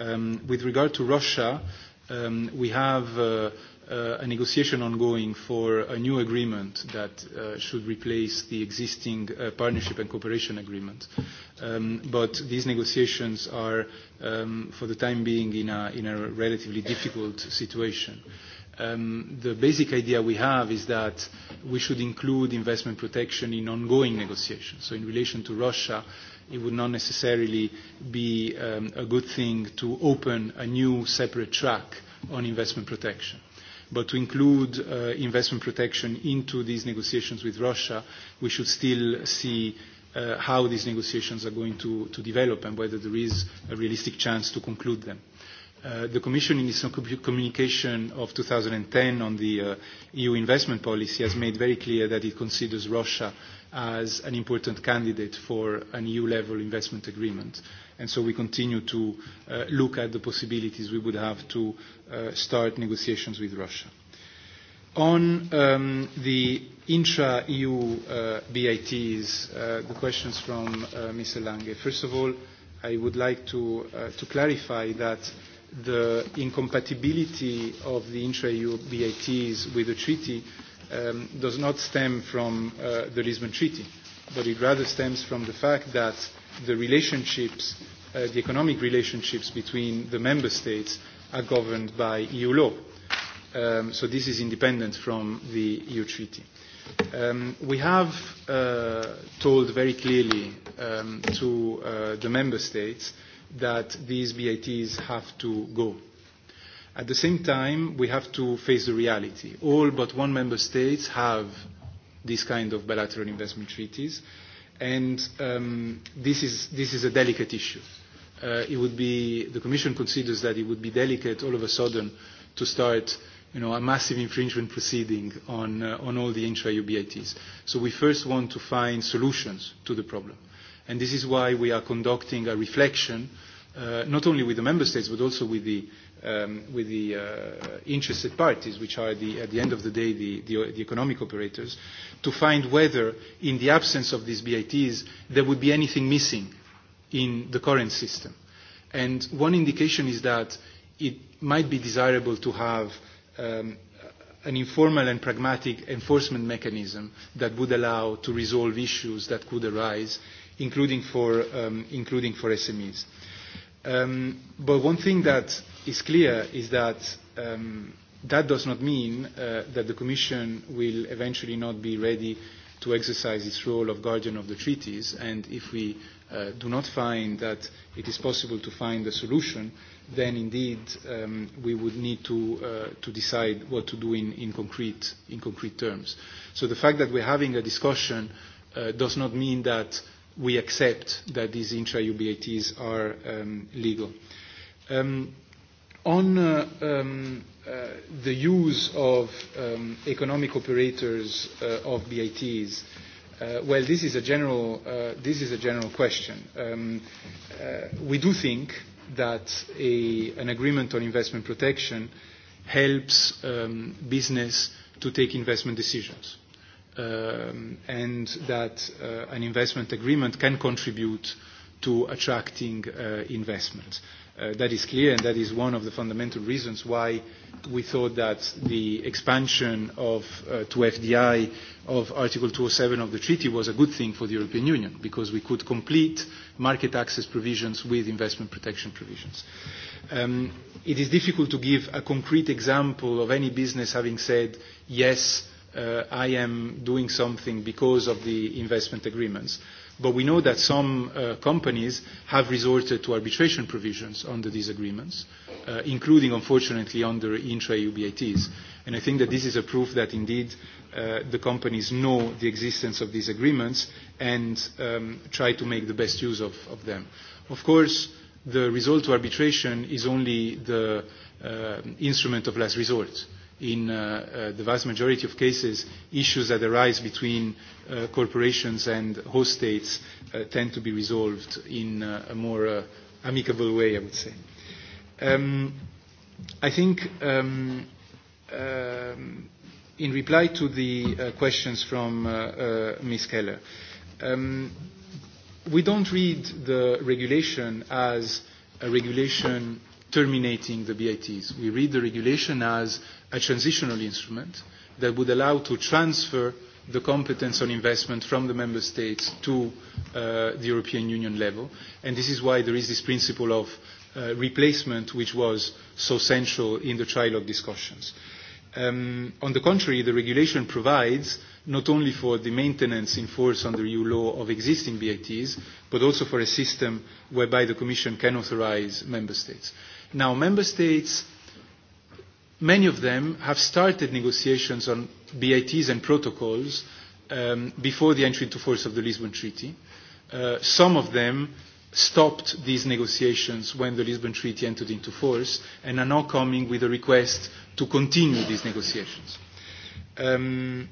Um, with regard to Russia, um, we have uh, uh, a negotiation ongoing for a new agreement that uh, should replace the existing uh, partnership and cooperation agreement. Um, but these negotiations are, um, for the time being, in a, in a relatively difficult situation. Um, the basic idea we have is that we should include investment protection in ongoing negotiations. So in relation to Russia, it would not necessarily be um, a good thing to open a new separate track on investment protection but to include uh, investment protection into these negotiations with Russia, we should still see uh, how these negotiations are going to, to develop and whether there is a realistic chance to conclude them. Uh, the Commission, in its communication of 2010 on the uh, EU investment policy, has made very clear that it considers Russia as an important candidate for an EU-level investment agreement we continue to uh, look at the possibilities we would have to uh, start negotiations with Russia. On um, the intra-EU uh, BITs, uh, the questions from Mr. Lange. First of all, I would like to, clarify that the incompatibility of the intra-EU BITs with the treaty um, does not stem from the Lisbon Treaty, but it rather stems from the fact that the relationships, uh, the economic relationships between the member states are governed by EU law. Um, so this is independent from the EU treaty. Um, we have uh, told very clearly um, to uh, the member states that these BITs have to go. At the same time, we have to face the reality. All but one member states have these kind of bilateral investment treaties and um, this, is, this is a delicate issue. Uh, it would be, the Commission considers that it would be delicate all of a sudden to start you know, a massive infringement proceeding on, uh, on all the intra-EU BITs. So we first want to find solutions to the problem. And this is why we are conducting a reflection, uh, not only with the Member States, but also with the um, with the uh, interested parties, which are the, at the end of the day the, the, the economic operators, to find whether, in the absence of these BITs, there would be anything missing in the current system. And one indication is that it might be desirable to have um, an informal and pragmatic enforcement mechanism that would allow to resolve issues that could arise, including for, um, including for SMEs. Um, but one thing that is clear is that um, that does not mean uh, that the Commission will eventually not be ready to exercise its role of guardian of the treaties. And if we uh, do not find that it is possible to find a solution, then indeed um, we would need to, uh, to decide what to do in, in, concrete, in concrete terms. So the fact that we're having a discussion uh, does not mean that we accept that these intra-UBATs are um, legal. Um, On uh, um, uh, the use of um, economic operators uh, of BITs, uh, well, this is a general, uh, this is a general question. Um, uh, we do think that a, an agreement on investment protection helps um, business to take investment decisions. Um, and that uh, an investment agreement can contribute to attracting uh, investment. Uh, that is clear, and that is one of the fundamental reasons why we thought that the expansion of, uh, to FDI of Article 207 of the treaty was a good thing for the European Union, because we could complete market access provisions with investment protection provisions. Um, it is difficult to give a concrete example of any business having said, yes, uh, I am doing something because of the investment agreements. Uh, But we know that some uh, companies have resorted to arbitration provisions under these agreements, uh, including, unfortunately, under intra-EU BATs. And I think that this is a proof that indeed uh, the companies know the existence of these agreements and um, try to make the best use of, of them. Of course, the result to arbitration is only the uh, instrument of last resort. Uh, in uh, uh, the vast majority of cases, issues that arise between uh, corporations and host states uh, tend to be resolved in uh, a more uh, amicable way, I would say. Um, I think um, um, in reply to the uh, questions from uh, uh, Ms. Keller, um, we don't read the regulation as a regulation terminating the BITs. We read the regulation as a transitional instrument that would allow to transfer the competence on investment from the member states to uh, the European Union level. And this is why there is this principle of uh, replacement, which was so central in the trilogue discussions. Um, on the contrary, the regulation provides not only for the maintenance in force under EU law of existing BITs, but also for a system whereby the Commission can authorize member states. Now, member states, many of them have started negotiations on BITs and protocols um, before the entry into force of the Lisbon Treaty. Uh, some of them stopped these negotiations when the Lisbon Treaty entered into force and are now coming with a request to continue these negotiations. Um,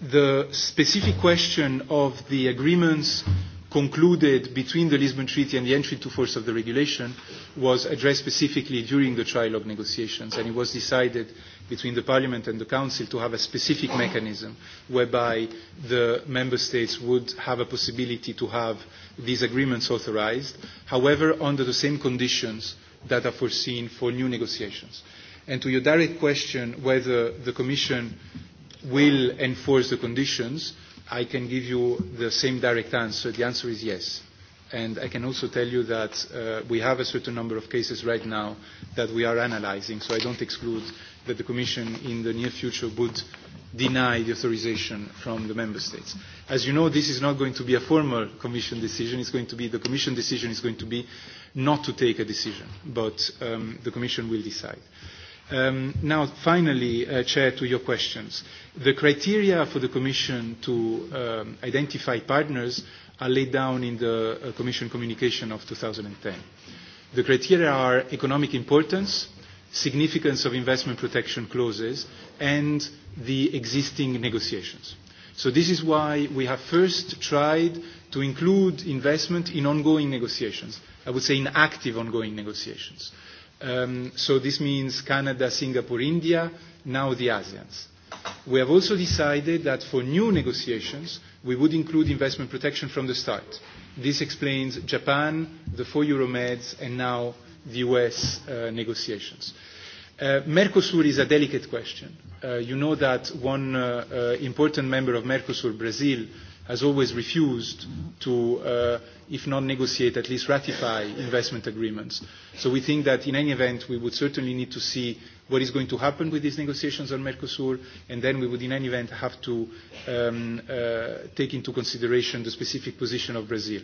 the specific question of the agreements concluded between the Lisbon Treaty and the entry into force of the regulation was addressed specifically during the trilogue negotiations, and it was decided between the Parliament and the Council to have a specific mechanism whereby the Member States would have a possibility to have these agreements authorized, however, under the same conditions that are foreseen for new negotiations. And to your direct question whether the Commission will enforce the conditions, i can give you the same direct answer. The answer is yes. And I can also tell you that uh, we have a certain number of cases right now that we are analyzing, so I don't exclude that the Commission in the near future would deny the authorization from the member states. As you know, this is not going to be a formal commission decision. It's going to be the commission decision is going to be not to take a decision, but um, the commission will decide. Um, now, finally, uh, Chair, to your questions. The criteria for the Commission to um, identify partners are laid down in the uh, Commission communication of 2010. The criteria are economic importance, significance of investment protection clauses, and the existing negotiations. So this is why we have first tried to include investment in ongoing negotiations, I would say in active ongoing negotiations. Um, so this means Canada, Singapore, India, now the ASEANs. We have also decided that for new negotiations, we would include investment protection from the start. This explains Japan, the four Euromeds, and now the US uh, negotiations. Uh, Mercosur is a delicate question. Uh, you know that one uh, uh, important member of Mercosur, Brazil, uh, has always refused to, uh, if not negotiate, at least ratify investment agreements. So we think that in any event, we would certainly need to see what is going to happen with these negotiations on Mercosur, and then we would in any event have to um, uh, take into consideration the specific position of Brazil.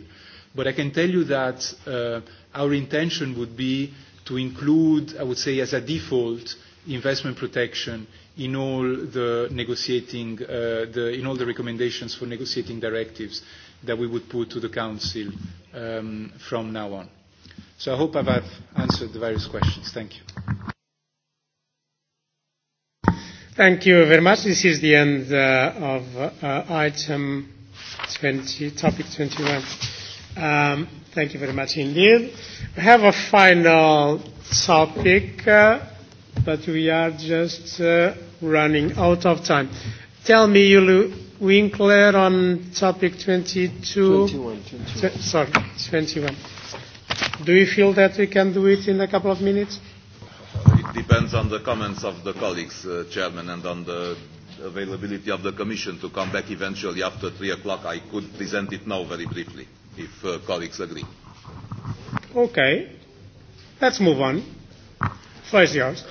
But I can tell you that uh, our intention would be to include, I would say, as a default, investment protection in all the negotiating, uh, the, in all the recommendations for negotiating directives that we would put to the Council um, from now on. So I hope I've answered the various questions. Thank you. Thank you very much. This is the end uh, of uh, item 20, topic 21. Um, thank you very much indeed. We have a final topic. Uh, but we are just uh, running out of time. Tell me, Yulu Winkler, on topic 22. 21, 21. sorry, 21. Do you feel that we can do it in a couple of minutes? It depends on the comments of the colleagues, uh, Chairman, and on the availability of the Commission to come back eventually after 3 o'clock. I could present it now very briefly, if uh, colleagues agree. Okay. Let's move on floor is yours.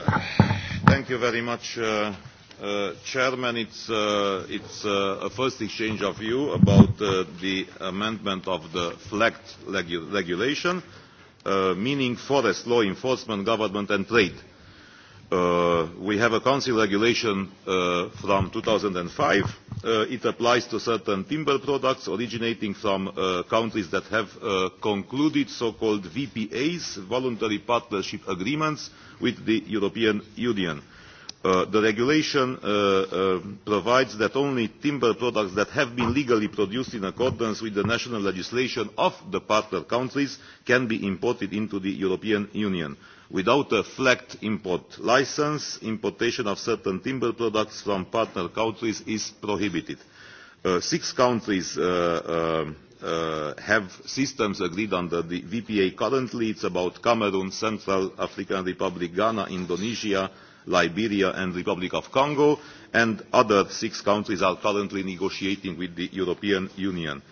Thank you very much, uh, uh, Chairman. It's, uh, it's uh, a first exchange of view about uh, the amendment of the FLECT regu regulation, uh, meaning forest law enforcement, government and trade. Uh, Uh, we have a council regulation uh, from 2005. Uh, it applies to certain timber products originating from uh, countries that have uh, concluded so-called VPAs, voluntary partnership agreements, with the European Union. Uh, the regulation uh, uh, provides that only timber products that have been legally produced in accordance with the national legislation of the partner countries can be imported into the European Union without a flagged import licence, importation of certain timber products from partner countries is prohibited. Uh, six countries uh, uh, have systems agreed under the VPA currently. It's about Cameroon, Central African Republic, Ghana, Indonesia, Liberia and Republic of Congo, and other six countries are currently negotiating with the European Union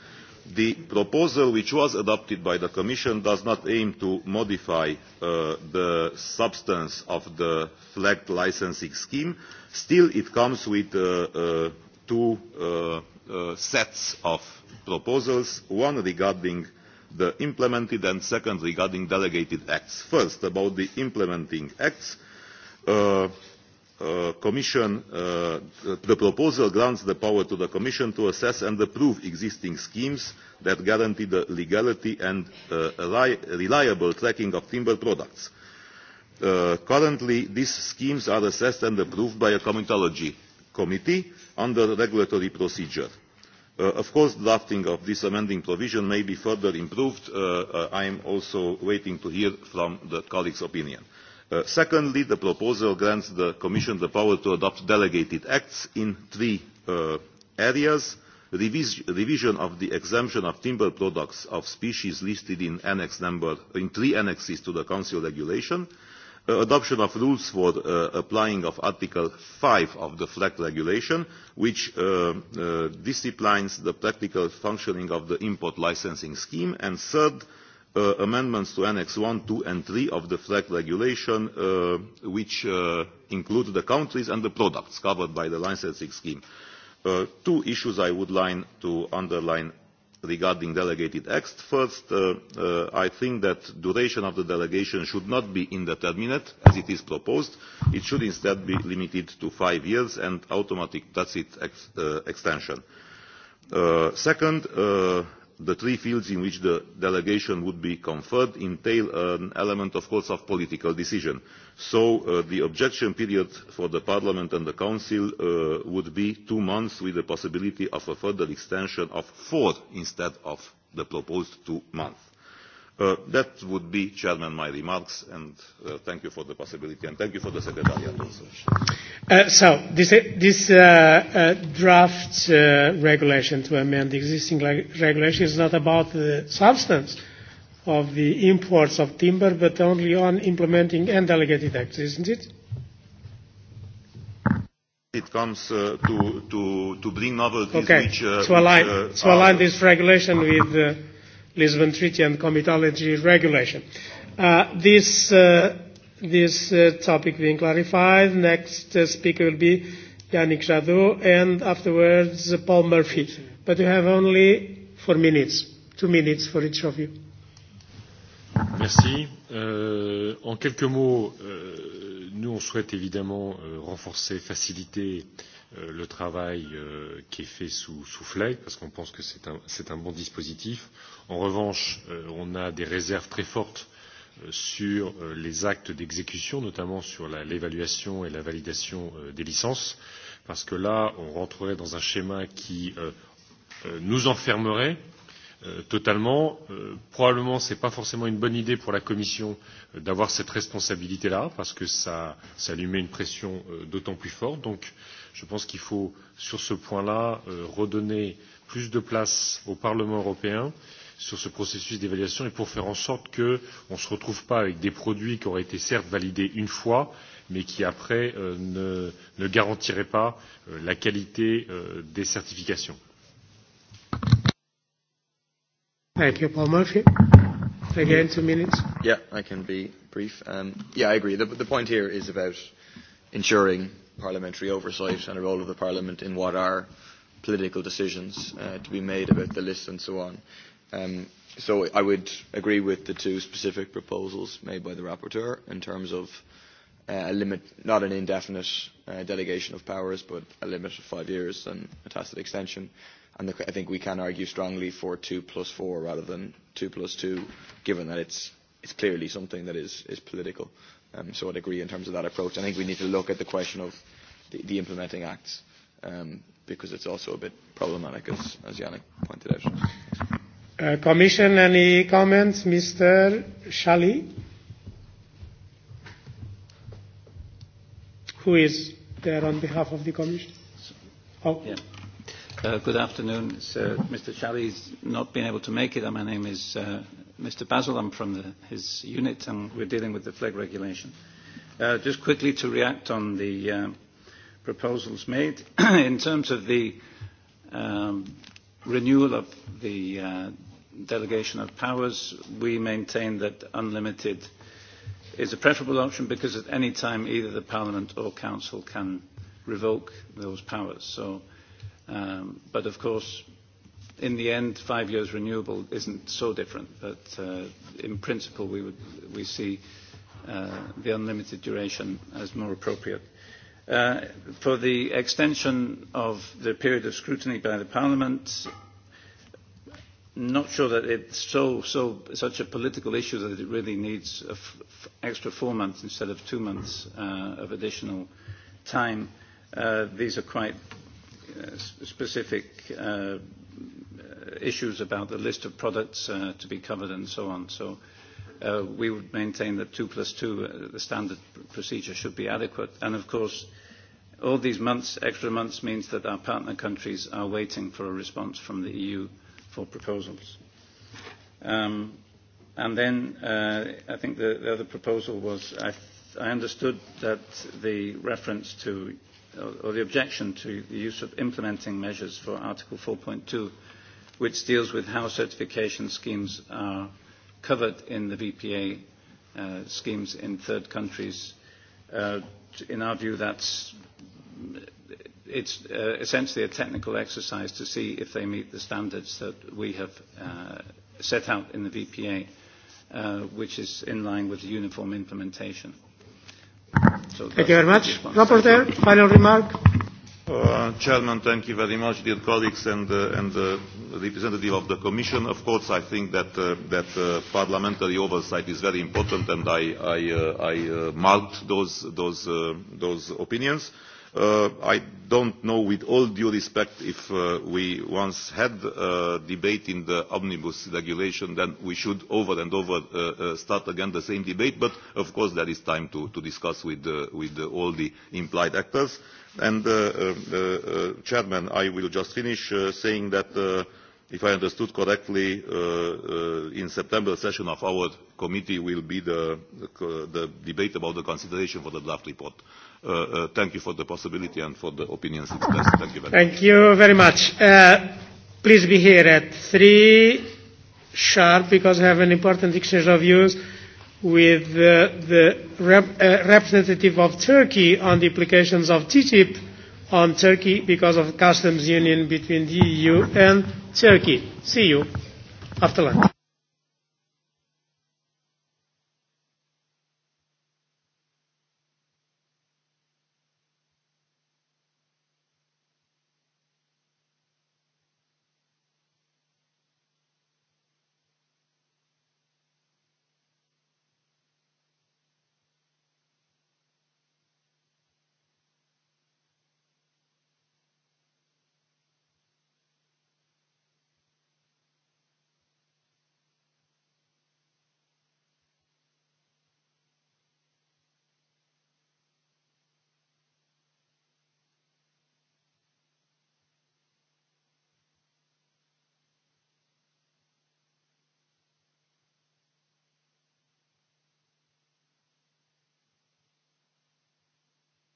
the proposal which was adopted by the commission does not aim to modify uh, the substance of the flegt licensing scheme still it comes with uh, uh, two sets of proposals one regarding the implemented and second regarding delegated acts. first about the implementing acts Uh, commission uh, the proposal grants the power to the commission to assess and approve existing schemes that guarantee the legality and uh, reliable tracking of timber products. currently these schemes are assessed and approved by a comitology committee under regulatory procedure. of course drafting of this amending provision may be further improved. i am also waiting to hear from the colleagues' opinion. Uh, secondly, the proposal grants the Commission the power to adopt delegated acts in three uh, areas. revision of the exemption of timber products of species listed in, three annexes to the Council regulation, uh, adoption of rules for applying of Article 5 of the FLEGT regulation, which disciplines the practical functioning of the import licensing scheme, and third, Uh, amendments to Annex I, II and III of the FLEGT regulation, uh, which uh, include the countries and the products covered by the licensing scheme. two issues I would like to underline regarding delegated acts. First, I think that duration of the delegation should not be indeterminate, as it is proposed. It should instead be limited to five years and automatic tacit ex extension. second, the three fields in which the delegation would be conferred entail an element of course of political decision so uh, the objection period for the parliament and the council uh, would be two months with the possibility of a further extension of four instead of the proposed two months Uh, that would be, Chairman, my remarks, and uh, thank you for the possibility, and thank you for the Secretariat also. Uh, so, this, uh, this uh, uh, draft uh, regulation to amend the existing regulation is not about the substance of the imports of timber, but only on implementing and delegated acts, isn't it? it comes uh, to, to, to bring novelties okay. which... Uh, to align, which, uh, to align are, this regulation with... Uh, Lisbon Treaty and Comitology Regulation. Uh, this uh, this uh, topic being clarified, next uh, speaker will be Yannick Jadot and afterwards uh, Paul Murphy. But you have only four minutes, two minutes for each of you. Merci. Euh, en quelques mots, euh, nous on souhaite évidemment euh, renforcer, faciliter euh, Euh, le travail euh, qui est fait sous, sous FLEG, parce qu'on pense que c'est un, un bon dispositif. En revanche, euh, on a des réserves très fortes sur les actes d'exécution, notamment sur l'évaluation et la validation des licences, parce que là, on rentrerait dans un schéma qui nous enfermerait totalement. probablement, ce n'est pas forcément une bonne idée pour la Commission d'avoir cette responsabilité-là, parce que ça, ça lui met une pression d'autant plus forte. Donc, euh, je pense qu'il faut, sur ce point-là, euh, redonner plus de place au Parlement européen sur ce processus d'évaluation et pour faire en sorte qu'on ne se retrouve pas avec des produits qui auraient été certes validés une fois, mais qui après euh, ne, ne garantiraient pas euh, la qualité euh, des certifications. Thank you, Paul Murphy. Again, two minutes. Yeah, I can be brief. Um, yeah, I agree. The, the point here is about ensuring parliamentary oversight and a role of the Parliament in what are political decisions uh, to be made about the list and so on. Um, so I would agree with the two specific proposals made by the rapporteur in terms of uh, a limit, not an indefinite uh, delegation of powers, but a limit of five years and a tacit extension. And the, I think we can argue strongly for two plus four rather than two plus two, given that it's, it's clearly something that is, is political. Um, so I'd agree in terms of that approach. I think we need to look at the question of the, the implementing acts um, because it's also a bit problematic, as, as Yannick pointed out. Uh, commission, any comments? Mr. Shali? Who is there on behalf of the Commission? Oh. Yeah. Uh, good afternoon. Sir. Mr. Shali has not been able to make it. My name is uh, Mr. Basil. I'm from the, his unit, and we're dealing with the FLEG regulation. Uh, just quickly to react on the uh, proposals made. In terms of the um, renewal of the uh, delegation of powers, we maintain that unlimited is a preferable option because at any time either the Parliament or Council can revoke those powers. So, um, but of course, in the end, five years renewable isn't so different, but uh, in principle, we, would, we see uh, the unlimited duration as more appropriate. Uh, for the extension of the period of scrutiny by the Parliament, not sure that it's so, so, such a political issue that it really needs a f- extra four months instead of two months uh, of additional time. Uh, these are quite uh, specific uh, issues about the list of products uh, to be covered and so on. So uh, we would maintain that 2 plus 2, uh, the standard procedure, should be adequate. And of course, all these months, extra months, means that our partner countries are waiting for a response from the EU for proposals. Um, and then uh, I think the, the other proposal was I, th- I understood that the reference to Uh, or the objection to the use of implementing measures for Article 4.2, which deals with how certification schemes are covered in the VPA uh, schemes in third countries. Uh, in our view, that's it's uh, essentially a technical exercise to see if they meet the standards that we have uh, set out in the VPA, uh, which is in line with the uniform implementation. So thank you very much. Rapporteur, final remark. Uh, Chairman, thank you very much, dear colleagues and, uh, and uh, representative of the Commission. Of course, I think that, uh, that uh, parliamentary oversight is very important, and I, I, uh, I uh, marked those, those, uh, those opinions. Uh, i uh, I don't know, with all due respect, if uh, we once had a uh, debate in the omnibus regulation, then we should over and over start again the same debate. But of course, there is time to, discuss with, all the implied actors. And, Chairman, I will just finish saying that, if I understood correctly, in the in September session of our committee will be the, debate about the consideration for the draft report. Uh, uh, thank you for the possibility and for the opinions expressed. Thank you very thank much. Thank you very much. Uh, please be here at three sharp because I have an important exchange of views with uh, the rep, uh, representative of Turkey on the implications of TTIP on Turkey because of customs union between the EU and Turkey. See you after lunch.